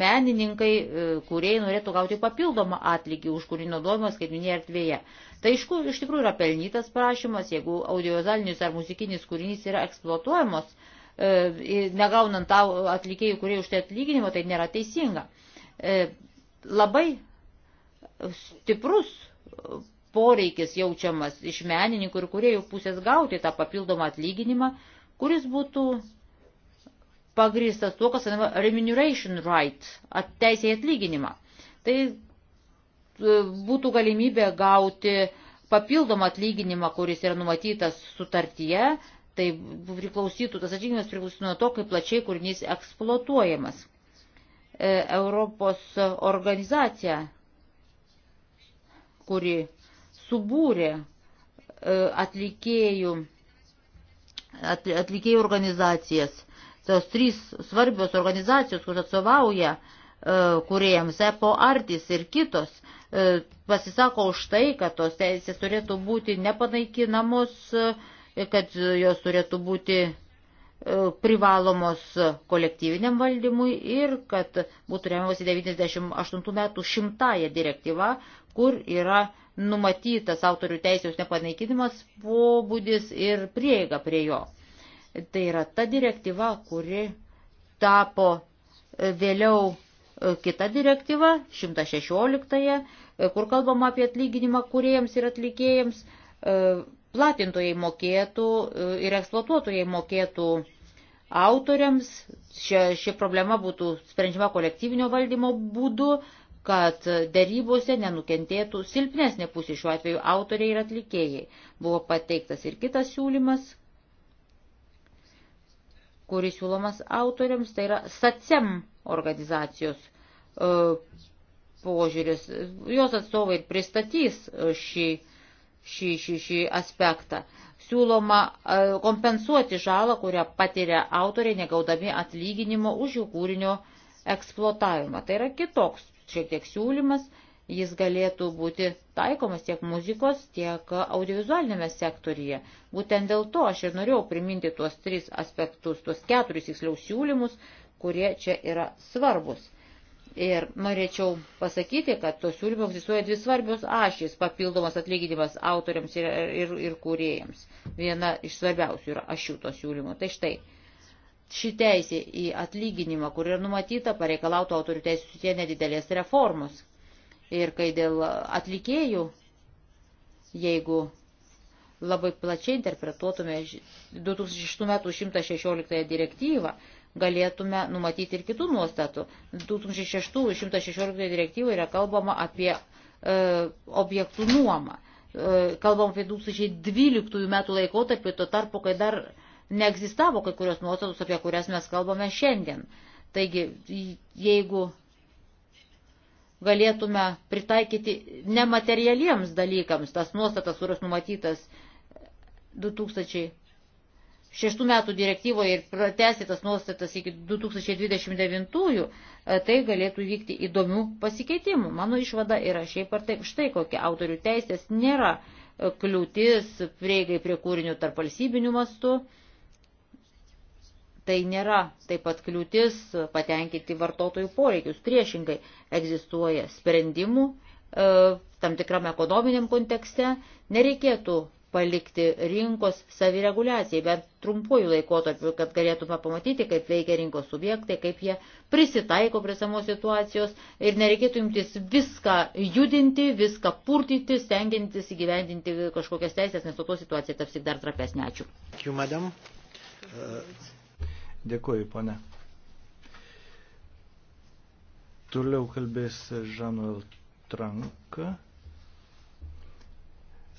menininkai, e, kurie norėtų gauti papildomą atlygį už kurį naudojimą skaitmeninėje erdvėje. Tai iš, kur, iš tikrųjų yra pelnytas prašymas, jeigu audiovizualinis ar muzikinis kūrinys yra eksploatuojamos, e, negaunant atlikėjų, kurie už tai atlyginimo, tai nėra teisinga. E, labai stiprus poreikis jaučiamas iš menininkų ir kuriejų pusės gauti tą papildomą atlyginimą, kuris būtų pagristas tuo, kas vadinama remuneration right, teisė į atlyginimą. Tai e, būtų galimybė gauti papildomą atlyginimą, kuris yra numatytas sutartyje, tai priklausytų, tas atlyginimas priklausytų nuo to, kaip plačiai kūrinys eksploatuojamas. E, Europos organizacija, kuri subūrė e, atlikėjų, atlikėjų organizacijas. Tos trys svarbios organizacijos, kurios atsovauja e, kuriems EPO Artis ir kitos, e, pasisako už tai, kad tos teisės turėtų būti nepanaikinamos, kad jos turėtų būti privalomos kolektyviniam valdymui ir kad būtų remiamasi 98 metų šimtąją direktyva, kur yra numatytas autorių teisės nepanaikinimas pobūdis ir prieiga prie jo. Tai yra ta direktyva, kuri tapo e, vėliau e, kita direktyva, 116, e, kur kalbama apie atlyginimą kuriejams ir atlikėjams, platintojai mokėtų ir eksploatuotojai mokėtų autoriams, ši, ši problema būtų sprendžiama kolektyvinio valdymo būdu, kad darybose nenukentėtų silpnesnė pusė šiuo atveju autoriai ir atlikėjai. Buvo pateiktas ir kitas siūlymas, kuris siūlomas autoriams, tai yra SACEM organizacijos e, požiūris. Jos atstovai pristatys šį, šį, šį, šį aspektą. Siūloma e, kompensuoti žalą, kurią patiria autoriai, negaudami atlyginimo už jų kūrinio eksploatavimą. Tai yra kitoks šiek tiek siūlymas, jis galėtų būti taikomas tiek muzikos, tiek audiovizualinėme sektorije. Būtent dėl to aš ir norėjau priminti tuos tris aspektus, tuos keturis tiksliau siūlymus, kurie čia yra svarbus. Ir norėčiau pasakyti, kad to siūlymo egzistuoja dvi svarbios ašys - papildomas atlyginimas autoriams ir, ir, ir kūrėjams. Viena iš svarbiausių yra ašių to siūlymo. Tai štai ši teisė į atlyginimą, kur yra numatyta, pareikalautų autorių teisų sutie nedidelės reformos. Ir kai dėl atlikėjų, jeigu labai plačiai interpretuotume 2006 metų 116 direktyvą, galėtume numatyti ir kitų nuostatų. 2006-116 direktyvoje yra kalbama apie e, objektų nuomą. E, kalbam apie 2012 metų laikotarpį, tuo tarpu, kai dar neegzistavo kai kurios nuostatos, apie kurias mes kalbame šiandien. Taigi, jeigu galėtume pritaikyti nematerialiems dalykams tas nuostatas, kurios numatytas 2006 metų direktyvoje ir pratesti tas nuostatas iki 2029, tai galėtų vykti įdomių pasikeitimų. Mano išvada yra šiaip ar taip, štai kokia autorių teisės nėra kliūtis prieigai prie kūrinių tarp valstybinių mastų tai nėra taip pat kliūtis patenkinti vartotojų poreikius. Priešingai egzistuoja sprendimų e, tam tikram ekonominiam kontekste. Nereikėtų palikti rinkos savireguliacijai, bent trumpuoju laikotarpiu, kad galėtume pamatyti, kaip veikia rinkos subjektai, kaip jie prisitaiko prie samos situacijos ir nereikėtų imtis viską judinti, viską purtyti, stengiantis įgyvendinti kažkokias teisės, nes to situacija taps tik dar trapesnė. Ačiū. Ačiū, madam. Uh... Dėkuoju, pane. Toliau kalbės Žanuel Tranka.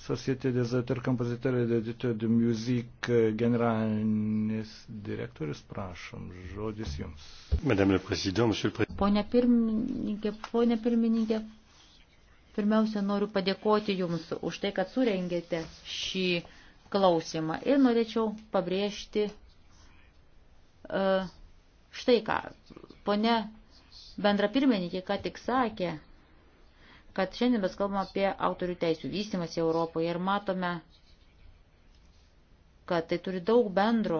Société des Auteurs, Compositeurs et Editeurs de Musique generalinis direktorius, prašom, žodis jums. Madame le Président, Monsieur le Président. Pone pirmininkė, pone pirmininkė, pirmiausia noriu padėkoti jums už tai, kad surengėte šį klausimą ir norėčiau pabrėžti E, štai ką, pone bendra pirmininkė ką tik sakė, kad šiandien mes kalbame apie autorių teisų vystimas Europoje ir matome, kad tai turi daug bendro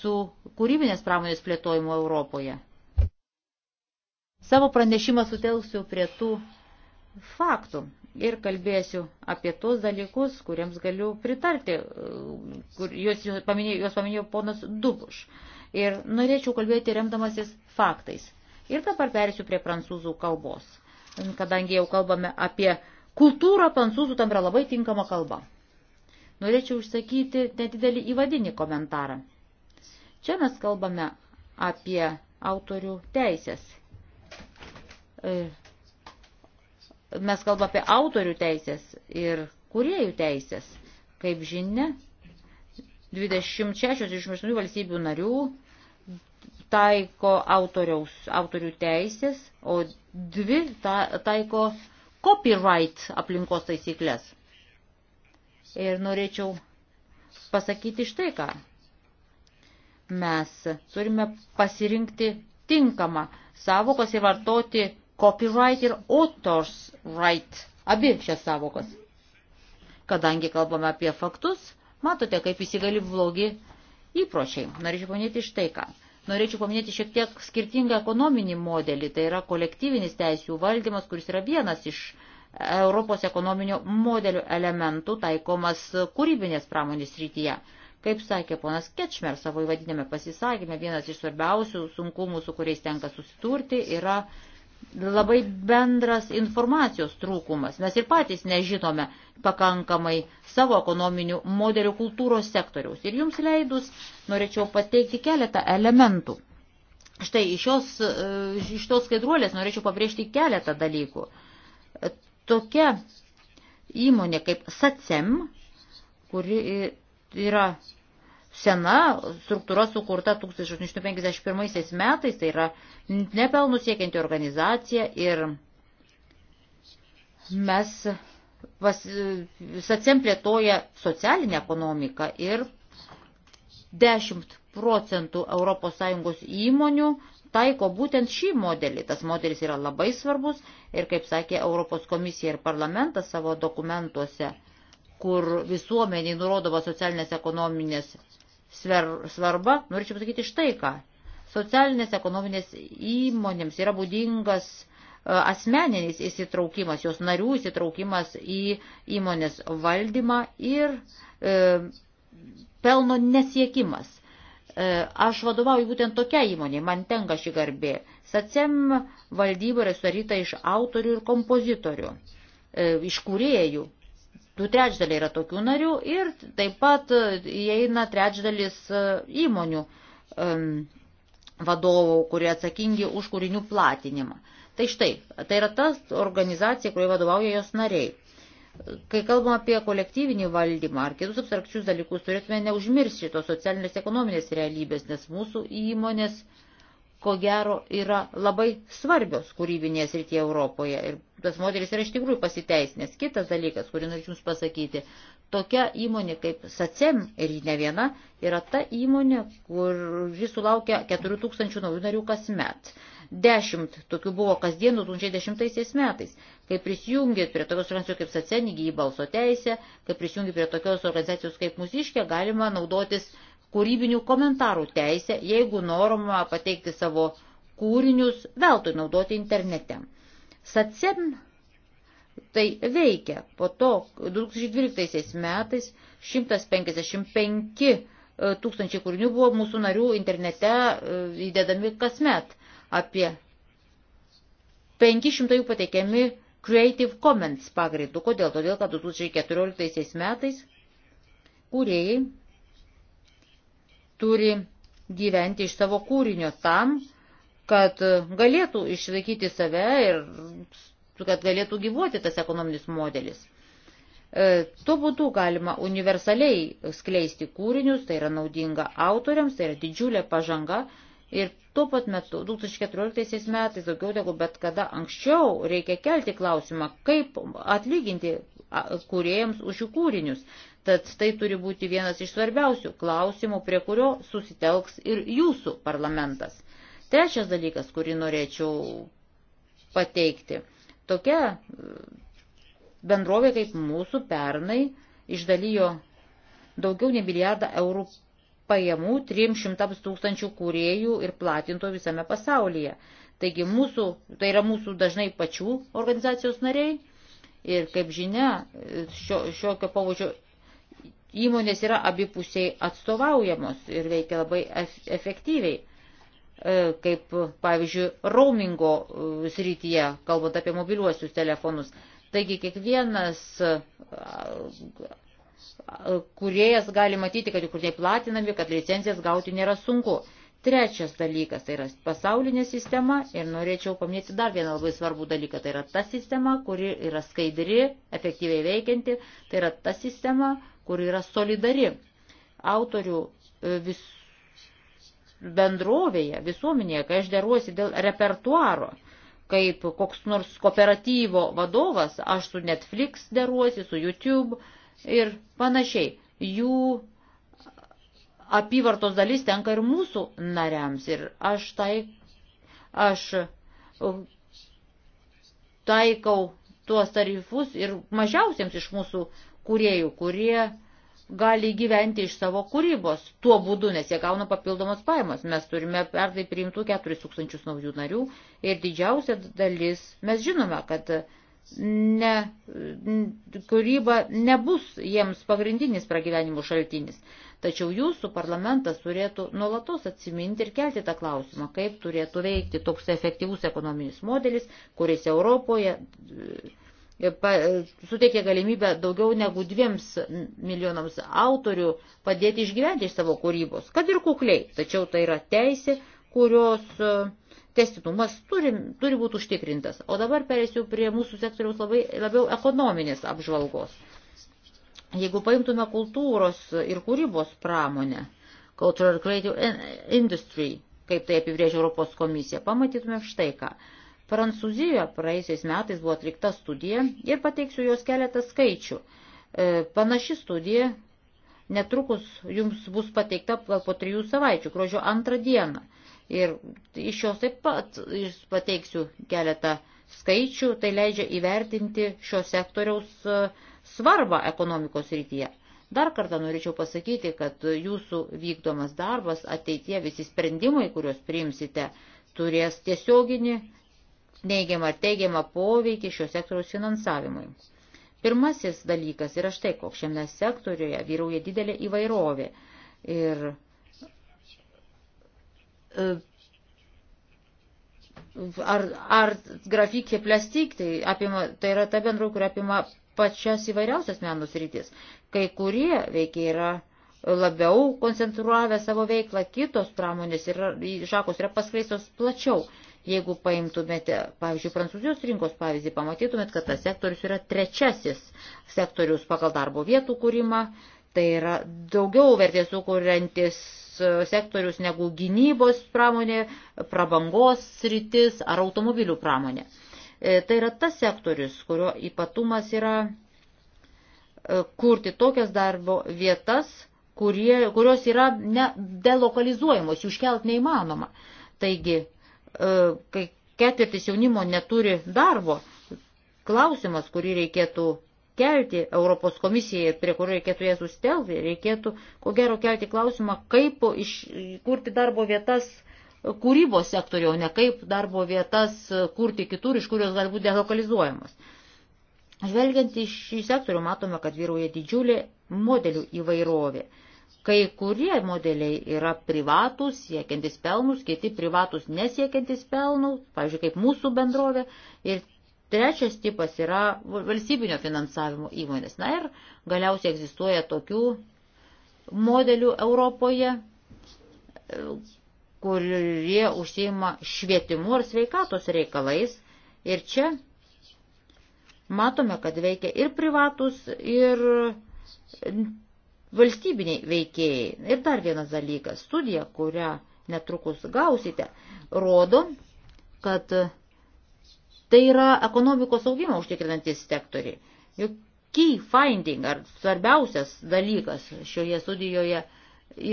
su kūrybinės pramonės plėtojimu Europoje. Savo pranešimą sutelksiu prie tų faktų ir kalbėsiu apie tos dalykus, kuriems galiu pritarti, uh, kur juos, juos, paminėjo, juos paminėjo ponas Dubuš. Ir norėčiau kalbėti remdamasis faktais. Ir dabar perėsiu prie prancūzų kalbos, kadangi jau kalbame apie kultūrą, prancūzų tam yra labai tinkama kalba. Norėčiau užsakyti nedidelį įvadinį komentarą. Čia mes kalbame apie autorių teisės. E, mes kalbame apie autorių teisės ir kuriejų teisės. Kaip žinia, 26 iš 28 valstybių narių taiko autoriaus, autorių teisės, o dvi ta, taiko copyright aplinkos taisyklės. Ir norėčiau pasakyti štai ką. Mes turime pasirinkti tinkamą savokas ir vartoti copyright ir authors right, abi šias savokas. Kadangi kalbame apie faktus, matote, kaip įsigali blogi įpročiai. Norėčiau paminėti štai ką. Norėčiau paminėti šiek tiek skirtingą ekonominį modelį, tai yra kolektyvinis teisų valdymas, kuris yra vienas iš Europos ekonominio modelio elementų taikomas kūrybinės pramonės rytyje. Kaip sakė ponas Kečmer savo įvadinėme pasisakymė, vienas iš svarbiausių sunkumų, su kuriais tenka susiturti, yra labai bendras informacijos trūkumas. Mes ir patys nežinome pakankamai savo ekonominių modelių kultūros sektoriaus. Ir jums leidus norėčiau pateikti keletą elementų. Štai iš, šios, e, iš tos skaidruolės norėčiau pabrėžti keletą dalykų. Tokia įmonė kaip SACEM, kuri yra sena struktūra sukurta 1851 metais, tai yra nepelnų siekianti organizacija ir mes sacem plėtoja socialinę ekonomiką ir 10 procentų ES įmonių taiko būtent šį modelį. Tas modelis yra labai svarbus ir, kaip sakė Europos komisija ir parlamentas savo dokumentuose, kur visuomeniai nurodoma socialinės ekonominės svarba, norėčiau pasakyti štai ką. Socialinės ekonominės įmonėms yra būdingas e, asmeninis įsitraukimas, jos narių įsitraukimas į įmonės valdymą ir e, pelno nesiekimas. E, aš vadovauju būtent tokia įmonė, man tenka ši garbė. SACEM valdyba yra sudaryta iš autorių ir kompozitorių, e, iš kūrėjų, Du trečdaliai yra tokių narių ir taip pat e, įeina trečdalis e, įmonių vadovų, kurie atsakingi už kūrinių platinimą. Tai štai, tai yra ta organizacija, kurioje vadovauja jos nariai. Kai kalbam apie kolektyvinį valdymą ar kitus abstrakčius dalykus, turėtume neužmiršti tos socialinės ekonominės realybės, nes mūsų įmonės uh, ko gero yra labai svarbios kūrybinės rytyje Europoje. Ir tas modelis yra iš tikrųjų pasiteisinęs. Kitas dalykas, kurį norėčiau Jums pasakyti, tokia įmonė kaip SACEM ir ne viena yra ta įmonė, kur jis sulaukia 4000 naujų narių kasmet. Dešimt tokių buvo kasdien 2010 metais, kai prisijungėt prie tokios organizacijos kaip SACEM įgyjai balso teisė, kai prisijungėt prie tokios organizacijos kaip Mūsiškė, galima naudotis kūrybinių komentarų teisę, jeigu norma pateikti savo kūrinius veltui naudoti internete. SACEM tai veikia. Po to 2012 metais 155 e, tūkstančiai kūrinių buvo mūsų narių internete e, įdedami kasmet. Apie 500 jų pateikiami Creative Commons pagrindu. Kodėl? Todėl, kad 2014 metais kūrėjai turi gyventi iš savo kūrinio tam, kad galėtų išlaikyti save ir kad galėtų gyvuoti tas ekonominis modelis. E, tuo būdu galima universaliai skleisti kūrinius, tai yra naudinga autoriams, tai yra didžiulė pažanga ir tuo pat metu 2014 metais daugiau negu bet kada anksčiau reikia kelti klausimą, kaip atlyginti kuriejams už jų kūrinius. Tad tai turi būti vienas iš svarbiausių klausimų, prie kurio susitelks ir jūsų parlamentas. Trečias dalykas, kurį norėčiau pateikti. Tokia e, bendrovė kaip mūsų pernai išdalijo daugiau nei milijardą eurų pajamų 300 tūkstančių kūrėjų ir platintojų visame pasaulyje. Taigi mūsų, tai yra mūsų dažnai pačių organizacijos nariai ir kaip žinia, šio, šiokio pavučio įmonės yra abipusiai atstovaujamos ir veikia labai efektyviai, e, kaip pavyzdžiui, roamingo e, srityje, kalbant apie mobiliuosius telefonus. Taigi kiekvienas e, kuriejas gali matyti, kad jų kurniai platinami, kad licencijas gauti nėra sunku. Trečias dalykas tai yra pasaulinė sistema ir norėčiau paminėti dar vieną labai svarbų dalyką. Tai yra ta sistema, kuri yra skaidri, efektyviai veikianti. Tai yra ta sistema, kur yra solidari autorių e, vis bendrovėje, visuomenėje, kai aš deruosi dėl repertuaro, kaip koks nors kooperatyvo vadovas, aš su Netflix deruosi, su YouTube ir panašiai. Jų apyvartos dalis tenka ir mūsų nariams. Ir aš tai, aš taikau tuos tarifus ir mažiausiems iš mūsų uh, kuriejų, kurie gali gyventi iš savo kūrybos tuo būdu, nes jie gauna papildomos pajamos. Mes turime pernai priimtų 4000 naujų narių ir didžiausia dalis, mes žinome, kad ne, kūryba nebus jiems pagrindinis pragyvenimo šaltinis. Tačiau jūsų parlamentas turėtų nuolatos atsiminti ir kelti tą klausimą, kaip turėtų veikti toks efektyvus ekonominis modelis, kuris Europoje suteikė galimybę daugiau negu dviems milijonams autorių padėti išgyventi iš savo kūrybos, kad ir kukliai, tačiau tai yra teisė, kurios e, testinumas turi, turi būti užtikrintas. O dabar perėsiu prie mūsų sektoriaus labai, labiau ekonominės apžvalgos. Jeigu paimtume kultūros ir kūrybos pramonę, Cultural Creative Industry, kaip tai apibrėžia Europos komisija, pamatytume štai ką. Prancūzijoje praeisiais metais buvo atlikta studija ir pateiksiu jos keletą skaičių. E, panaši studija netrukus jums bus pateikta po trijų savaičių, gruodžio antrą dieną. Ir iš jos taip pat pateiksiu keletą skaičių, tai leidžia įvertinti šio sektoriaus e, svarbą ekonomikos rytyje. Dar kartą norėčiau pasakyti, kad jūsų vykdomas darbas ateitie visi sprendimai, kuriuos priimsite, turės tiesioginį neigiamą ar teigiamą poveikį šio sektoriaus finansavimui. Pirmasis dalykas yra štai, koks šiame sektoriuje vyrauja didelė įvairovė. Ir e, ar, ar grafikė plastik, tai, apima, tai yra ta bendra, kuri apima pačias įvairiausias menus rytis. Kai kurie veikiai yra labiau koncentruavę savo veiklą, kitos pramonės ir šakos yra paskleistos plačiau. Jeigu paimtumėte, pavyzdžiui, prancūzijos rinkos pavyzdį, pamatytumėt, kad tas sektorius yra trečiasis sektorius pagal darbo vietų kūrimą, tai yra daugiau vertės sukūrentis e, sektorius negu gynybos pramonė, prabangos sritis ar automobilių pramonė. E, tai yra tas sektorius, kurio ypatumas yra e, kurti tokias darbo vietas, kurie, kurios yra delokalizuojamos, jų iškelt neįmanoma. Taigi E, kai ketvirtis jaunimo neturi darbo, klausimas, kurį reikėtų kelti Europos komisijai ir prie kurio reikėtų ją sustelti, reikėtų ko gero kelti klausimą, kaip kurti darbo vietas kūrybos sektoriau, ne kaip darbo vietas kurti kitur, iš kurios galbūt delokalizuojamas. Žvelgiant į šį sektorių, matome, kad vyrauja didžiulė modelių įvairovė. Kai kurie modeliai yra privatus, siekiantis pelnus, kiti privatus nesiekiantis pelnų, pavyzdžiui, kaip mūsų bendrovė. Ir trečias tipas yra valstybinio finansavimo įmonės. Na ir galiausiai egzistuoja tokių modelių Europoje, kurie užsieima švietimu ar sveikatos reikalais. Ir čia matome, kad veikia ir privatus, ir valstybiniai veikėjai. Ir dar vienas dalykas, studija, kurią netrukus gausite, rodo, kad tai yra ekonomikos augimą užtikrinantis sektoriai. Juk key finding, ar svarbiausias dalykas šioje studijoje,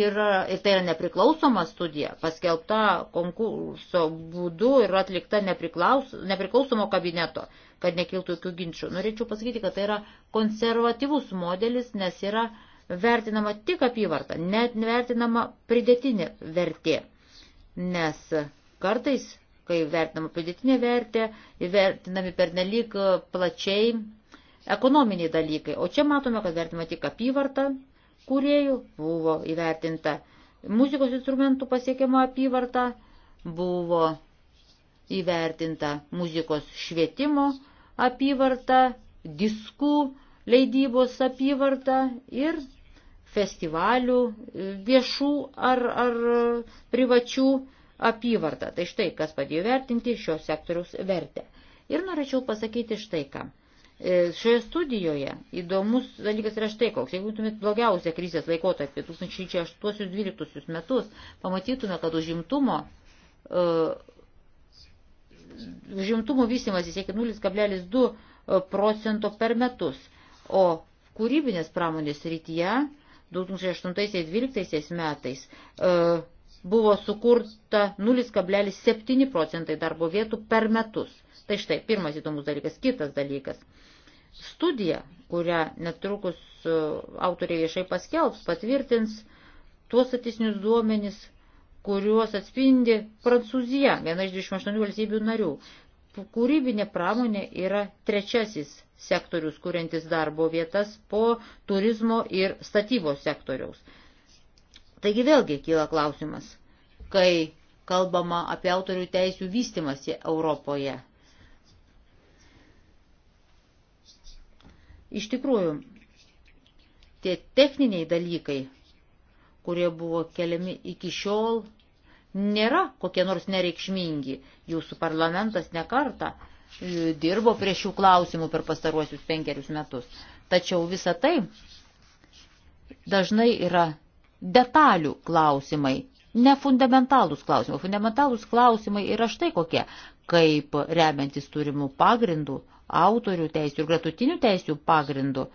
yra, ir tai yra nepriklausoma studija, paskelbta konkurso būdu ir atlikta nepriklaus, nepriklausomo kabineto, kad nekiltų jokių ginčių. Norėčiau pasakyti, kad tai yra konservatyvus modelis, nes yra vertinama tik apyvarta, net vertinama pridėtinė vertė. Nes kartais, kai vertinama pridėtinė vertė, vertinami pernelyg plačiai ekonominiai dalykai. O čia matome, kad vertinama tik apyvarta, kuriejų buvo įvertinta. Muzikos instrumentų pasiekiama apyvarta buvo įvertinta muzikos švietimo apyvarta, diskų leidybos apyvarta ir festivalių e, viešų ar, ar privačių apyvartą. Tai štai, kas padėjo vertinti šio sektoriaus vertę. Ir norėčiau pasakyti štai ką. E, šioje studijoje įdomus dalykas yra štai koks. Jeigu būtumėt blogiausią krizės laikotarpį 2008-2012 metus, pamatytume, kad užimtumo e, užimtumo vystimas įsiekia 0,2 procento per metus, o kūrybinės pramonės rytyje 2008-2012 metais e, buvo sukurta 0,7 procentai darbo vietų per metus. Tai štai pirmas įdomus dalykas. Kitas dalykas. Studija, kurią netrukus e, autoriai viešai paskelbs, patvirtins tuos statistinius duomenis, kuriuos atspindi Prancūzija, viena iš 28 valstybių narių. Kūrybinė pramonė yra trečiasis sektorius, kuriantis darbo vietas po turizmo ir statybos sektoriaus. Taigi vėlgi kyla klausimas, kai kalbama apie autorių teisių vystimasi Europoje. Iš tikrųjų, tie techniniai dalykai, kurie buvo keliami iki šiol, nėra kokie nors nereikšmingi. Jūsų parlamentas nekarta E, dirbo prie šių klausimų per pastaruosius penkerius metus. Tačiau visa tai dažnai yra detalių klausimai, ne fundamentalūs klausimai. Fundamentalūs klausimai yra štai kokie, kaip remiantis turimų pagrindų, autorių teisių ir gratutinių teisių pagrindų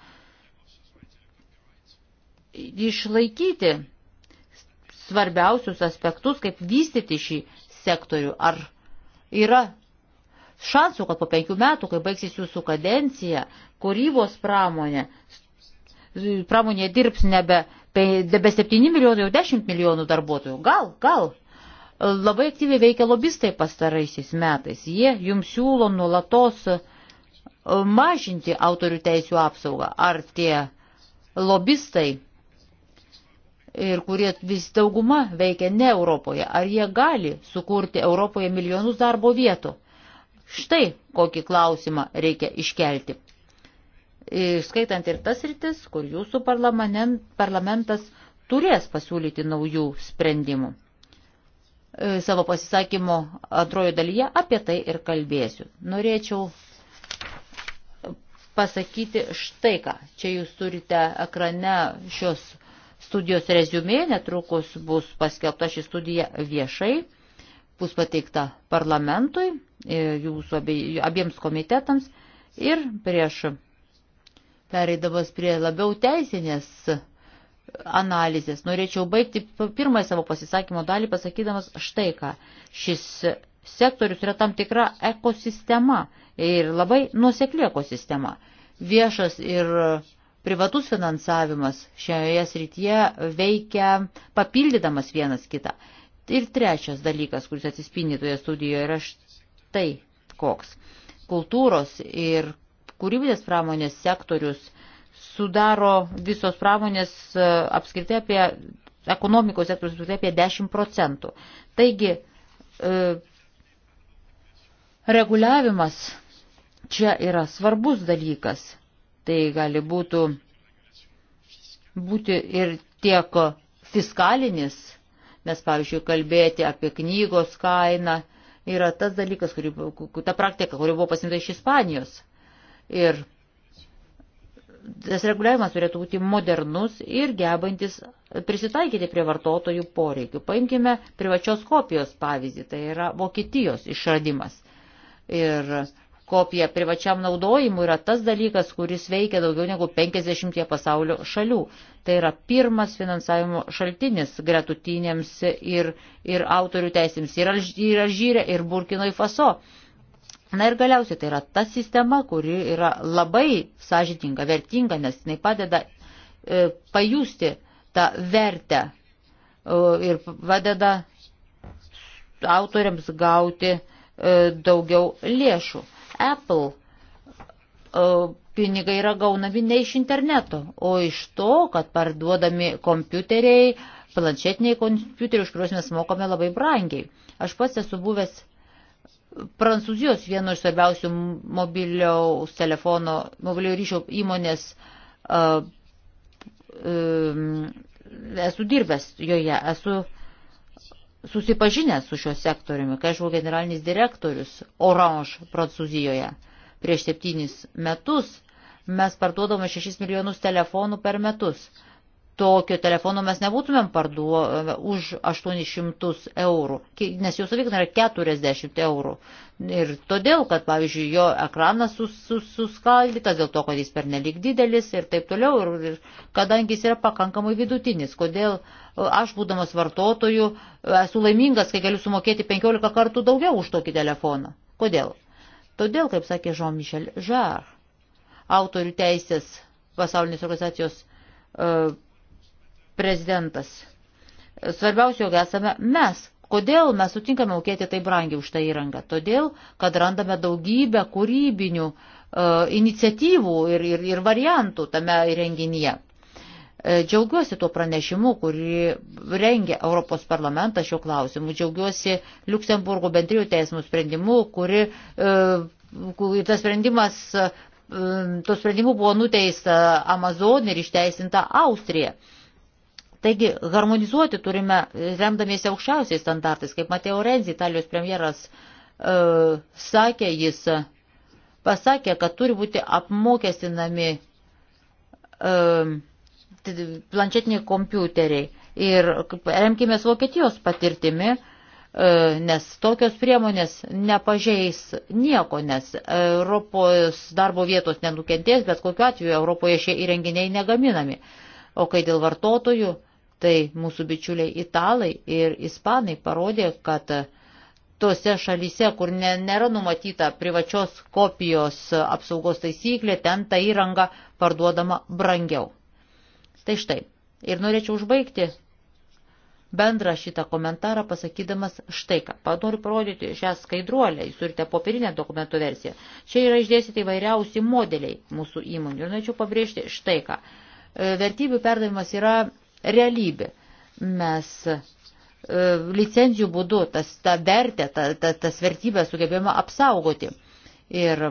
išlaikyti svarbiausius aspektus, kaip vystyti šį sektorių. Ar yra šansų, kad po penkių metų, kai baigsis jūsų kadencija, kūrybos pramonė, pramonė dirbs nebe, nebe 7 milijonų, jau 10 milijonų darbuotojų. Gal, gal. Labai aktyviai veikia lobistai pastaraisiais metais. Jie jums siūlo nulatos e, mažinti autorių teisų apsaugą. Ar tie lobistai ir kurie vis dauguma veikia ne Europoje, ar jie gali sukurti Europoje milijonus darbo vietų? Štai kokį klausimą reikia iškelti. Skaitant ir tas rytis, kur jūsų parlamentas turės pasiūlyti naujų sprendimų. E, savo pasisakymo antrojo dalyje apie tai ir kalbėsiu. Norėčiau pasakyti štai ką. Čia jūs turite ekrane šios studijos rezumė, netrukus bus paskelbta ši studija viešai bus pateikta parlamentui, e, jūsų abie, abiems komitetams ir prieš pereidamas prie labiau teisinės analizės. Norėčiau baigti pirmąją savo pasisakymo dalį pasakydamas štai ką. Šis sektorius yra tam tikra ekosistema ir labai nuosekli ekosistema. Viešas ir privatus finansavimas šioje srityje veikia papildydamas vienas kitą. Ir trečias dalykas, kuris atsispindi toje studijoje, yra štai koks. Kultūros ir kūrybinės pramonės sektorius sudaro visos pramonės e, apskritai apie, ekonomikos sektorius apskritai apie 10 procentų. Taigi, e, reguliavimas čia yra svarbus dalykas. Tai gali būtų, būti ir tiek fiskalinis Nes, pavyzdžiui, kalbėti apie knygos kainą yra tas dalykas, kuri, ta praktika, kuri buvo pasimta iš Ispanijos. Ir tas reguliavimas turėtų būti modernus ir gebantis prisitaikyti prie vartotojų poreikių. Paimkime privačios kopijos pavyzdį, tai yra Vokietijos išradimas. Ir kopija privačiam naudojimui yra tas dalykas, kuris veikia daugiau negu 50 pasaulio šalių. Tai yra pirmas finansavimo šaltinis gretutinėms ir, ir autorių teisėms ir, ir Alžyrė, ir Burkinoj Faso. Na ir galiausiai tai yra ta sistema, kuri yra labai sąžininga, vertinga, nes jinai padeda e, pajusti tą vertę e, ir padeda autoriams gauti e, daugiau lėšų. E, Apple pinigai yra gaunami ne iš interneto, o iš to, kad parduodami kompiuteriai, planšetiniai kompiuteriai, už kuriuos mes mokame labai brangiai. Aš pats esu buvęs Prancūzijos vieno iš svarbiausių mobiliaus telefono, mobiliojo ryšio įmonės, uh, um, esu dirbęs joje, esu uh, susipažinęs su šiuo sektoriumi, kai aš buvau generalinis direktorius Orange Prancūzijoje prieš septynis metus, mes parduodame 6 milijonus telefonų per metus tokio telefono mes nebūtumėm parduo už 800 eurų, nes jūsų veikna yra 40 eurų. Ir todėl, kad, pavyzdžiui, jo ekranas sus, sus, suskaldytas dėl to, kad jis per nelik didelis ir taip toliau, ir, ir kadangi jis yra pakankamai vidutinis, kodėl e, aš, būdamas vartotoju, esu laimingas, kai galiu sumokėti 15 kartų daugiau už tokį telefoną. Kodėl? Todėl, kaip sakė Jean-Michel Jarre, autorių teisės pasaulinės organizacijos uh, prezidentas. Svarbiausia, jog esame mes. Kodėl mes sutinkame mokėti tai brangiai už tą įrangą? Todėl, kad randame daugybę kūrybinių uh, iniciatyvų ir, ir, ir variantų tame renginyje. E, džiaugiuosi tuo pranešimu, kurį rengia Europos parlamentas šiuo klausimu. Džiaugiuosi Luksemburgo bendrijų teismų sprendimu, kuri, e, kuri tas sprendimas, to sprendimu buvo nuteista Amazon ir išteisinta Austrija. Taigi harmonizuoti turime, e, remdamiesi aukščiausiais standartais, kaip Mateo Renzi, Italijos premjeras, e, sakė, jis e, pasakė, kad turi būti apmokestinami e, planšetiniai kompiuteriai. Ir remkime Vokietijos patirtimi, e, nes tokios priemonės nepažeis nieko, nes Europos darbo vietos nenukentės, bet kokiu atveju Europoje šie įrenginiai negaminami. O kai dėl vartotojų, Tai mūsų bičiuliai italai ir ispanai parodė, kad tose šalyse, kur ne, nėra numatyta privačios kopijos apsaugos taisyklė, ten ta įranga parduodama brangiau. Tai štai. Ir norėčiau užbaigti bendrą šitą komentarą pasakydamas štai ką. Noriu parodyti šią skaidruolę, jūs turite popierinę dokumento versiją. Čia yra išdėstyti įvairiausi modeliai mūsų įmonių. Ir norėčiau pabrėžti štai ką. E, vertybių perdavimas yra realybė. Mes e, licencijų būdu tas, tą vertę, ta, ta, tas vertybės sugebėjome apsaugoti. Ir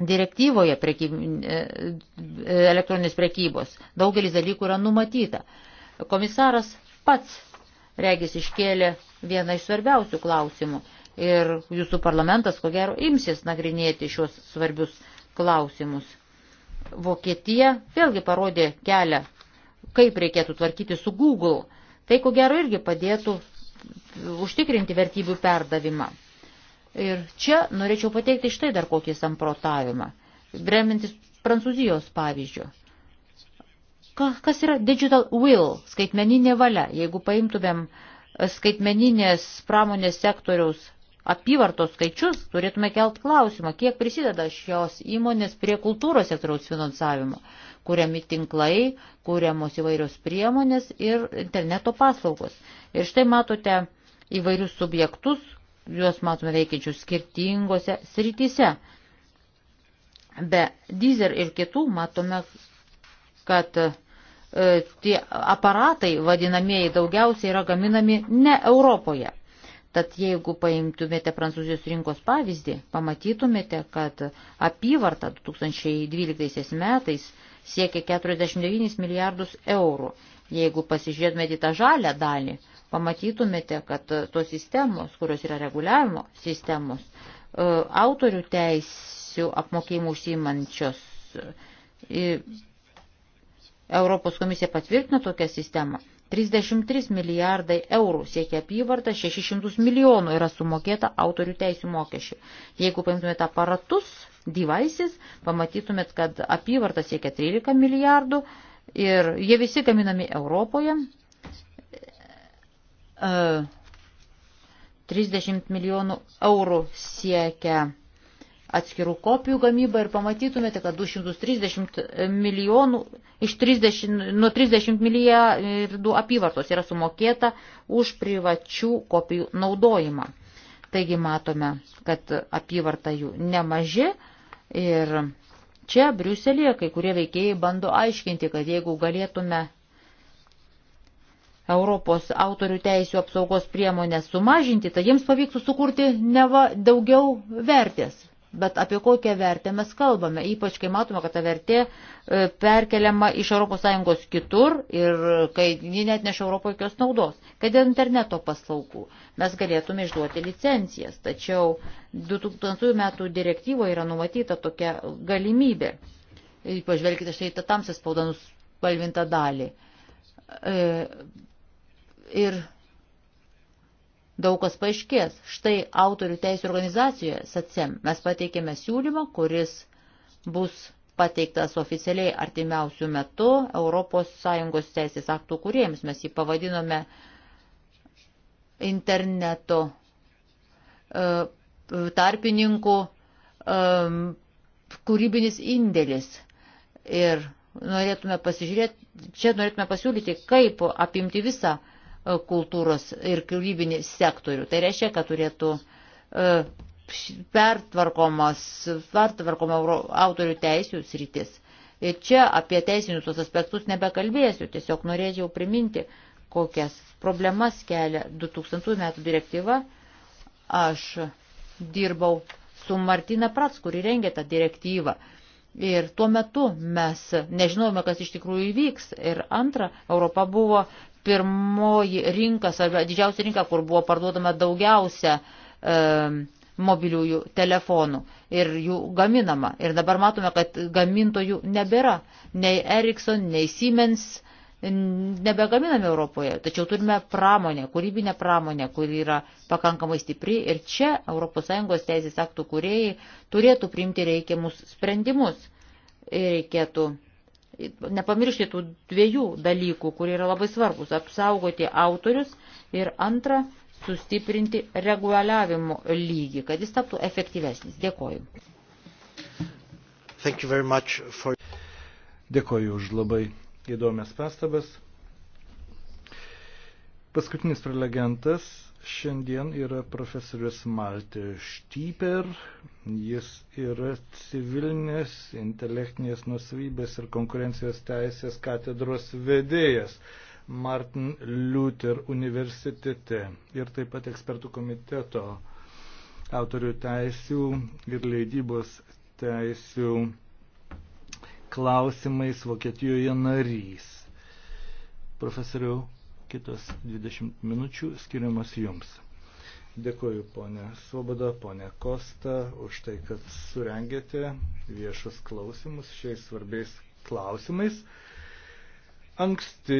direktyvoje prekyb, e, e, elektroninės prekybos daugelis dalykų yra numatyta. Komisaras pats, regis, iškėlė vieną iš svarbiausių klausimų ir jūsų parlamentas, ko gero, imsis nagrinėti šios svarbius klausimus. Vokietija vėlgi parodė kelią kaip reikėtų tvarkyti su Google, tai ko gero irgi padėtų užtikrinti vertybių perdavimą. Ir čia norėčiau pateikti štai dar kokį samprotavimą, remintis Prancūzijos pavyzdžių. Ka, kas yra digital will, skaitmeninė valia, jeigu paimtumėm skaitmeninės pramonės sektoriaus apyvartos skaičius, turėtume kelt klausimą, kiek prisideda šios įmonės prie kultūros sektoriaus finansavimo, kuriami tinklai, kuriamos įvairios priemonės ir interneto paslaugos. Ir štai matote įvairius subjektus, juos matome veikiančius skirtingose srityse. Be dizer ir kitų matome, kad e, tie aparatai vadinamieji daugiausiai yra gaminami ne Europoje Tad jeigu paimtumėte prancūzijos rinkos pavyzdį, pamatytumėte, kad apyvarta 2012 metais siekia 49 milijardus eurų. Jeigu pasižiūrėtumėte į tą žalę dalį, pamatytumėte, kad tos sistemos, kurios yra reguliavimo sistemos, e, autorių teisių apmokėjimų užsimančios. E, Europos komisija patvirtina tokią sistemą 33 milijardai eurų siekia apyvarta, 600 milijonų yra sumokėta autorių teisų mokesčių. Jeigu paimtumėte aparatus, devices, pamatytumėt, kad apyvarta siekia 13 milijardų ir jie visi gaminami Europoje. 30 e, milijonų eurų siekia atskirų kopijų gamybą ir pamatytumėte, kad 230 milijonų iš 30, nuo 30 milijardų apyvartos yra sumokėta už privačių kopijų naudojimą. Taigi matome, kad apyvarta jų nemaži ir čia Briuselėje kai kurie veikėjai bando aiškinti, kad jeigu galėtume Europos autorių teisų apsaugos priemonės sumažinti, tai jiems pavyktų sukurti neva daugiau vertės. Bet apie kokią vertę mes kalbame, ypač kai matome, kad ta vertė e, perkeliama iš ES kitur ir kai ji net neš Europoje jokios naudos, kad dėl interneto paslaugų mes galėtume išduoti licencijas. Tačiau 2000 metų direktyvoje yra numatyta tokia galimybė. E, pažvelkite štai tą tamsią spaudą nuspalvintą dalį. E, ir daug kas paaiškės. Štai autorių teisų organizacijoje SACEM mes pateikėme siūlymą, kuris bus pateiktas oficialiai artimiausių metų ES teisės aktų kuriems. Mes jį pavadinome interneto e, tarpininkų e, kūrybinis indėlis. Ir norėtume pasižiūrėti, čia norėtume pasiūlyti, kaip apimti visą kultūros ir kūrybinį sektorių. Tai reiškia, kad turėtų e, pertvarkomas, pertvarkoma autorių teisų sritis. Ir čia apie teisinius tos aspektus nebekalbėsiu, tiesiog norėčiau priminti, kokias problemas kelia 2000 metų direktyva. Aš dirbau su Martina Prats, kuri rengė tą direktyvą. Ir tuo metu mes nežinojome, kas iš tikrųjų įvyks. Ir antra, Europa buvo pirmoji rinka, arba didžiausia rinka, kur buvo parduodama daugiausia e, mobiliųjų telefonų ir jų gaminama. Ir dabar matome, kad gamintojų nebėra. Nei Ericsson, nei Siemens nebegaminame Europoje. Tačiau turime pramonę, kūrybinę pramonę, kuri yra pakankamai stipri ir čia ES teisės aktų kuriejai turėtų priimti reikiamus sprendimus. Ir reikėtų nepamiršti tų dviejų dalykų, kurie yra labai svarbus - apsaugoti autorius ir antra - sustiprinti reguliavimo lygį, kad jis taptų efektyvesnis. Dėkoju. For... Dėkoju už labai įdomias pastabas. Paskutinis prelegentas Šiandien yra profesorius Malte Štyper, jis yra civilinės, intelektinės nusavybės ir konkurencijos teisės katedros vedėjas Martin Luther universitete ir taip pat ekspertų komiteto autorių teisių ir leidybos teisių klausimais Vokietijoje narys. Profesoriu kitos 20 minučių skiriamas jums. Dėkuoju ponė Svoboda, ponė Kosta už tai, kad surengėte viešus klausimus šiais svarbiais klausimais. Anksti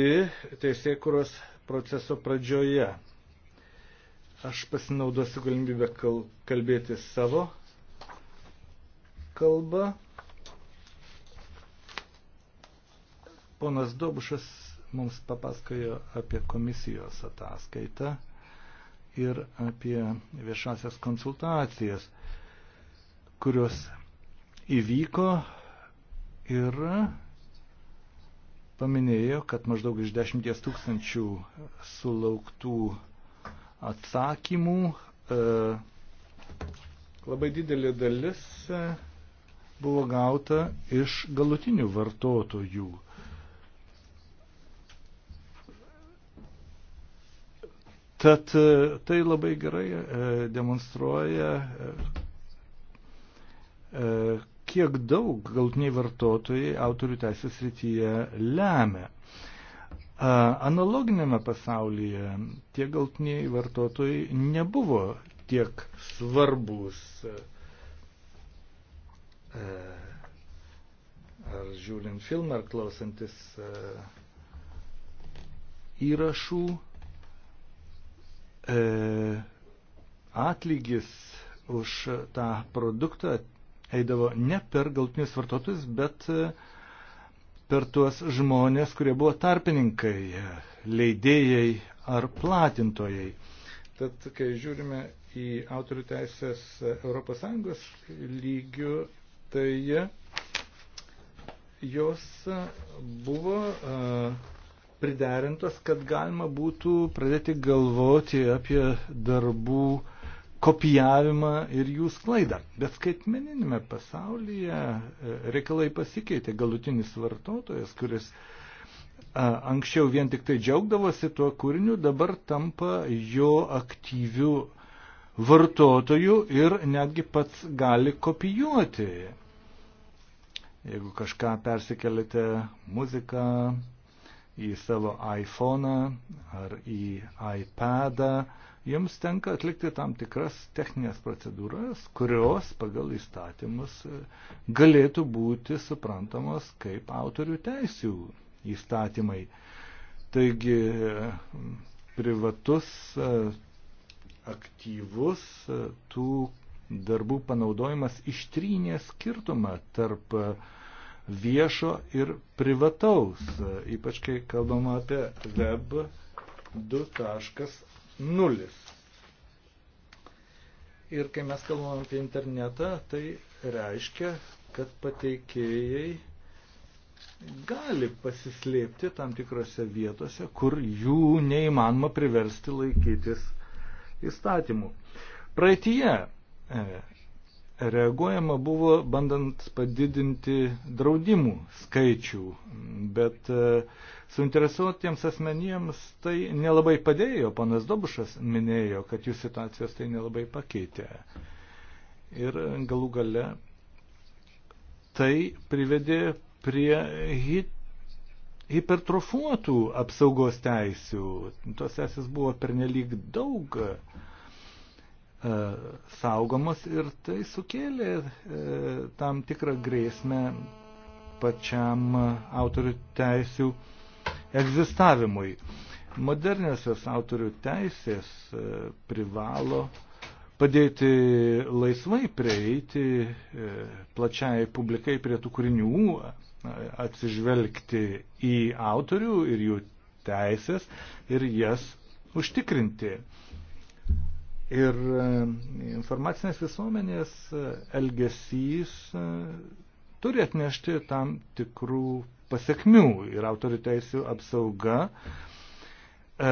teisėkuros proceso pradžioje aš pasinaudosiu galimybę kalbėti savo kalbą. Ponas Dobušas mums papasakojo apie komisijos ataskaitą ir apie viešasias konsultacijas, kurios įvyko ir paminėjo, kad maždaug iš dešimties tūkstančių sulauktų atsakymų e, labai didelė dalis e, buvo gauta iš galutinių vartotojų. Tad e, tai labai gerai e, demonstruoja, e, kiek daug galtiniai vartotojai autorių teisės rytyje lemia. Analoginėme pasaulyje tie galtiniai vartotojai nebuvo tiek svarbus. Ar žiūrint filmą, ar klausantis įrašų, E, atlygis už tą produktą eidavo ne per galtinius vartotojus, bet e, per tuos žmonės, kurie buvo tarpininkai, leidėjai ar platintojai. Tad, kai žiūrime į autorių teisės ES lygių, tai jos buvo uh, priderintos, kad galima būtų pradėti galvoti apie darbų kopijavimą ir jų sklaidą. Bet skaitmeninėme pasaulyje e, reikalai pasikeitė. Galutinis vartotojas, kuris anksčiau vien tik tai džiaugdavosi tuo kūriniu, dabar tampa jo aktyviu vartotoju ir netgi pats gali kopijuoti. Jeigu kažką persikelite muziką, į savo iPhone ar į iPadą, jums tenka atlikti tam tikras techninės procedūras, kurios pagal įstatymus e, galėtų būti suprantamos kaip autorių teisių įstatymai. Taigi e, privatus e, aktyvus tų darbų panaudojimas ištrynė skirtumą tarp uh, viešo ir privataus, ypač kai kalbama apie web 2.0. Ir kai mes kalbame apie internetą, tai reiškia, kad pateikėjai gali pasislėpti tam tikrose vietose, kur jų neįmanoma priversti laikytis įstatymų. Praeitie e, reaguojama buvo bandant padidinti draudimų skaičių, bet e, suinteresuotiems asmenijams tai nelabai padėjo. Panas Dobušas minėjo, kad jų situacijos tai nelabai pakeitė. Ir galų gale tai privedė prie hipertrofuotų apsaugos teisių. Tos esės buvo pernelyg daug. E, saugomos ir tai sukėlė e, tam tikrą grėsmę pačiam autorių teisių egzistavimui. Moderniosios autorių teisės e, privalo padėti laisvai prieiti plačiai publikai prie tų kūrinių, atsižvelgti į autorių ir jų teisės ir jas užtikrinti. Ir e, informacinės visuomenės e, elgesys e, turi atnešti tam tikrų pasiekmių ir autorių teisų apsauga e,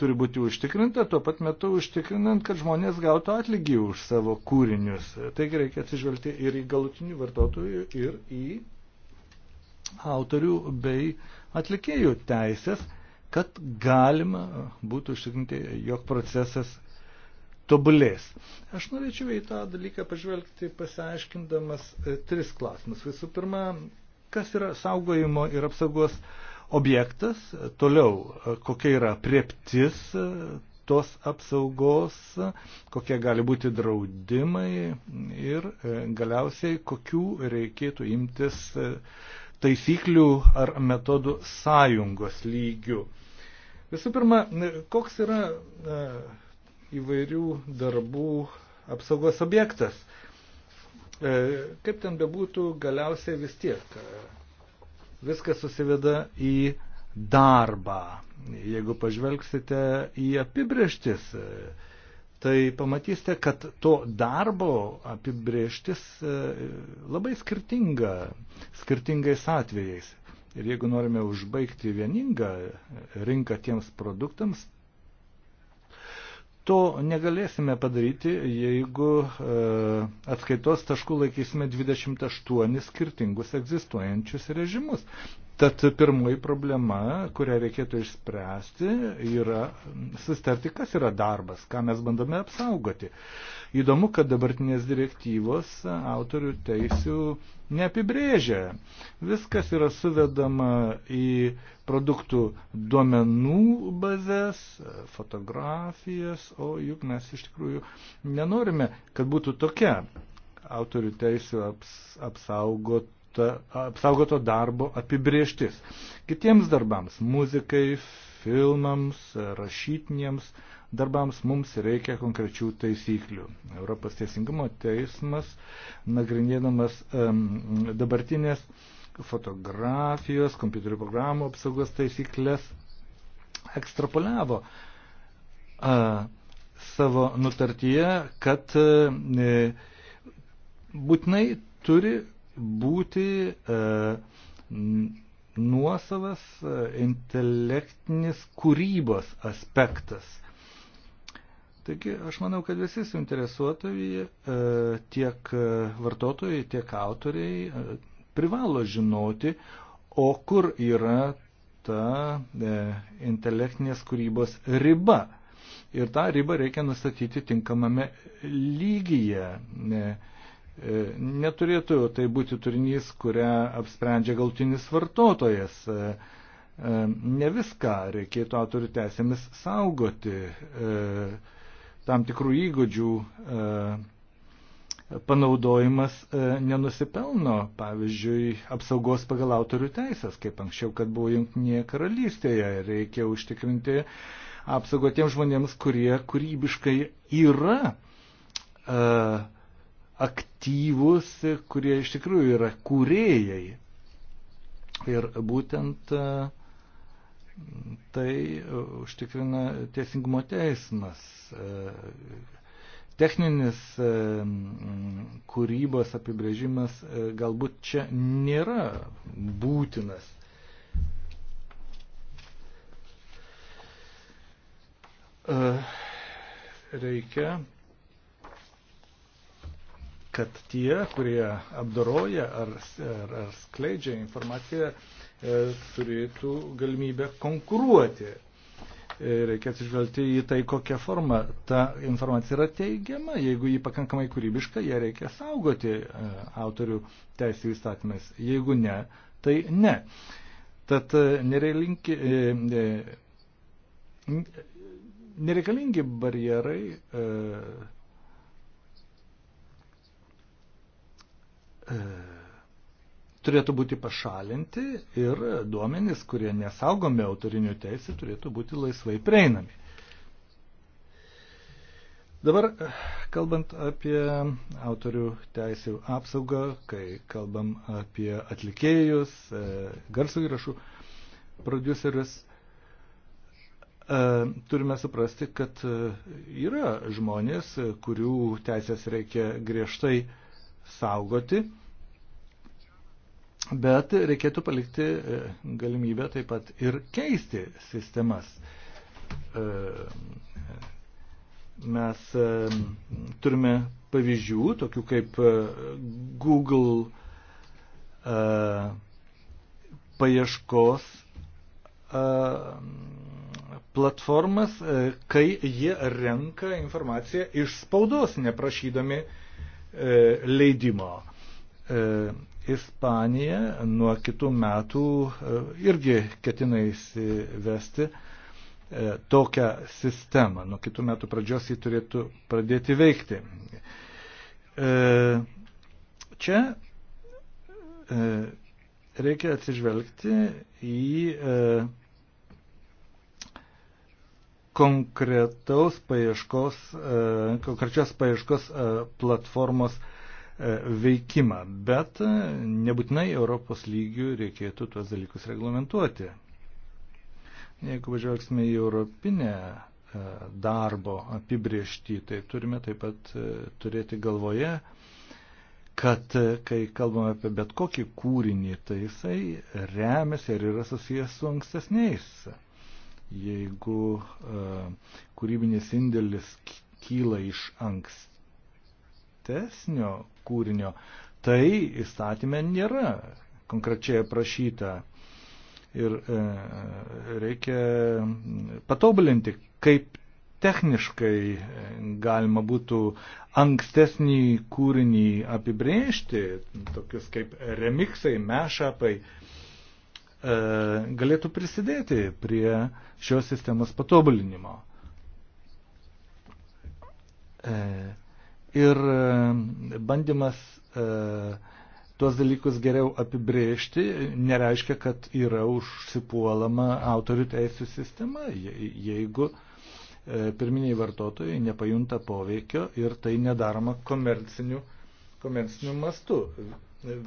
turi būti užtikrinta, tuo pat metu užtikrinant, kad žmonės gautų atlygį už savo kūrinius. Taigi reikia atsižvelgti ir į galutinių vartotojų, ir į autorių bei atlikėjų teisės, kad galima būtų užtikrinti, jog procesas tobulės. Aš norėčiau į tą dalyką pažvelgti pasiaiškindamas e, tris klausimus. Visų pirma, kas yra saugojimo ir apsaugos objektas, toliau e, kokia yra prieptis e, tos apsaugos, kokie gali būti draudimai ir galiausiai kokių reikėtų imtis taisyklių ar metodų sąjungos lygių. Visų pirma, koks yra įvairių darbų apsaugos objektas. E, kaip ten bebūtų, galiausiai vis tiek e, viskas susiveda į darbą. Jeigu pažvelgsite į apibrieštis, e, tai pamatysite, kad to darbo apibrieštis labai skirtinga, skirtingais atvejais. Ir jeigu norime užbaigti vieningą rinką tiems produktams, To negalėsime padaryti, jeigu e, atskaitos taškų laikysime 28 skirtingus egzistuojančius režimus. Tad pirmoji problema, kurią reikėtų išspręsti, yra sustarti, kas yra darbas, ką mes bandome apsaugoti. Įdomu, kad dabartinės direktyvos autorių teisių neapibrėžia. Viskas yra suvedama į produktų duomenų bazės, fotografijas, o juk mes iš tikrųjų nenorime, kad būtų tokia autorių teisų aps, apsaugot apsaugota, apsaugoto darbo apibrieštis. Kitiems darbams - muzikai, filmams, rašytiniams darbams mums reikia konkrečių taisyklių. Europos Teisingumo teismas, nagrinėdamas um, dabartinės fotografijos, kompiuterių programų apsaugos taisyklės, ekstrapoliavo a, savo nutartyje, kad a, e, būtinai turi būti e, nuosavas e, intelektinis kūrybos aspektas. Taigi aš manau, kad visi suinteresuotojai, e, tiek vartotojai, tiek autoriai privalo žinoti, o kur yra ta intelektinės kūrybos riba. Ir tą ribą reikia nustatyti tinkamame lygyje. Ne, E, neturėtų tai būti turinys, kurią apsprendžia galtinis vartotojas. E, e, ne viską reikėtų autorių teisėmis saugoti, tam tikrų įgūdžių panaudojimas nenusipelno, pavyzdžiui, apsaugos pagal autorių teisės, kaip anksčiau, kad buvo Junktinėje karalystėje. Reikia užtikrinti apsaugą tiems žmonėms, kurie kūrybiškai yra uh, aktyvus, kurie iš tikrųjų yra kūrėjai. Ir būtent e, tai užtikrina teisingumo teismas. E, techninis e, kūrybos apibrėžimas galbūt čia nėra būtinas. Reikia kad tie, kurie apdoroja ar, ar, ar skleidžia informaciją, e, turėtų galimybę konkuruoti. E, reikia atsižvelgti į tai, kokia forma ta informacija yra teigiama. Jeigu ji pakankamai kūrybiška, ją reikia saugoti e, autorių teisų įstatymais. Jeigu ne, tai ne. Tad e, nerelinki, e, e, nereikalingi barjerai. E, E, turėtų būti pašalinti ir duomenys, kurie nesaugomi autorinių teisų, turėtų būti laisvai prieinami. Dabar, e, kalbant apie autorių teisų apsaugą, kai kalbam apie atlikėjus, e, garso įrašų producerius, turime suprasti, kad yra žmonės, kurių teisės reikia griežtai saugoti, bet reikėtų palikti e, galimybę taip pat ir keisti sistemas. E, mes e, turime pavyzdžių, tokių kaip Google paieškos platformas, kai jie renka informaciją iš spaudos, neprašydami uh, E, leidimo. E, Ispanija nuo kitų metų e, irgi ketina įsivesti tokią sistemą. Nuo kitų metų pradžios jį turėtų pradėti veikti. Čia reikia atsižvelgti į konkretaus paieškos, e, konkrečios paieškos e, platformos e, veikimą, bet nebūtinai Europos lygių reikėtų tuos dalykus reglamentuoti. Jeigu važiuoksime į europinę darbo apibriešti, tai turime taip pat turėti galvoje, kad kai kalbame apie bet kokį kūrinį, tai jisai remiasi ir yra susijęs su ankstesniais jeigu e, kūrybinis indėlis kyla iš ankstesnio kūrinio, tai įstatymė nėra konkrečiai aprašyta. Ir e, reikia patobulinti, kaip techniškai e, galima būtų ankstesnį kūrinį apibrėžti, tokius kaip remixai, mešapai, E, galėtų prisidėti prie šios sistemos patobulinimo. E, ir e, bandymas tuos dalykus geriau apibrėžti nereiškia, kad yra užsipuolama autorių teisų sistema, jeigu pirminiai vartotojai nepajunta poveikio ir tai nedaroma komerciniu, komerciniu mastu.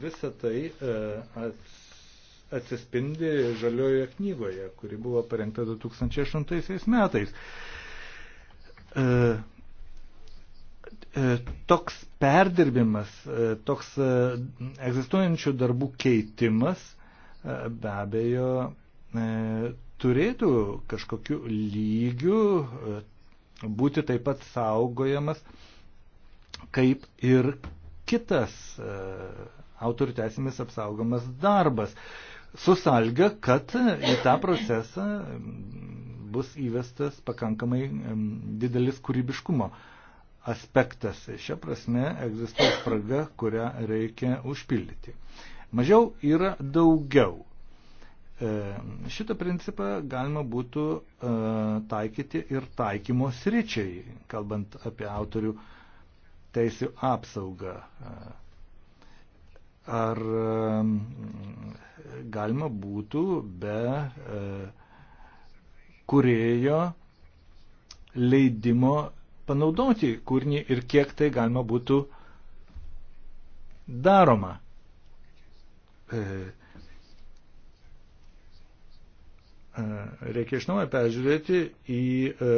Visą tai ats, atsispindi žaliojoje knygoje, kuri buvo parengta 2008 metais. E, e, toks perdirbimas, e, toks e, egzistuojančių darbų keitimas be abejo turėtų kažkokiu lygiu būti taip pat saugojamas kaip ir kitas autorių teisėmis apsaugomas darbas su salga, kad į tą procesą bus įvestas pakankamai didelis kūrybiškumo aspektas. Šia prasme egzistuoja spraga, kurią reikia užpildyti. Mažiau yra daugiau. E, šitą principą galima būtų e, taikyti ir taikymo sričiai, kalbant apie autorių teisų apsaugą. E, ar galima būtų be e, kurėjo leidimo panaudoti kūrinį ir kiek tai galima būtų daroma. E, E, reikia iš naujo peržiūrėti į e,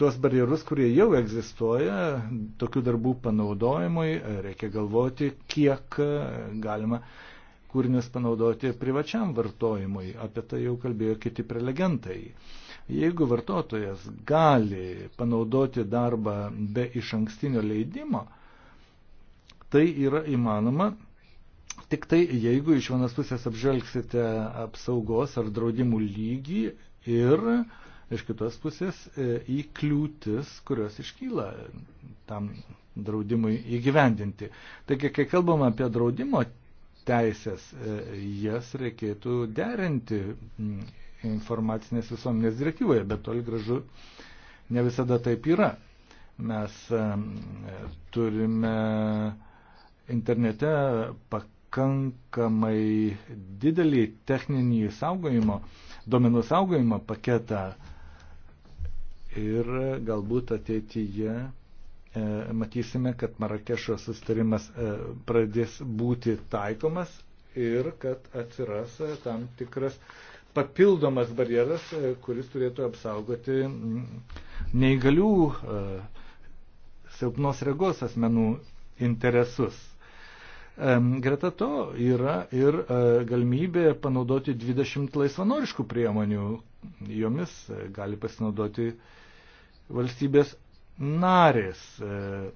tuos barjerus, kurie jau egzistuoja, tokių darbų panaudojimui, e, reikia galvoti, kiek e, galima kūrinius panaudoti privačiam vartojimui, apie tai jau kalbėjo kiti prelegentai. Jeigu vartotojas gali panaudoti darbą be iš ankstinio leidimo, tai yra įmanoma Tik tai jeigu iš vienos pusės apžvelgsite apsaugos ar draudimų lygį ir iš kitos pusės e, į kliūtis, kurios iškyla tam draudimui įgyvendinti. Taigi, kai kalbam apie draudimo teisės, e, jas reikėtų derinti informacinės visuomenės direktyvoje, bet toli gražu ne visada taip yra. Mes e, turime internete pakankamai pakankamai didelį techninį saugojimo, duomenų saugojimo paketą ir galbūt ateityje e, matysime, kad Marakešo sustarimas e, pradės būti taikomas ir kad atsiras e, tam tikras papildomas barjeras, e, kuris turėtų apsaugoti mm, neįgalių e, silpnos regos asmenų interesus. Greta to yra ir e, galimybė panaudoti 20 laisvanoriškų priemonių. Jomis e, gali pasinaudoti valstybės narės. E,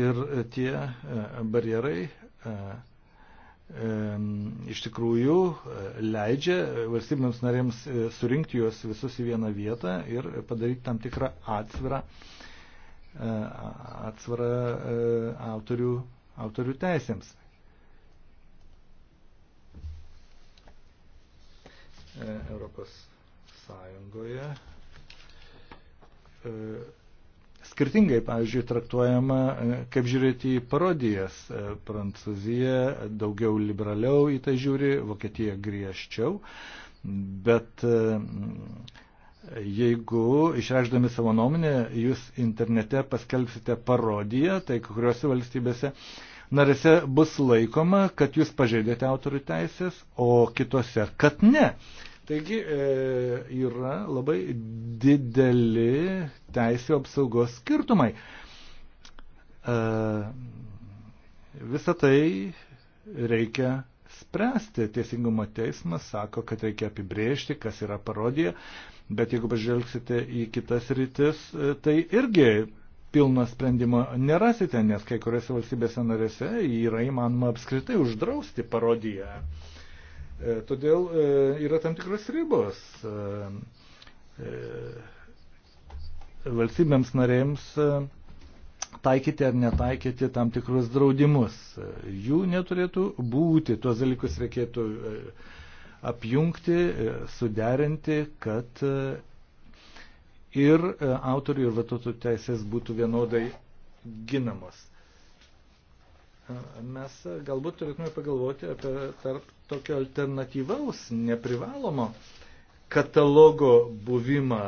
ir tie barjerai iš tikrųjų e, leidžia valstybėms narėms e, surinkti juos visus į vieną vietą ir padaryti tam tikrą atsvirą, e, atsvirą autorių, autorių teisėms. Europos Sąjungoje skirtingai, pavyzdžiui, traktuojama, e, kaip žiūrėti į parodijas. E, Prancūzija daugiau liberaliau į tai žiūri, Vokietija griežčiau, bet e, jeigu išreikšdami savo nuomonę jūs internete paskelbsite parodiją, tai kuriuose valstybėse narėse bus laikoma, kad jūs pažeidėte autorių teisės, o kitose, kad ne. Taigi e, yra labai dideli teisų apsaugos skirtumai. E, Visą tai reikia spręsti. Teisingumo teismas sako, kad reikia apibrėžti, kas yra parodija, bet jeigu pažvelgsite į kitas rytis, e, tai irgi pilno sprendimo nerasite, nes kai kuriuose valstybėse narėse yra įmanoma apskritai uždrausti parodiją. E, todėl e, yra tam tikros ribos e, valstybėms narėms taikyti ar netaikyti tam tikrus draudimus. Jų neturėtų būti, tuos dalykus reikėtų apjungti, suderinti, kad ir autorių ir vartotojų teisės būtų vienodai ginamos mes galbūt turėtume pagalvoti apie tarp tokio alternatyvaus, neprivalomo katalogo buvimą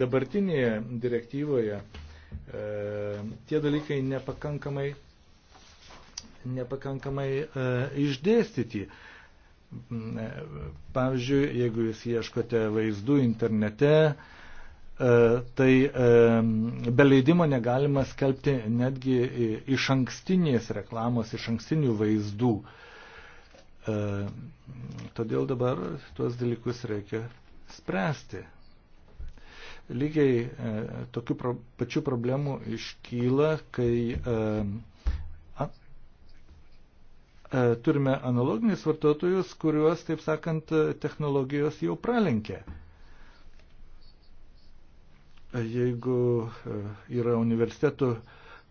dabartinėje direktyvoje. E, tie dalykai nepakankamai, nepakankamai e, išdėstyti. E, pavyzdžiui, jeigu jūs ieškote vaizdų internete, e, E, tai e, be leidimo negalima skelbti netgi iš ankstinės reklamos, iš ankstinių vaizdų. E, todėl dabar tuos dalykus reikia spręsti. Lygiai tokių pro, pačių problemų iškyla, kai a, a, turime analoginius vartotojus, kuriuos, taip sakant, technologijos jau pralenkė. A, jeigu e, yra universitetų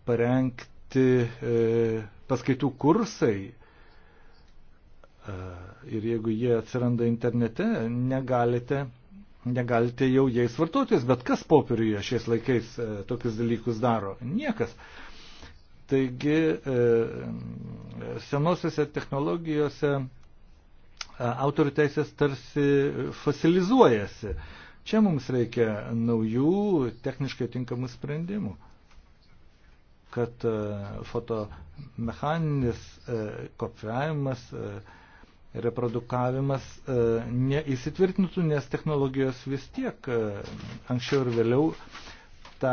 parengti e, paskaitų kursai e, ir jeigu jie atsiranda internete, negalite, negalite jau jais vartotis, bet kas popieriuje šiais laikais tokius dalykus daro? Niekas. Taigi senosiuose technologijose autorių teisės tarsi fosilizuojasi. E, Čia mums reikia naujų techniškai tinkamų sprendimų, kad e, fotomechaninis e, kopijavimas, e, reprodukavimas neįsitvirtintų, nes technologijos vis tiek anksčiau ir vėliau tą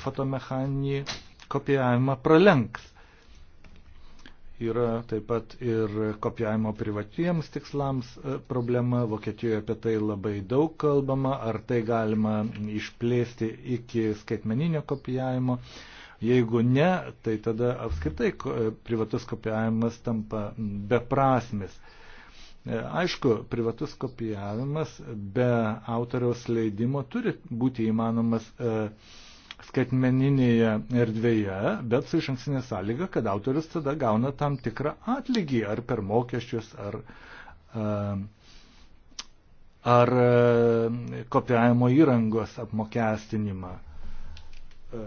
fotomechaninį kopijavimą pralenks. Yra taip pat ir kopijavimo privatiems tikslams e, problema. Vokietijoje apie tai labai daug kalbama. Ar tai galima išplėsti iki skaitmeninio kopijavimo? Jeigu ne, tai tada apskritai e, privatus kopijavimas tampa beprasmis. E, aišku, privatus kopijavimas be autoriaus leidimo turi būti įmanomas. E, skaitmeninėje erdvėje, bet su iš ankstinė sąlyga, kad autorius tada gauna tam tikrą atlygį ar per mokesčius, ar, e, ar e, kopijavimo įrangos apmokestinimą. E,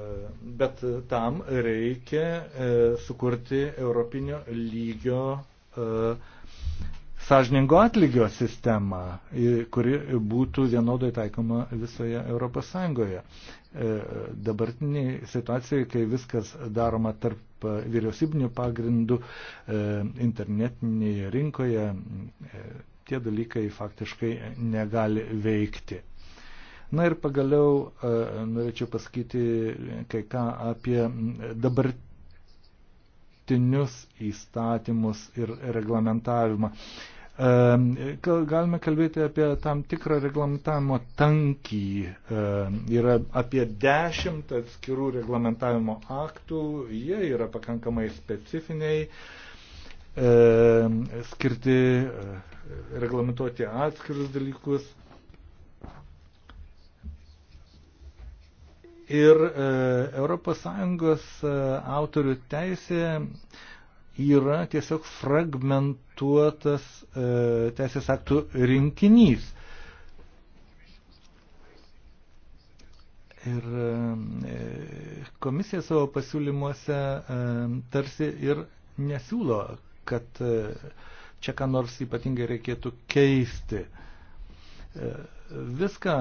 bet tam reikia sukurti europinio lygio sąžiningo atlygio sistemą, kuri būtų vienodai taikoma visoje ES. E, dabartiniai situacijai, kai viskas daroma tarp vyriausybinių pagrindų e, internetinėje rinkoje, e, tie dalykai faktiškai negali veikti. Na ir pagaliau norėčiau pasakyti kai ką apie dabartinius įstatymus ir reglamentavimą. Galime kalbėti apie tam tikrą reglamentavimo tankį. Yra apie dešimt atskirų reglamentavimo aktų, jie yra pakankamai specifiniai, skirti e, reglamentuoti atskirus dalykus. Ir ES e, autorių teisė e, yra tiesiog fragmentuotas e, teisės aktų rinkinys. Ir e, komisija savo pasiūlymuose e, tarsi ir nesiūlo, kad e, čia ką nors ypatingai reikėtų keisti. E, viską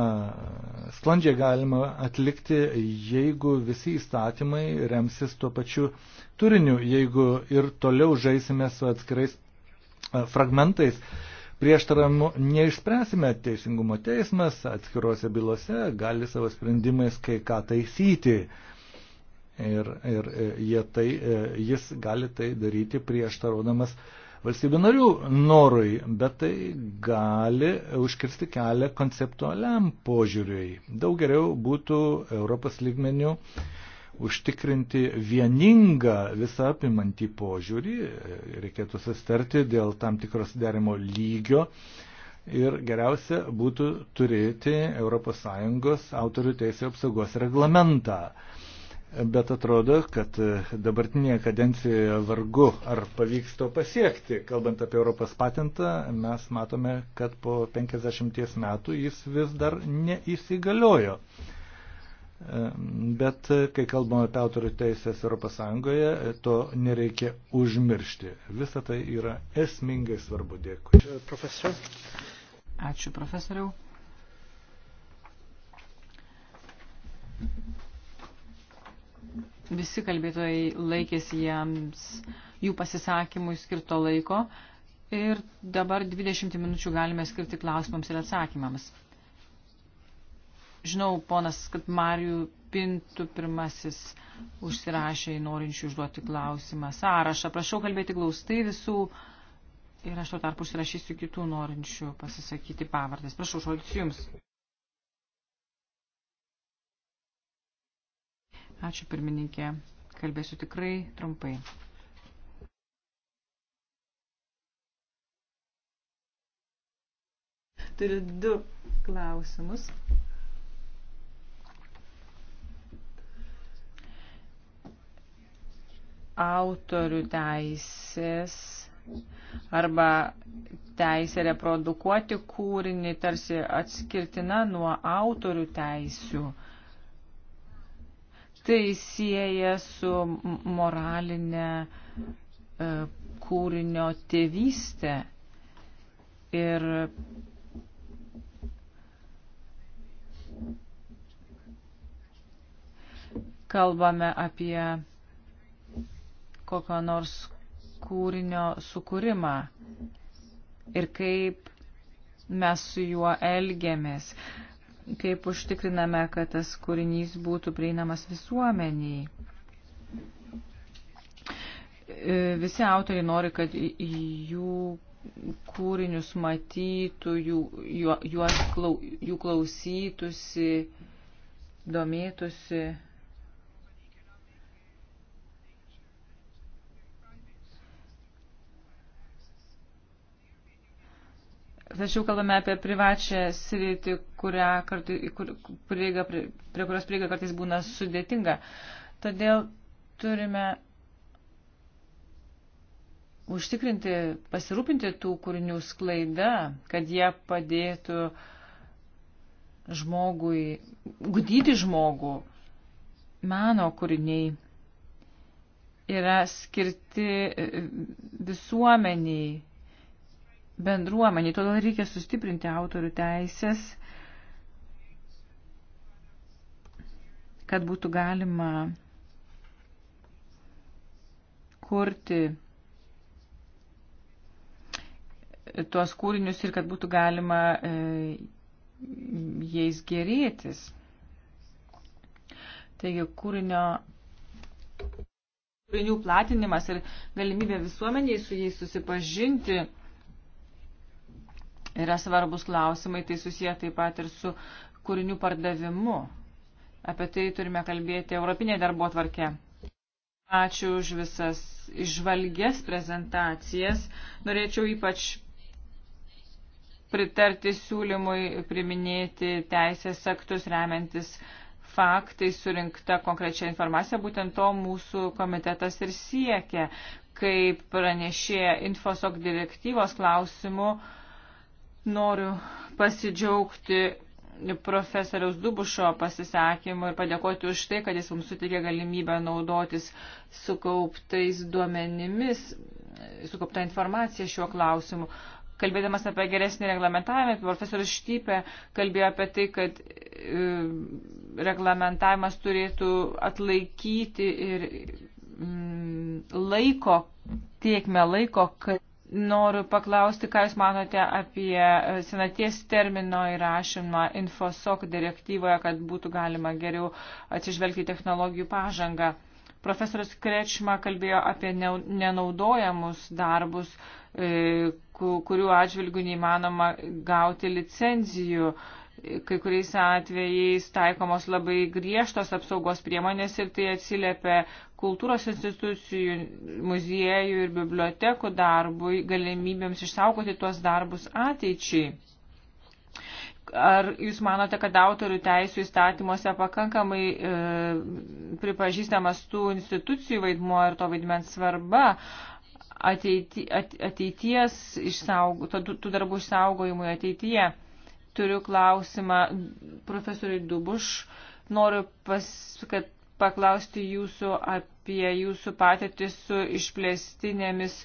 sklandžiai galima atlikti, jeigu visi įstatymai remsis tuo pačiu turiniu, jeigu ir toliau žaisime su atskirais e, fragmentais. Prieštaramų neišspręsime, teisingumo teismas atskiruose bylose gali savo sprendimais kai ką taisyti. Ir, ir e, jie tai, e, jis gali tai daryti prieštarodamas uh, valstybių narių norui, bet tai gali užkirsti kelią konceptualiam požiūriui. Daug geriau būtų Europos lygmenių užtikrinti vieningą visą apimantį požiūrį, reikėtų sustarti dėl tam tikros derimo lygio ir geriausia būtų turėti ES autorių teisų apsaugos reglamentą bet atrodo, kad dabartinėje kadencijoje vargu ar pavyks to pasiekti. Kalbant apie Europos patentą, mes matome, kad po 50 metų jis vis dar neįsigaliojo. Bet kai kalbame apie autorių teisės Europos Sąjungoje, to nereikia užmiršti. Visa tai yra esmingai svarbu. Dėkui. Profesor. Ačiū profesoriau. Visi kalbėtojai laikėsi jiems jų pasisakymui skirto laiko ir dabar 20 minučių galime skirti klausimams ir atsakymams. Žinau, ponas, kad Marijų Pintų pirmasis užsirašė į norinčių užduoti klausimą sąrašą. Prašau kalbėti glaustai visų ir aš tuo tarpu užsirašysiu kitų norinčių pasisakyti pavardės. Prašau, žodis jums. Ačiū pirmininkė. Kalbėsiu tikrai trumpai. Turiu du klausimus. Autorių teisės arba teisė reprodukuoti kūrinį tarsi atskirtina nuo autorių teisių. Uh, tai sieja su moralinė e, kūrinio tėvystė. Ir kalbame apie kokio nors kūrinio sukūrimą ir kaip mes su juo elgiamės kaip užtikriname, kad tas kūrinys būtų prieinamas visuomeniai. E, visi autoriai nori, kad jų kūrinius matytų, jų, juos, jų klausytųsi, domėtųsi. Tačiau kalbame apie privačią sritį, kartai, kur, prieiga, prie, prie kurios prieiga kartais būna sudėtinga. Todėl turime užtikrinti, pasirūpinti tų kūrinių sklaida, kad jie padėtų žmogui, gudyti žmogų. Meno kūriniai yra skirti e, visuomeniai bendruomenį. Todėl reikia sustiprinti autorių teisės, kad būtų galima kurti tuos kūrinius ir kad būtų galima e, jais gerėtis. Taigi kūrinio kūrinių platinimas ir galimybė visuomeniai su jais susipažinti yra svarbus klausimai, tai susiję taip pat ir su kūrinių pardavimu. Apie tai turime kalbėti Europinėje darbo tvarke. Ačiū už visas išvalgės prezentacijas. Norėčiau ypač pritarti siūlymui priminėti teisės aktus remiantis faktai surinkta konkrečia informacija. Būtent to mūsų komitetas ir siekia, kaip pranešė infosok direktyvos klausimų Noriu pasidžiaugti profesoriaus Dubušo pasisakymu ir padėkoti už tai, kad jis mums sutikė galimybę naudotis sukauptais duomenimis, sukaupta informacija šiuo klausimu. Kalbėdamas apie geresnį reglamentavimą, profesorius Štypė kalbėjo apie tai, kad e, reglamentavimas turėtų atlaikyti ir mm, laiko, tiekme laiko, kad Noriu paklausti, ką Jūs manote apie e, senaties termino įrašymą infosok direktyvoje, kad būtų galima geriau atsižvelgti technologijų pažangą. Profesorius Krečma kalbėjo apie nenaudojamus darbus, e, kurių atžvilgių neįmanoma gauti licenzijų. Kai kuriais atvejais taikomos labai griežtos apsaugos priemonės ir tai atsiliepia kultūros institucijų, muziejų ir bibliotekų darbui, galimybėms išsaugoti tuos darbus ateičiai. Ar jūs manote, kad autorių teisų įstatymuose pakankamai e, pripažįstamas tų institucijų vaidmuo ir to vaidmens svarba ateity, at, ateities išsaugo, tų, tų darbų išsaugojimui ateityje? Turiu klausimą profesoriui Dubuš. Noriu, pas, kad paklausti jūsų apie jūsų patirtį su išplėstinėmis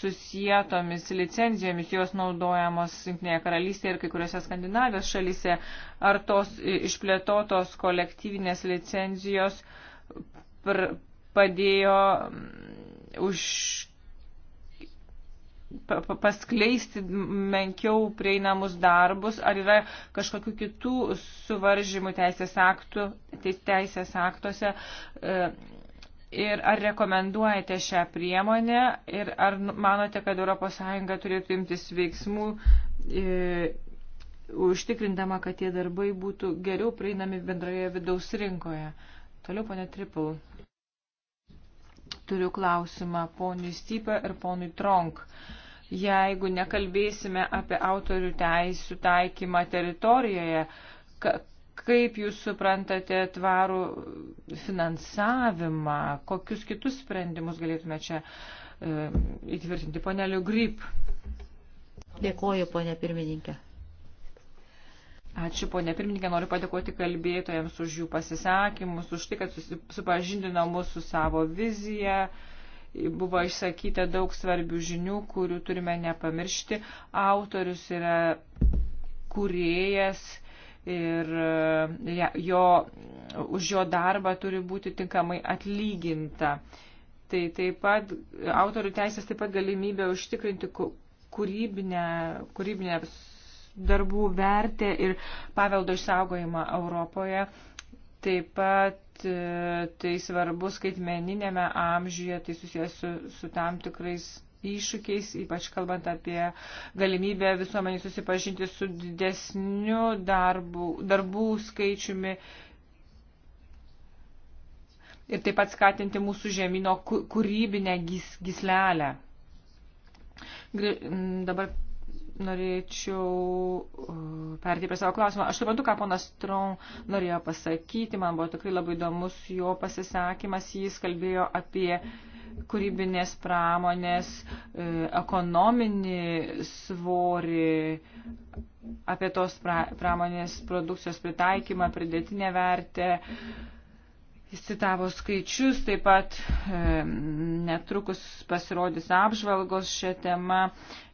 susietomis licenzijomis, jos naudojamos Junktinėje karalystėje ir kai kuriuose Skandinavijos šalyse. Ar tos išplėtotos kolektyvinės licenzijos pr padėjo mm, už paskleisti menkiau prieinamus darbus, ar yra kažkokių kitų suvaržymų teisės, aktų, teisės aktuose. E, ir ar rekomenduojate šią priemonę ir ar manote, kad ES turėtų imtis veiksmų, e, užtikrindama, kad tie darbai būtų geriau prieinami bendroje vidaus rinkoje? Toliau, ponė Tripul. Turiu klausimą ponui Stypę ir ponui Tronk. E, jeigu nekalbėsime apie autorių teisų taikymą teritorijoje, kaip jūs suprantate tvarų finansavimą, kokius kitus sprendimus galėtume čia e, įtvirtinti. Pone Liugryp. Dėkoju, ponė pirmininkė. Ačiū, ponė pirmininkė, noriu padėkoti kalbėtojams už jų pasisakymus, už tai, kad susipažindino mūsų savo viziją. E, buvo išsakyta daug svarbių žinių, kurių turime nepamiršti. Autorius yra kuriejas ir e, jo, už jo darbą turi būti tinkamai atlyginta. Tai taip pat autorių teisės taip pat galimybė užtikrinti kūrybinę, kūrybinę darbų vertę ir paveldo išsaugojimą Europoje. Taip pat E, tai svarbu skaitmeninėme amžiuje, tai susijęs su, su tam tikrais iššūkiais, ypač kalbant apie galimybę visuomenį susipažinti su didesniu darbu, darbų skaičiumi ir taip pat skatinti mūsų žemino kūrybinę gis, gislelę. Dabar norėčiau uh, perti prie savo klausimą. Aš suprantu, ką ponas Tron norėjo pasakyti, man buvo tikrai labai įdomus jo pasisakymas, jis kalbėjo apie kūrybinės pramonės, uh, ekonominį svorį, apie tos pramonės produkcijos pritaikymą, pridėtinę vertę. E, Jis citavo skaičius, taip pat e, netrukus pasirodys apžvalgos šią temą,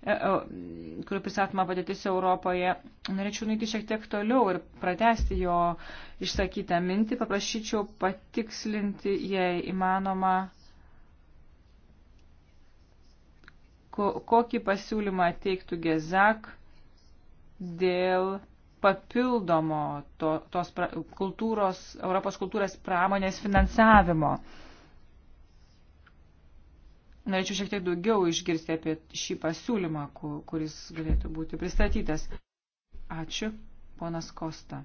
e, e, kur pristatoma padėtis Europoje. Norėčiau nueiti šiek tiek toliau ir pratesti jo išsakytą mintį. Paprašyčiau patikslinti, jei įmanoma, ko, kokį pasiūlymą teiktų Gezak dėl papildomo to, tos pra, kultūros, Europos kultūros pramonės finansavimo. Norėčiau šiek tiek daugiau išgirsti apie šį pasiūlymą, kuris galėtų būti pristatytas. Ačiū, ponas Kosta.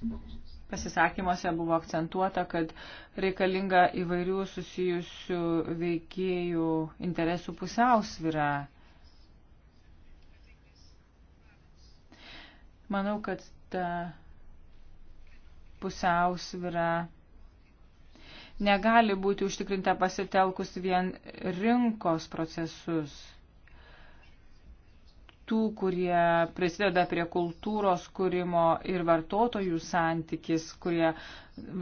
Thank you pasisakymuose buvo akcentuota, kad reikalinga įvairių susijusių veikėjų interesų pusiausvyra. Manau, kad ta pusiausvyra negali būti užtikrinta pasitelkus vien rinkos procesus tų, kurie prisideda prie kultūros kūrimo ir vartotojų santykis, kurie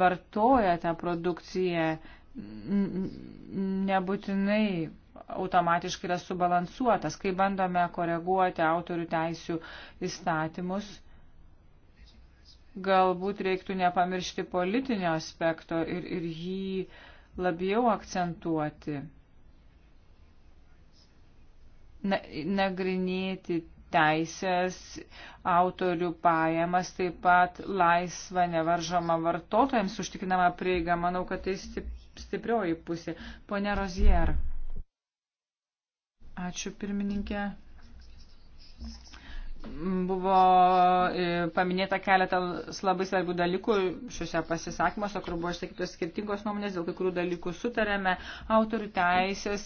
vartoja tą produkciją, nebūtinai automatiškai yra subalansuotas. Kai bandome koreguoti autorių teisių įstatymus, galbūt reiktų nepamiršti politinio aspekto ir, ir jį labiau akcentuoti nagrinėti teisės, autorių pajamas, taip pat laisvą nevaržomą vartotojams užtikrinamą prieigą. Manau, kad tai stiprioji pusė. Pone Rozier. Ačiū pirmininkė. Buvo e, paminėta keletą labai svarbių dalykų šiuose pasisakymuose, kur buvo išsakytos skirtingos nuomonės, dėl kai kurių dalykų sutarėme. Autorių teisės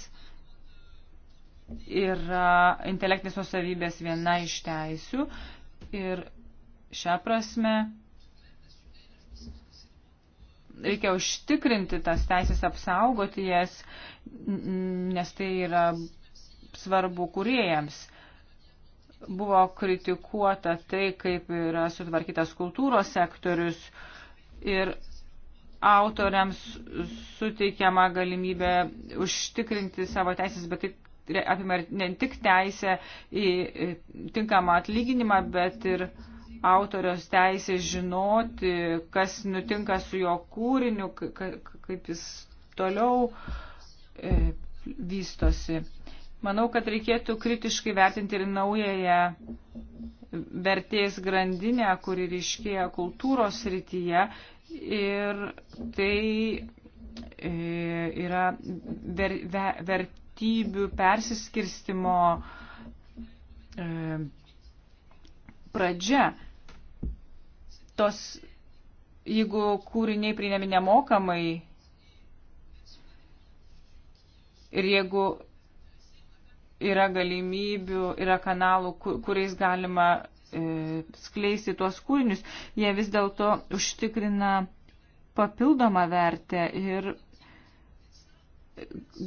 yra intelektinės nusavybės viena iš teisių ir šią prasme reikia užtikrinti tas teisės, apsaugoti jas, nes tai yra svarbu kuriejams. Buvo kritikuota tai, kaip yra sutvarkytas kultūros sektorius ir autoriams suteikiama galimybė užtikrinti savo teisės, bet tai apima ne tik teisę į tinkamą atlyginimą, bet ir autorios teisė žinoti, kas nutinka su jo kūriniu, kaip jis toliau e, vystosi. Manau, kad reikėtų kritiškai vertinti ir naująją vertės grandinę, kuri ryškėja kultūros srityje ir tai e, yra ver, ver, ver, valstybių persiskirstimo e, pradžia. Tos, jeigu kūriniai prieinami nemokamai ir jeigu yra galimybių, yra kanalų, kuriais galima e, skleisti tuos kūrinius, jie vis dėlto užtikrina papildomą vertę ir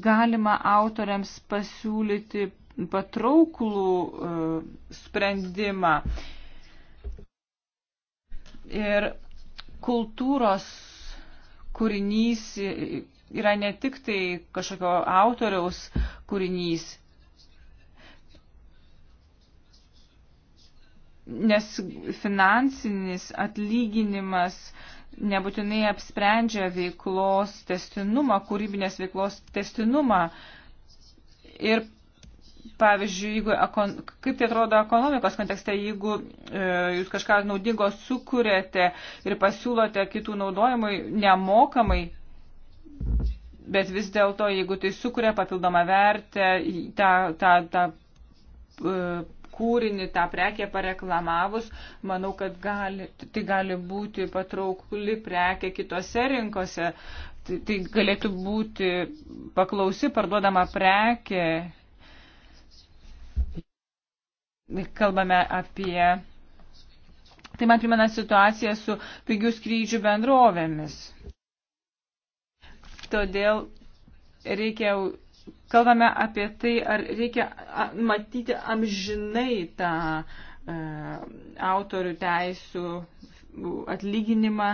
galima autoriams pasiūlyti patrauklų e, sprendimą. Ir kultūros kūrinys yra ne tik tai kažkokio autoriaus kūrinys, nes finansinis atlyginimas uh, nebūtinai apsprendžia veiklos testinumą, kūrybinės veiklos testinumą. Ir pavyzdžiui, jeigu, kaip tai atrodo ekonomikos kontekste, jeigu e, jūs kažką naudingo sukūrėte ir pasiūlote kitų naudojimui nemokamai, bet vis dėlto, jeigu tai sukuria papildomą vertę, tą, tą, tą e, kūrinį, tą prekę pareklamavus, manau, kad gali, tai gali būti patraukli prekė kitose rinkose. Tai, tai galėtų būti paklausi parduodama prekė. Kalbame apie. Tai man primena situaciją su pigių skrydžių bendrovėmis. Todėl reikia kalbame apie tai, ar reikia matyti amžinai tą e, autorių teisų atlyginimą.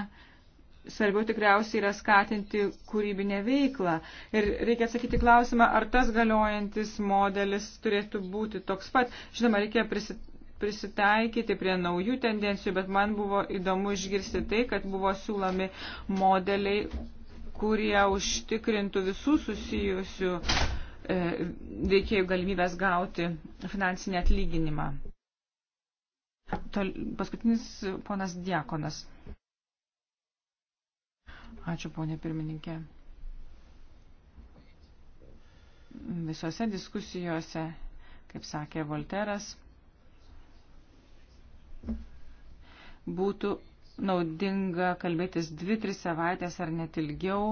Svarbiau tikriausiai yra skatinti kūrybinę veiklą. Ir reikia atsakyti klausimą, ar tas galiojantis modelis turėtų būti toks pat. Žinoma, reikia prisitaikyti prisitaikyti prie naujų tendencijų, bet man buvo įdomu išgirsti tai, kad buvo siūlomi modeliai, kurie užtikrintų visų susijusių e, veikėjų galimybės gauti finansinį atlyginimą. Paskutinis ponas Diakonas. Ačiū, ponė pirmininkė. Visose diskusijose, kaip sakė Volteras, būtų naudinga kalbėtis dvi, tris savaitės ar net ilgiau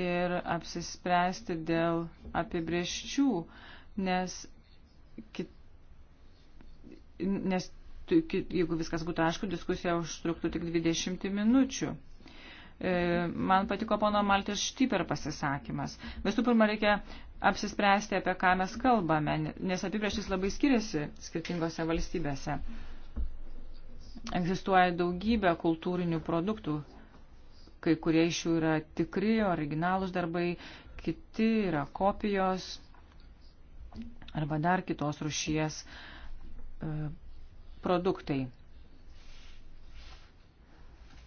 ir apsispręsti dėl apibrieščių, nes, kit, nes kit, jeigu viskas būtų aišku, diskusija užtruktų tik 20 minučių. E, man patiko pono Maltės Štyper pasisakymas. Visų pirma, reikia apsispręsti, apie ką mes kalbame, nes apibrieštis labai skiriasi skirtingose valstybėse egzistuoja daugybė kultūrinių produktų. Kai kurie iš jų yra tikri, originalūs darbai, kiti yra kopijos arba dar kitos rušies e, produktai.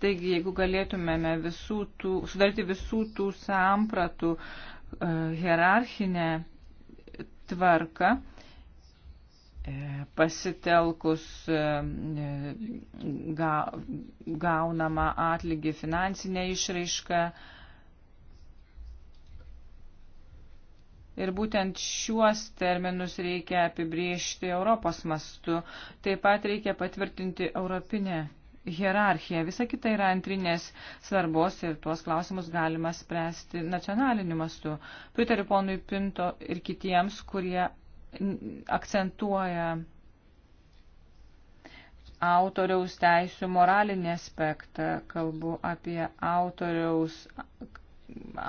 Taigi, jeigu galėtumėme visų tų, sudaryti visų tų sampratų e, hierarchinę tvarką, E, pasitelkus e, e, ga, gaunamą atlygį finansinę išraišką. Ir būtent šiuos terminus reikia apibriežti Europos mastu. Taip pat reikia patvirtinti europinę hierarchiją. Visa kita yra antrinės svarbos ir tuos klausimus galima spręsti nacionaliniu mastu. Pritariu ponui Pinto ir kitiems, kurie akcentuoja autoriaus teisų moralinį aspektą, kalbu apie autoriaus,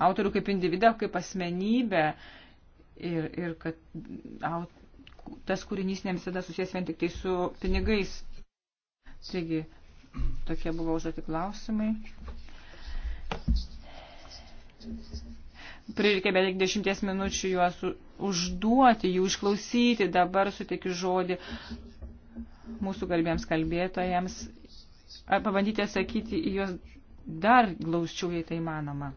autorių kaip individą, kaip asmenybę ir, ir kad aut, tas kūrinys ne visada susijęs vien tik tai su pinigais. Taigi, tokie buvo užduoti klausimai prireikė beveik dešimties minučių juos užduoti, jų išklausyti. Dabar sutikiu žodį mūsų garbėms kalbėtojams, pabandyti atsakyti į juos dar glausčiau, jei tai manoma.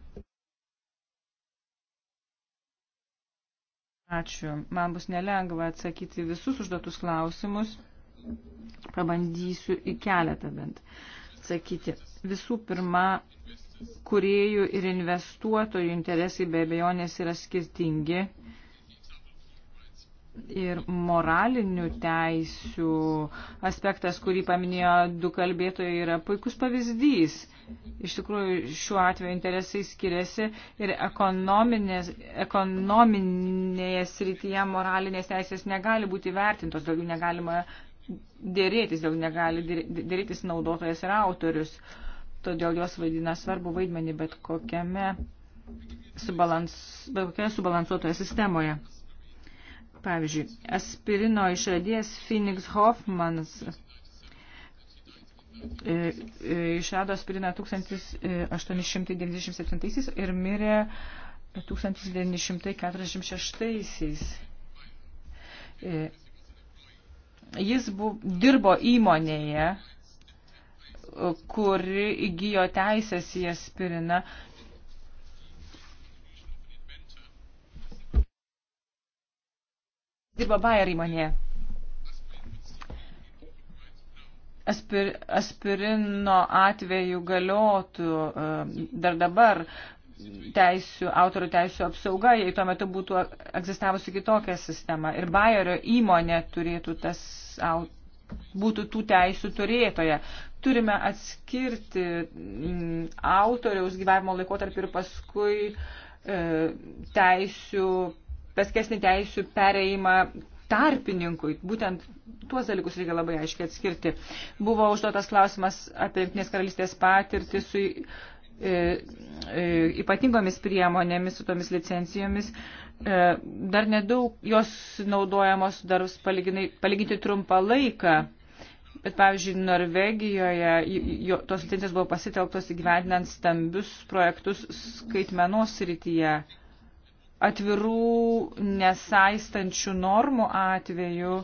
Ačiū. Man bus nelengva atsakyti visus užduotus klausimus. Pabandysiu į keletą bent atsakyti. Visų pirma, kuriejų ir investuotojų interesai be abejonės yra skirtingi ir moralinių teisių aspektas, kurį paminėjo du kalbėtojai, yra puikus pavyzdys. Iš tikrųjų, šiuo atveju interesai skiriasi ir ekonominėje srityje moralinės teisės negali būti vertintos, daugiau negalima dėrėtis, daugiau negali dėrėtis naudotojas ir autorius. Uh, todėl jos vaidina svarbu vaidmenį bet kokiame subalans, bet kokioje subalansuotoje sistemoje. Pavyzdžiui, aspirino išradies Phoenix Hoffmans e, e, išrado aspiriną 1897 ir mirė 1946. E, jis bu, dirbo įmonėje, kuri įgyjo teisės į aspiriną. Dirba Bayer įmonėje. Aspir, aspirino atveju galiotų um, dar dabar teisių, autorių teisių apsauga, jei tuo metu būtų egzistavusi kitokia sistema. Ir Bayerio įmonė turėtų tas, būtų tų teisių turėtoje turime atskirti mm, autoriaus gyvavimo laikotarpį ir paskui e, teisių, paskesnį teisių pereimą tarpininkui. Būtent tuos dalykus reikia labai aiškiai atskirti. Buvo užduotas klausimas apie Junktinės karalystės patirtį su e, e, ypatingomis priemonėmis, su tomis licencijomis. Dar nedaug jos naudojamos dar palyginti trumpą laiką Bet, pavyzdžiui, Norvegijoje jo, tos licencijas buvo pasitelktos įgyvendinant stambius projektus skaitmenos srityje. Atvirų nesaistančių normų atveju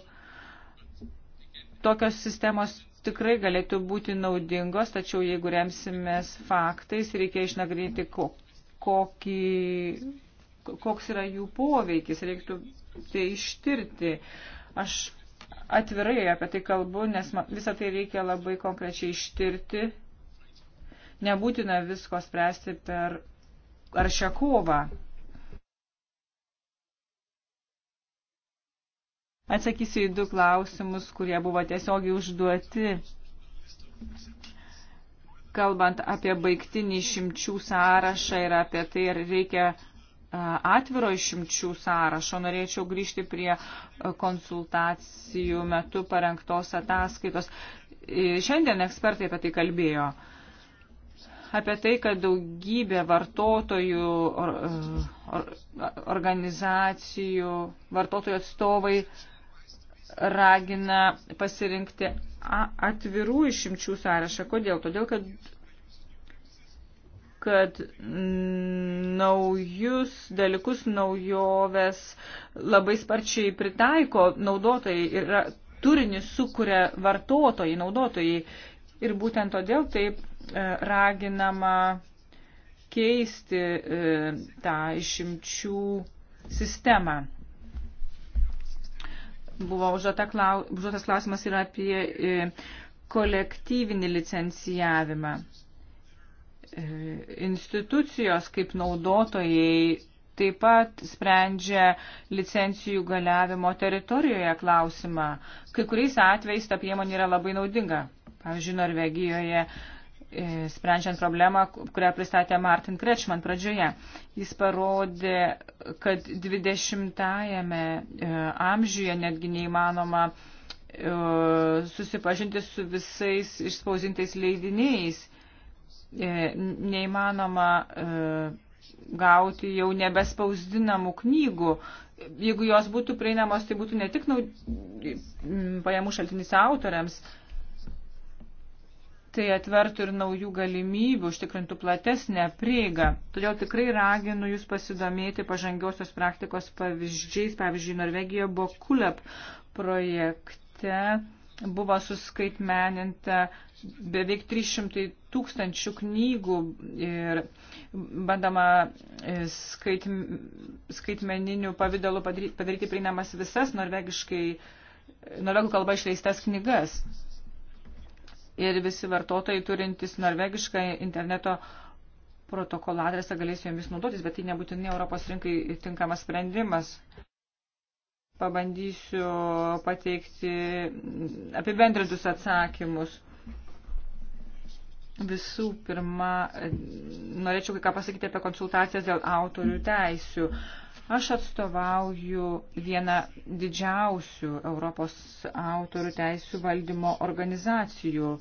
tokios sistemos tikrai galėtų būti naudingos, tačiau jeigu remsimės faktais, reikia išnagrinėti, kokį, koks yra jų poveikis, reiktų tai ištirti. Aš atvirai apie tai kalbu, nes visą tai reikia labai konkrečiai ištirti. Nebūtina visko spręsti per aršią kovą. Atsakysiu į du klausimus, kurie buvo tiesiogiai užduoti. Kalbant apie baigtinį šimčių sąrašą ir apie tai, ar reikia atviro išimčių sąrašo. Norėčiau grįžti prie e, konsultacijų metu parengtos ataskaitos. E, šiandien ekspertai apie tai kalbėjo. Apie tai, kad daugybė vartotojų or, e, or, organizacijų, vartotojų atstovai ragina pasirinkti atvirų išimčių sąrašą. Kodėl? Todėl, kad kad naujus dalykus, naujoves labai sparčiai pritaiko naudotojai ir turinį sukuria vartotojai, naudotojai. Ir būtent todėl taip e, raginama keisti e, tą išimčių sistemą. Buvo užduotas klaus, klausimas ir apie e, kolektyvinį licencijavimą institucijos kaip naudotojai taip pat sprendžia licencijų galiavimo teritorijoje klausimą. Kai kuriais atvejais ta priemonė yra labai naudinga. Pavyzdžiui, Norvegijoje e, sprendžiant problemą, kurią pristatė Martin Krečman pradžioje. Jis parodė, kad 20-ajame e, amžiuje netgi neįmanoma e, susipažinti su visais išspausintais leidiniais E, neįmanoma e, gauti jau nebespausdinamų knygų. Jeigu jos būtų prieinamos, tai būtų ne tik naud... pajamų šaltinis autoriams, tai atvertų ir naujų galimybių, užtikrintų platesnę prieigą. Todėl tikrai raginu Jūs pasidomėti pažangiosios praktikos pavyzdžiais, pavyzdžiui, Norvegijoje Bokulep projekte buvo suskaitmeninta beveik 300 tūkstančių knygų ir bandama e, skait, skaitmeniniu pavydalu padaryti, padaryti prieinamas visas norvegiškai, norvegų kalba išleistas knygas. Ir visi vartotojai turintys norvegišką interneto protokolą adresą galės jomis naudotis, bet tai nebūtinai Europos rinkai tinkamas sprendimas. Pabandysiu pateikti apibendrintus atsakymus. Visų pirma, norėčiau kai ką pasakyti apie konsultacijas dėl autorių teisių. Aš atstovauju vieną didžiausių Europos autorių teisų valdymo organizacijų.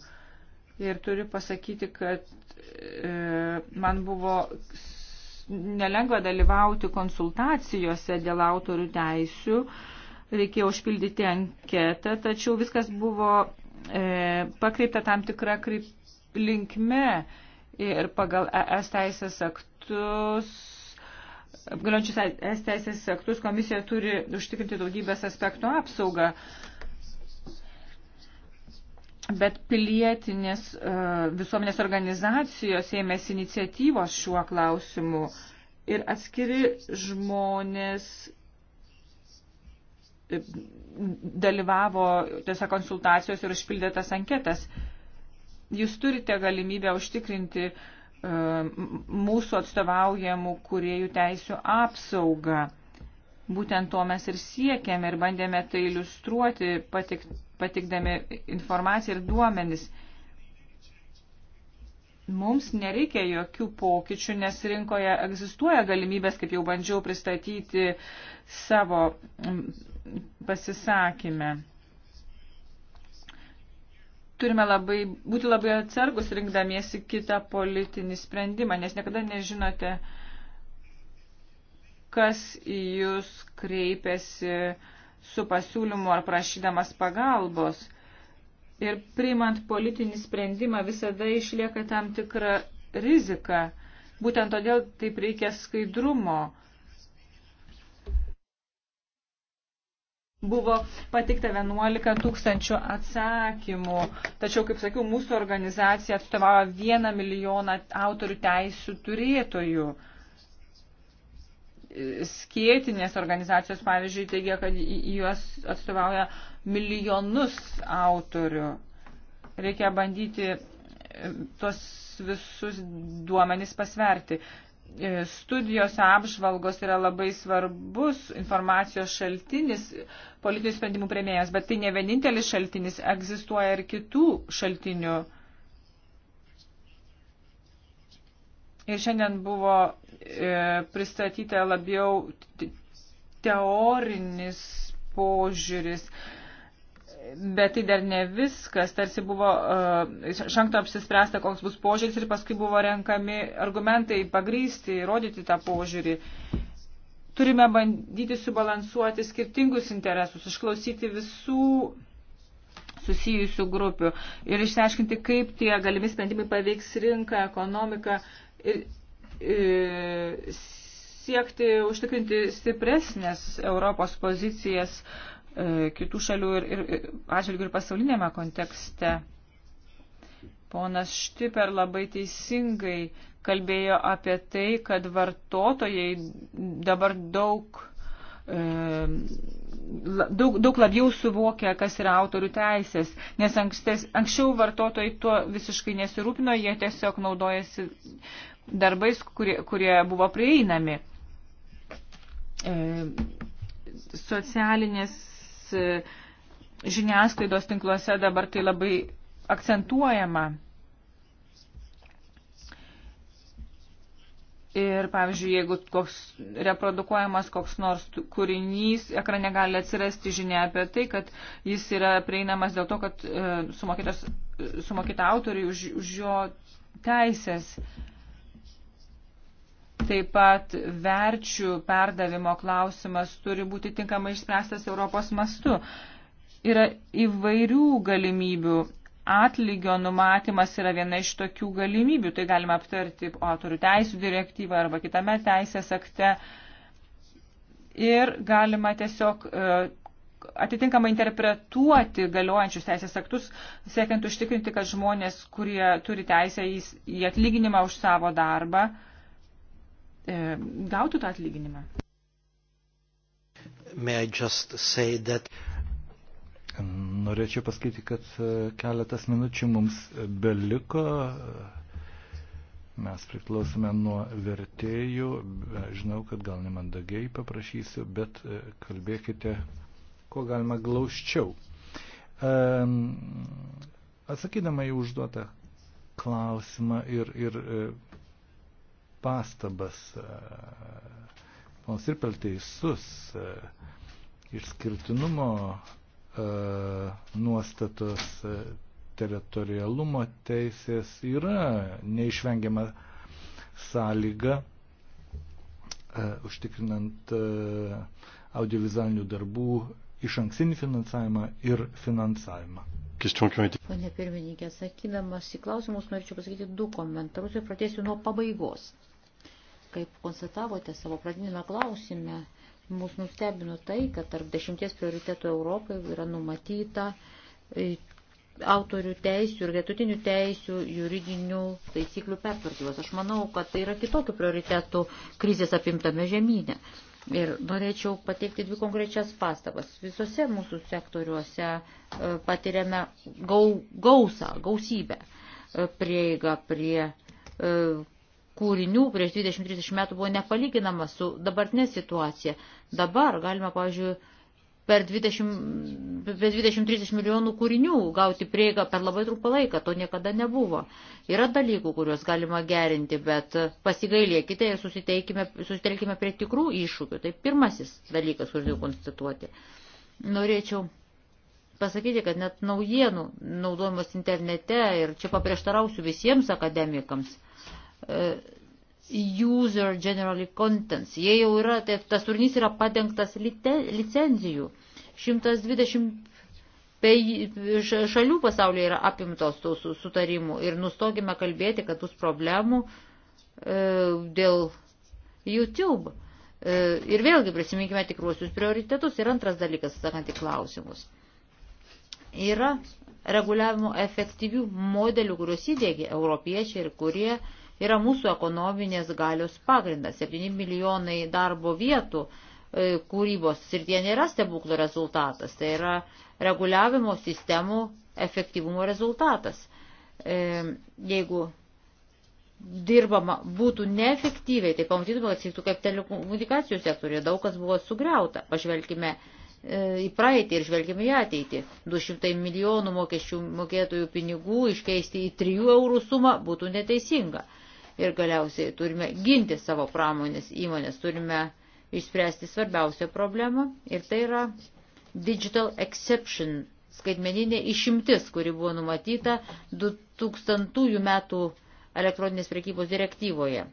Ir turiu pasakyti, kad e, man buvo nelengva dalyvauti konsultacijose dėl autorių teisių. Reikėjo užpildyti anketą, tačiau viskas buvo e, pakreipta tam tikrą kryp, linkme ir pagal ES teisės aktus. Galiojančius es teisės aktus komisija turi užtikrinti daugybės aspektų apsaugą. E, bet pilietinės e, visuomenės organizacijos ėmėsi iniciatyvos šiuo klausimu ir atskiri žmonės e, dalyvavo tose konsultacijos ir užpildė tas anketas. Jūs turite galimybę užtikrinti e, mūsų atstovaujamų kuriejų teisų apsaugą. Būtent to mes ir siekėme ir bandėme tai iliustruoti, patik, patikdami informaciją ir duomenis. Mums nereikia jokių pokyčių, nes rinkoje egzistuoja galimybės, kaip jau bandžiau pristatyti savo pasisakymę turime labai, būti labai atsargus rinkdamiesi kitą politinį sprendimą, nes niekada nežinote, uh, kas į jūs kreipiasi su pasiūlymu ar prašydamas pagalbos. Ir priimant politinį sprendimą visada išlieka tam tikra rizika. Būtent todėl taip reikia skaidrumo. buvo patikta 11 tūkstančių atsakymų. Tačiau, kaip sakiau, mūsų organizacija atstovavo 1 milijoną autorių teisų turėtojų skėtinės organizacijos, pavyzdžiui, teigia, kad juos atstovauja milijonus autorių. Reikia bandyti e, tuos visus duomenys pasverti. E, studijos apžvalgos yra labai svarbus informacijos šaltinis, politinių sprendimų prieimėjas, bet tai ne vienintelis šaltinis, egzistuoja ir kitų šaltinių. Ir šiandien buvo e, pristatyta labiau teorinis požiūris. Bet tai dar ne viskas, tarsi buvo e, šankto apsispręsta, koks bus požiūris ir paskui buvo renkami argumentai pagrysti, įrodyti tą požiūrį. Turime bandyti subalansuoti skirtingus interesus, išklausyti visų susijusių grupių ir išsiaiškinti, kaip tie galimi sprendimai paveiks rinką, ekonomiką ir, ir e, siekti užtikrinti stipresnės Europos pozicijas e, kitų šalių ir, ir, ir atžvilgių ir pasaulinėme kontekste. Ponas Štiper labai teisingai kalbėjo apie tai, kad vartotojai dabar daug Ehm, daug, daug labiau suvokia, kas yra autorių teisės, nes ankstes, anksčiau vartotojai tuo visiškai nesirūpino, jie tiesiog naudojasi darbais, kurie, kurie buvo prieinami. Ehm, e, socialinės žiniasklaidos tinkluose dabar tai labai akcentuojama. Ir, pavyzdžiui, jeigu koks reprodukuojamas koks nors kūrinys, ekrane gali atsirasti žinia apie tai, kad jis yra prieinamas dėl to, kad e, sumokėtas, e, sumokėta autoriui už, už jo teisės. Taip pat verčių perdavimo klausimas turi būti tinkamai išspręstas Europos mastu. Yra įvairių galimybių atlygio numatymas yra viena iš tokių galimybių. Tai galima aptarti autorių teisų direktyvą arba kitame teisės akte. Ir galima tiesiog e, atitinkamai interpretuoti galiojančius teisės aktus, siekiant užtikrinti, kad žmonės, kurie turi teisę į atlyginimą už savo darbą, e, gautų tą atlyginimą. That... Norėčiau pasakyti, kad e, keletas minučių mums beliko. Mes priklausome nuo vertėjų. E, žinau, kad gal nemandagiai paprašysiu, bet e, kalbėkite, kuo galima glaučiau. Atsakydama į užduotą klausimą ir, ir pastabas, ponas ir pelteisus, išskirtinumo E, nuostatos e, teritorialumo teisės yra neišvengiama sąlyga e, užtikrinant audiovizualinių darbų iš anksinį finansavimą ir finansavimą. Pane pirmininkė, sakydamas į klausimus, norėčiau pasakyti du komentarus ir pradėsiu nuo pabaigos. Kaip konstatavote savo pradinėme klausime, Mūsų nustebino tai, kad tarp dešimties prioritetų Europai yra numatyta e, autorių teisių ir gretutinių teisių juridinių taisyklių pertvarkymas. Aš manau, kad tai yra kitokių prioritetų krizės apimtame žemynė. Ir norėčiau pateikti dvi konkrečias pastabas. Visose mūsų sektoriuose e, patiriame gau, gausą, gausybę e, prieigą prie kūrinių prieš 20-30 metų buvo nepalyginama su dabartinė situacija. Dabar galima, pavyzdžiui, per 20-30 milijonų kūrinių gauti prieigą per labai trumpą laiką, to niekada nebuvo. Yra dalykų, kuriuos galima gerinti, bet pasigailėkite ir susitelkime prie tikrų iššūkių. Tai pirmasis dalykas, kurį jau konstatuoti. Norėčiau pasakyti, kad net naujienų naudojimas internete, ir čia paprieštarausiu visiems akademikams, Uh, user generally contents. Jie jau yra, tai, tas turinys yra padengtas lite, licenzijų. 120 šalių pasaulyje yra apimtos tų sutarimų ir nustokime kalbėti, kad bus problemų e, dėl YouTube. E, ir vėlgi prisiminkime tikruosius prioritetus. Ir antras dalykas, sakant į klausimus. Yra reguliavimo efektyvių modelių, kuriuos įdėgi europiečiai ir kurie uh, yra mūsų ekonominės galios pagrindas. 7 milijonai darbo vietų e, kūrybos srityje nėra stebuklų rezultatas, tai yra reguliavimo sistemų efektyvumo rezultatas. E, jeigu dirbama būtų neefektyviai, tai pamatytume, kad sėktų kaip telekomunikacijų sektoriuje daug kas buvo sugriauta. Pažvelkime e, į praeitį ir žvelgime į ateitį. 200 milijonų mokesčių mokėtojų pinigų iškeisti į 3 eurų sumą būtų neteisinga ir galiausiai turime ginti savo pramonės įmonės, turime išspręsti svarbiausią problemą ir tai yra digital exception, skaitmeninė išimtis, kuri buvo numatyta 2000 metų elektroninės prekybos direktyvoje.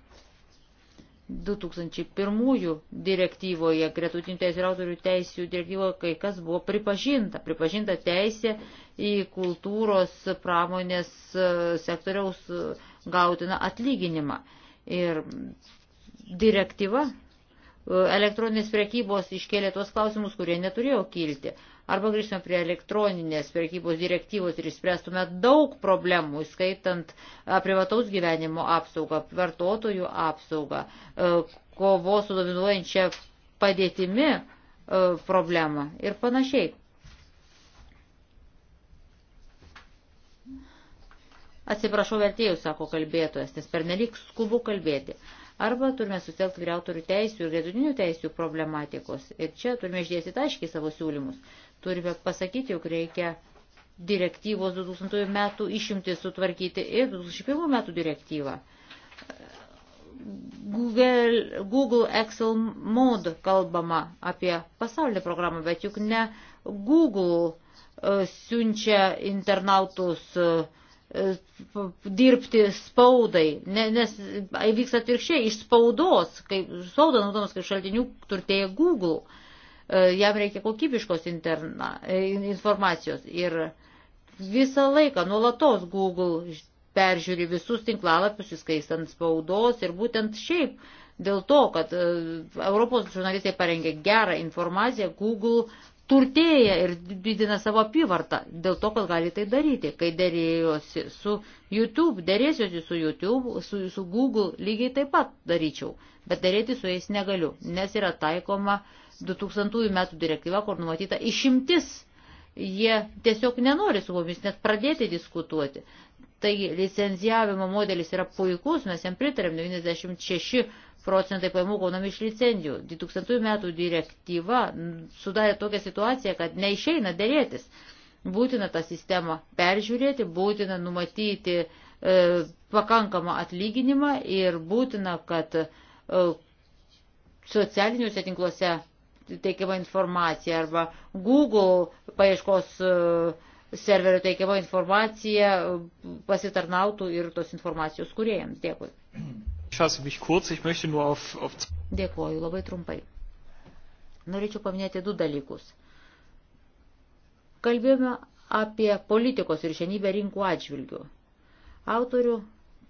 2001 direktyvoje, gretutinių teisų ir autorių teisų direktyvoje, kai kas buvo pripažinta, pripažinta teisė į kultūros pramonės e, sektoriaus gautiną atlyginimą. Ir direktyva e, elektroninės prekybos iškėlė tuos klausimus, kurie neturėjo kilti. Arba grįžtume prie elektroninės prekybos direktyvos ir išspręstume daug problemų, skaitant e, privataus gyvenimo apsaugą, vartotojų apsaugą, e, kovos su dominuojančia padėtimi problemą ir panašiai. Atsiprašau vertėjų, sako kalbėtojas, nes pernelyg skubu kalbėti. Arba turime sutelkti prie autorių teisų ir gretutinių teisų problematikos. Ir čia turime išdėstyti aiškiai savo siūlymus. Turime pasakyti, jog reikia direktyvos 2000 metų išimti sutvarkyti ir 2001 metų direktyvą. Google, Google Excel mod kalbama apie pasaulinį programą, bet juk ne Google e, siunčia internautus uh, E, dirbti spaudai, nes vyksta atvirkščiai iš spaudos, kai spauda naudomas kaip šaltinių turtėja Google, e, jam reikia kokybiškos interna, e, informacijos ir visą laiką nuolatos Google peržiūri visus tinklalapius, įskaitant spaudos ir būtent šiaip dėl to, kad Europos žurnalistai parengė gerą informaciją, Google turtėja ir didina savo apyvartą dėl to, kad gali tai daryti. Kai dėrėjosi su YouTube, dėrėsiuosi su YouTube, su, su Google lygiai taip pat daryčiau, bet dėrėti su jais negaliu, nes yra taikoma 2000 metų direktyva, kur numatyta išimtis. Jie tiesiog nenori su mumis net pradėti diskutuoti. Taigi licenzijavimo modelis yra puikus, mes jam pritarėm 96 procentai pajamų gaunami iš licenzijų. 2000 metų direktyva sudarė tokią situaciją, kad neišeina dėrėtis. Būtina tą sistemą peržiūrėti, būtina numatyti e, pakankamą atlyginimą ir būtina, kad e, socialiniuose tinkluose teikiama informacija arba Google paieškos e, serverio teikiama informacija pasitarnautų ir tos informacijos kuriejams. Dėkui. Dėkuoju labai trumpai. Norėčiau paminėti du dalykus. Kalbėjome apie politikos ir šianybę rinkų atžvilgių. Autorių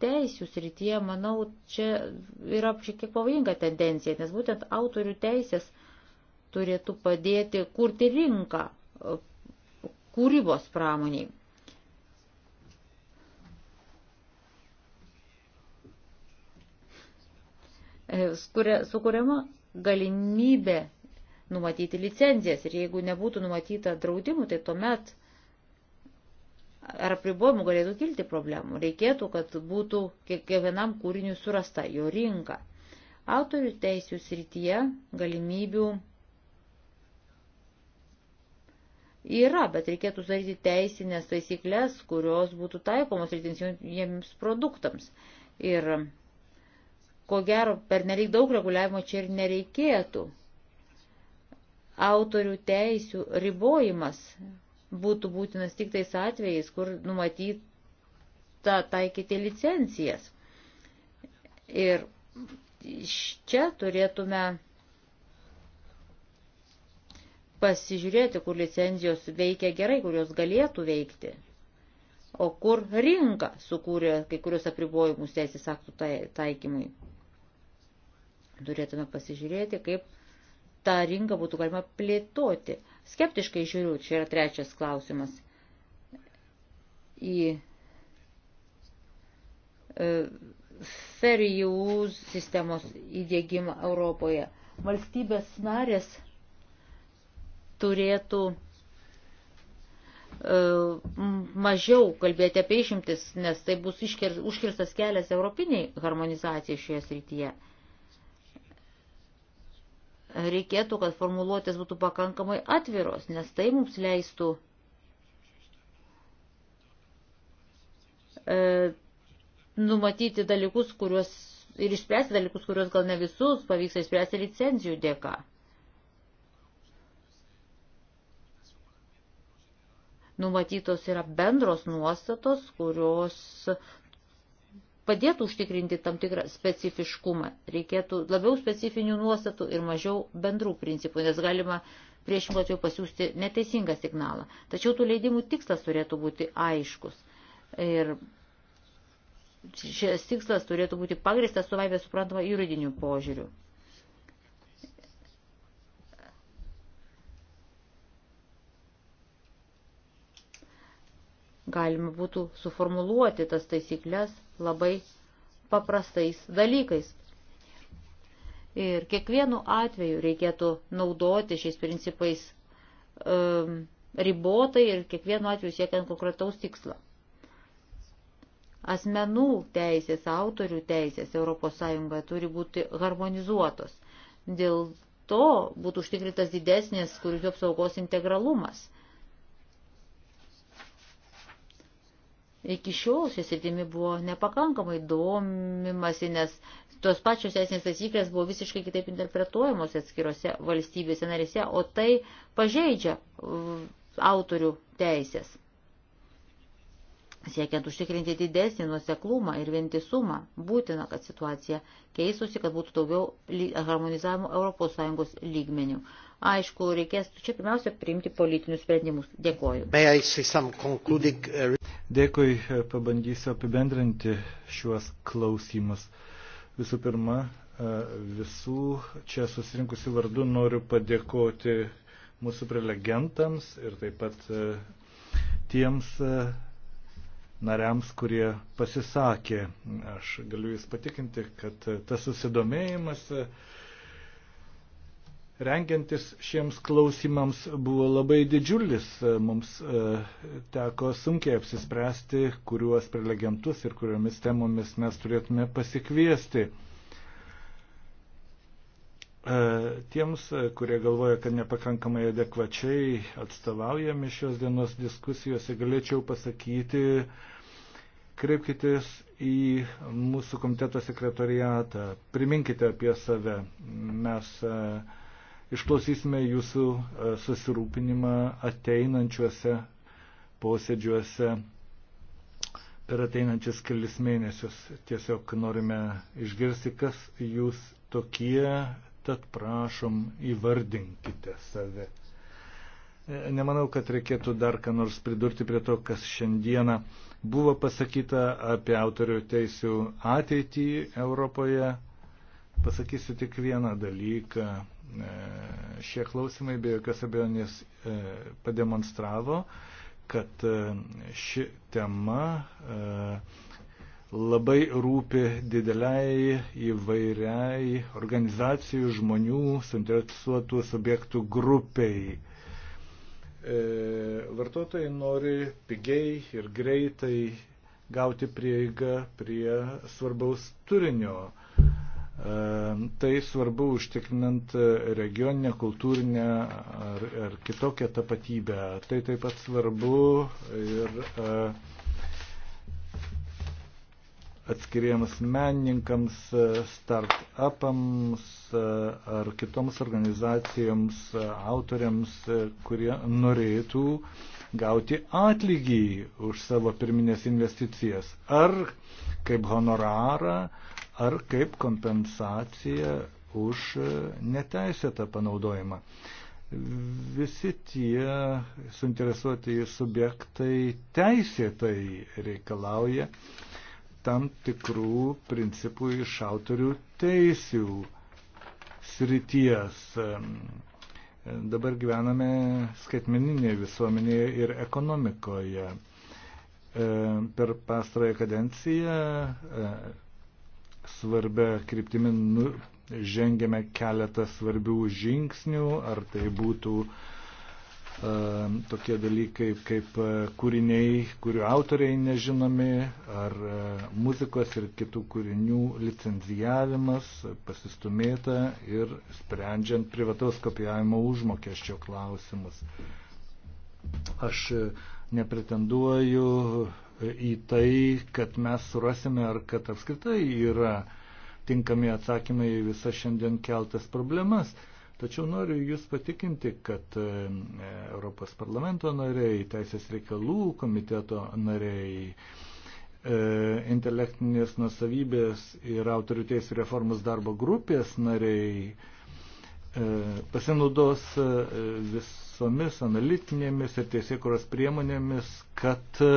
teisių srityje, manau, čia yra šiek tiek pavojinga tendencija, nes būtent autorių teisės turėtų padėti kurti rinką kūrybos pramoniai. E, sukuriama galimybė numatyti licencijas ir jeigu nebūtų numatyta draudimų, tai tuomet ar apribojimų galėtų kilti problemų. Reikėtų, kad būtų kiekvienam kūriniui surasta jo rinka. Autorių teisų srityje galimybių yra, bet reikėtų sudaryti teisinės taisyklės, kurios būtų taikomos licencijuojamiems produktams. Ir ko gero, per nereik daug reguliavimo čia ir nereikėtų. Autorių teisių ribojimas būtų būtinas tik tais atvejais, kur numatyta taikyti licencijas. Ir čia turėtume pasižiūrėti, kur licenzijos veikia gerai, kur jos galėtų veikti, o kur rinka sukūrė kai kurios apribojimus teisės aktų tai, taikymui. Turėtume pasižiūrėti, kaip tą rinką būtų galima plėtoti. Skeptiškai žiūriu, čia yra trečias klausimas, į e, fair use sistemos įdėgymą Europoje. Valstybės narės turėtų e, mažiau kalbėti apie išimtis, nes tai bus iškir, užkirstas kelias europiniai harmonizacijai šioje srityje. Reikėtų, kad formuluotės būtų pakankamai atviros, nes tai mums leistų e, numatyti dalykus, kuriuos ir išspręsti dalykus, kuriuos gal ne visus pavyks išspręsti licencijų dėka. numatytos yra bendros nuostatos, kurios padėtų užtikrinti tam tikrą specifiškumą. Reikėtų labiau specifinių nuostatų ir mažiau bendrų principų, nes galima priešingų atveju pasiūsti neteisingą signalą. Tačiau tų leidimų tikslas turėtų būti aiškus. Ir šis tikslas turėtų būti pagristas suvaibė suprantama juridiniu požiūriu. galima būtų suformuluoti tas taisyklės labai paprastais dalykais. Ir kiekvienu atveju reikėtų naudoti šiais principais um, ribotai ir kiekvienu atveju siekiant konkretaus tikslo. Asmenų teisės, autorių teisės ES turi būti harmonizuotos. Dėl to būtų užtikrintas didesnis kūrinių apsaugos integralumas iki šiol šia sritimi buvo nepakankamai domimasi, nes tos pačios teisinės taisyklės buvo visiškai kitaip interpretuojamos atskirose valstybėse narėse, o tai pažeidžia autorių teisės. Siekiant užtikrinti didesnį nuseklumą ir vientisumą, būtina, kad situacija keistųsi, kad būtų daugiau harmonizavimo ES lygmenių. Aišku, reikės čia pirmiausia priimti politinius sprendimus. Dėkoju. Uh, Dėkui, e, pabandysiu apibendrinti šiuos klausimus. Visų pirma, e, visų čia susirinkusių vardų noriu padėkoti mūsų prelegentams ir taip pat e, tiems nariams, kurie pasisakė. Aš galiu jūs patikinti, kad tas susidomėjimas rengiantis šiems klausimams buvo labai didžiulis. Mums e, teko sunkiai apsispręsti, kuriuos prelegentus ir kuriomis temomis mes turėtume pasikviesti. E, tiems, kurie galvoja, kad nepakankamai adekvačiai atstovaujami šios dienos diskusijose, galėčiau pasakyti, kreipkitės į mūsų komiteto sekretoriatą, priminkite apie save. Mes uh, Išklausysime jūsų e, susirūpinimą ateinančiuose posėdžiuose per ateinančius kelis mėnesius. Tiesiog norime išgirsti, kas jūs tokie, tad prašom įvardinkite save. E, nemanau, kad reikėtų dar ką nors pridurti prie to, kas šiandieną buvo pasakyta apie autorių teisių ateitį Europoje. Pasakysiu tik vieną dalyką. E, šie klausimai be jokios abejonės e, pademonstravo, kad e, ši tema labai rūpi dideliai įvairiai organizacijų žmonių, suinteresuotų subjektų grupiai. Vartotojai nori pigiai ir greitai gauti prieigą prie svarbaus turinio. Tai svarbu užtikrinant regioninę, kultūrinę ar, ar kitokią tapatybę. Tai taip pat svarbu ir e, atskiriems menininkams, e, start-upams e, ar kitoms organizacijoms, autoriams, kurie norėtų gauti atlygį už savo pirminės investicijas ar kaip honorarą ar kaip kompensacija už neteisėtą panaudojimą. Visi tie suinteresuoti subjektai teisėtai reikalauja tam tikrų principų iš autorių teisių srities. Dabar gyvename skaitmeninėje visuomenėje ir ekonomikoje. Per pastarąją kadenciją svarbia kryptimi nu, žengėme keletą svarbių žingsnių, ar tai būtų uh, tokie dalykai kaip e, kūriniai, kurių autoriai nežinomi, ar uh, muzikos ir kitų kūrinių licenzijavimas pasistumėta ir sprendžiant privataus kopijavimo užmokesčio klausimus. Uh, Aš e, nepretenduoju e, į tai, kad mes surasime ar kad apskritai yra tinkami atsakymai į visas šiandien keltas problemas. Tačiau noriu Jūs patikinti, kad e, Europos parlamento nariai, Teisės reikalų komiteto nariai, intelektinės nusavybės ir autorių teisų reformos darbo grupės nariai pasinaudos vis visomis analitinėmis ir teisėkuros priemonėmis, kad e,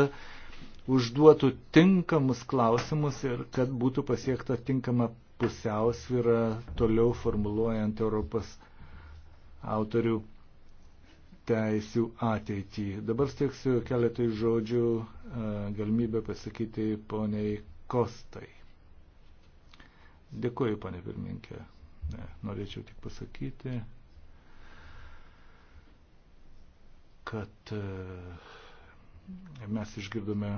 užduotų tinkamus klausimus ir kad būtų pasiekta tinkama pusiausvyrą toliau formuluojant Europos autorių teisių ateitį. Dabar steiksiu keletai žodžių e, galimybę pasakyti poniai Kostai. Dėkuoju, ponė pirminkė. Norėčiau tik pasakyti, kad e, mes išgirdome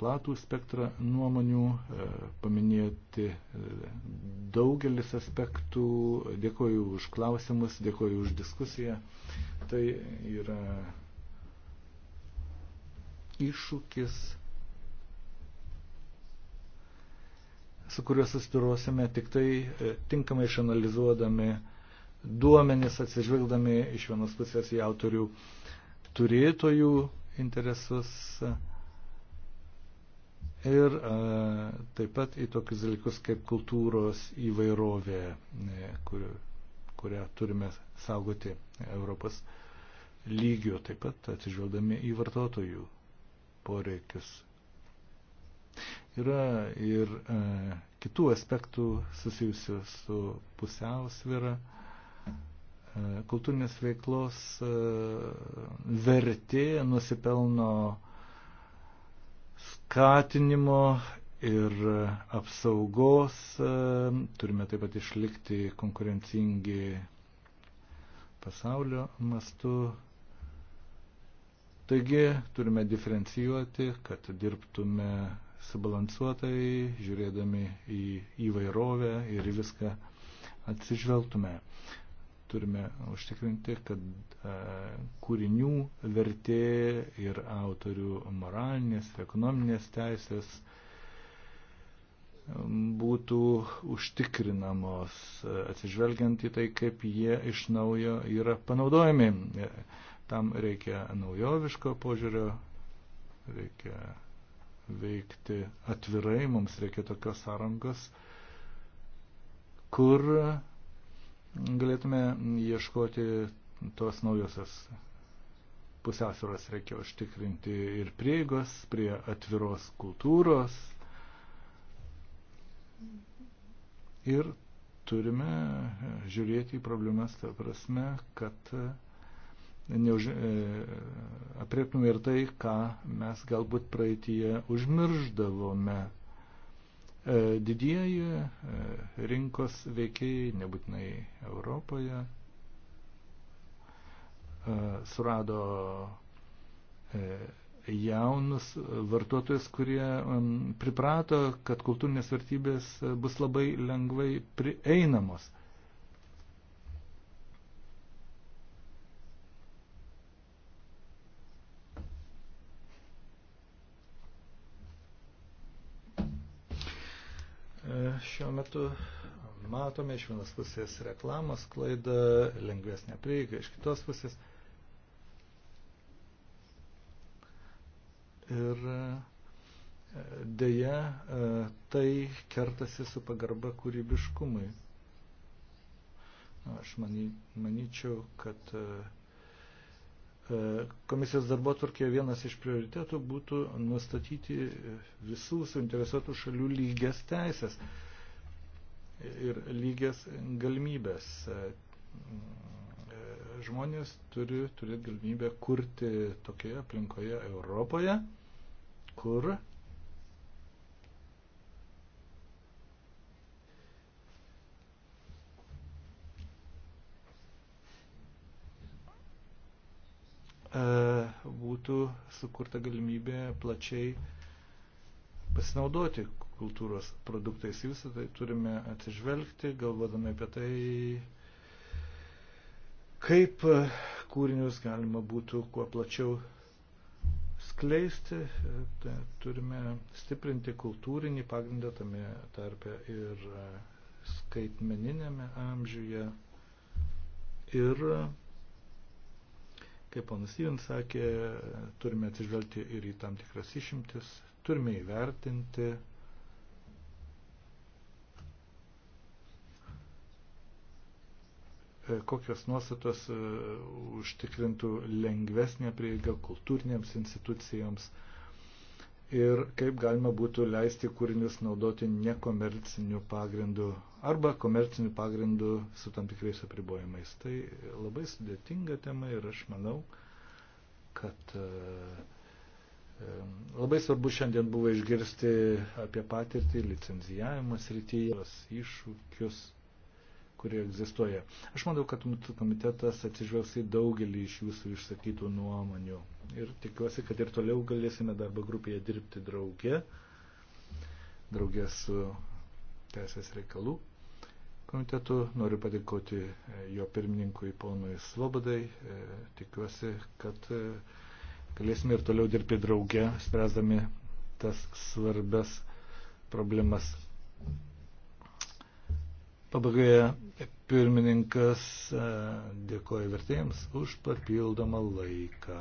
platų spektrą nuomonių, e, paminėti e, daugelis aspektų. Dėkoju už klausimus, dėkoju už diskusiją. Tai yra iššūkis, su kuriuo susidurosime tik tai tinkamai išanalizuodami duomenis, atsižvelgdami iš vienos pusės į autorių turėtojų interesus ir e, taip pat į tokius dalykus kaip kultūros įvairovė, e, kurią turime saugoti Europos lygio, taip pat atsižvelgdami į vartotojų poreikius. Yra ir e, kitų aspektų susijusių su pusiausvėra. E, Kultūrinės veiklos e, vertė nusipelno skatinimo ir apsaugos. E, turime taip pat išlikti konkurencingi pasaulio mastu. Taigi turime diferencijuoti, kad dirbtume subalansuotai, žiūrėdami į įvairovę ir viską atsižvelgtume. Turime užtikrinti, kad e, kūrinių vertė ir autorių moralinės ir ekonominės teisės e, būtų užtikrinamos, e, atsižvelgiant į tai, kaip jie iš naujo yra panaudojami. Tam reikia naujoviško požiūrio, reikia veikti atvirai, mums reikia tokios sąrangos, kur galėtume ieškoti tos naujosios pusiausvėros reikia užtikrinti ir prieigos prie atviros kultūros. Ir turime žiūrėti į problemas, ta prasme, kad neuž... E, aprėptume ir tai, ką mes galbūt praeitie užmirždavome E, didieji e, rinkos veikėjai, nebūtinai Europoje, e, surado jaunus vartotojus, kurie priprato, kad kultūrinės vertybės bus labai lengvai prieinamos. šiuo metu matome iš vienos pusės reklamos klaidą, lengvesnė prieiga iš kitos pusės. Ir e, dėja e, tai kertasi su pagarba kūrybiškumui. Aš many, manyčiau, kad uh, E, komisijos darbo turkė vienas iš prioritetų būtų nustatyti visų suinteresuotų šalių lygias teisės ir lygias galimybės. E, žmonės turi turėti galimybę kurti tokioje aplinkoje Europoje, kur E, būtų sukurta galimybė plačiai pasinaudoti kultūros produktais. Visą tai turime atsižvelgti, galvodami apie tai, kaip kūrinius galima būtų kuo plačiau skleisti, turime stiprinti kultūrinį pagrindą tame tarpe ir skaitmeninėme amžiuje. Ir Kaip ponas Stevens sakė, turime atsižvelgti ir į tam tikras išimtis, turime įvertinti e, kokios nuostatos e, užtikrintų lengvesnę prieigą kultūrinėms institucijoms, ir kaip galima būtų leisti kūrinius naudoti nekomerciniu pagrindu arba komerciniu pagrindu su tam tikrais apribojimais. Tai labai sudėtinga tema ir aš manau, kad e, e, labai svarbu šiandien buvo išgirsti apie patirtį licenzijavimo srityje, iššūkius kurie egzistuoja. Aš manau, kad mūsų komitetas atsižvelgs į daugelį iš jūsų išsakytų nuomonių ir tikiuosi, kad ir toliau galėsime darbo grupėje dirbti drauge, drauge su Teisės reikalų komitetu. Noriu padėkoti e, jo pirmininkui ponui Svobodai. E, tikiuosi, kad e, galėsime ir toliau dirbti drauge, spręsdami tas svarbias problemas. Pabaigoje pirmininkas dėkoja vertėjams už papildomą laiką.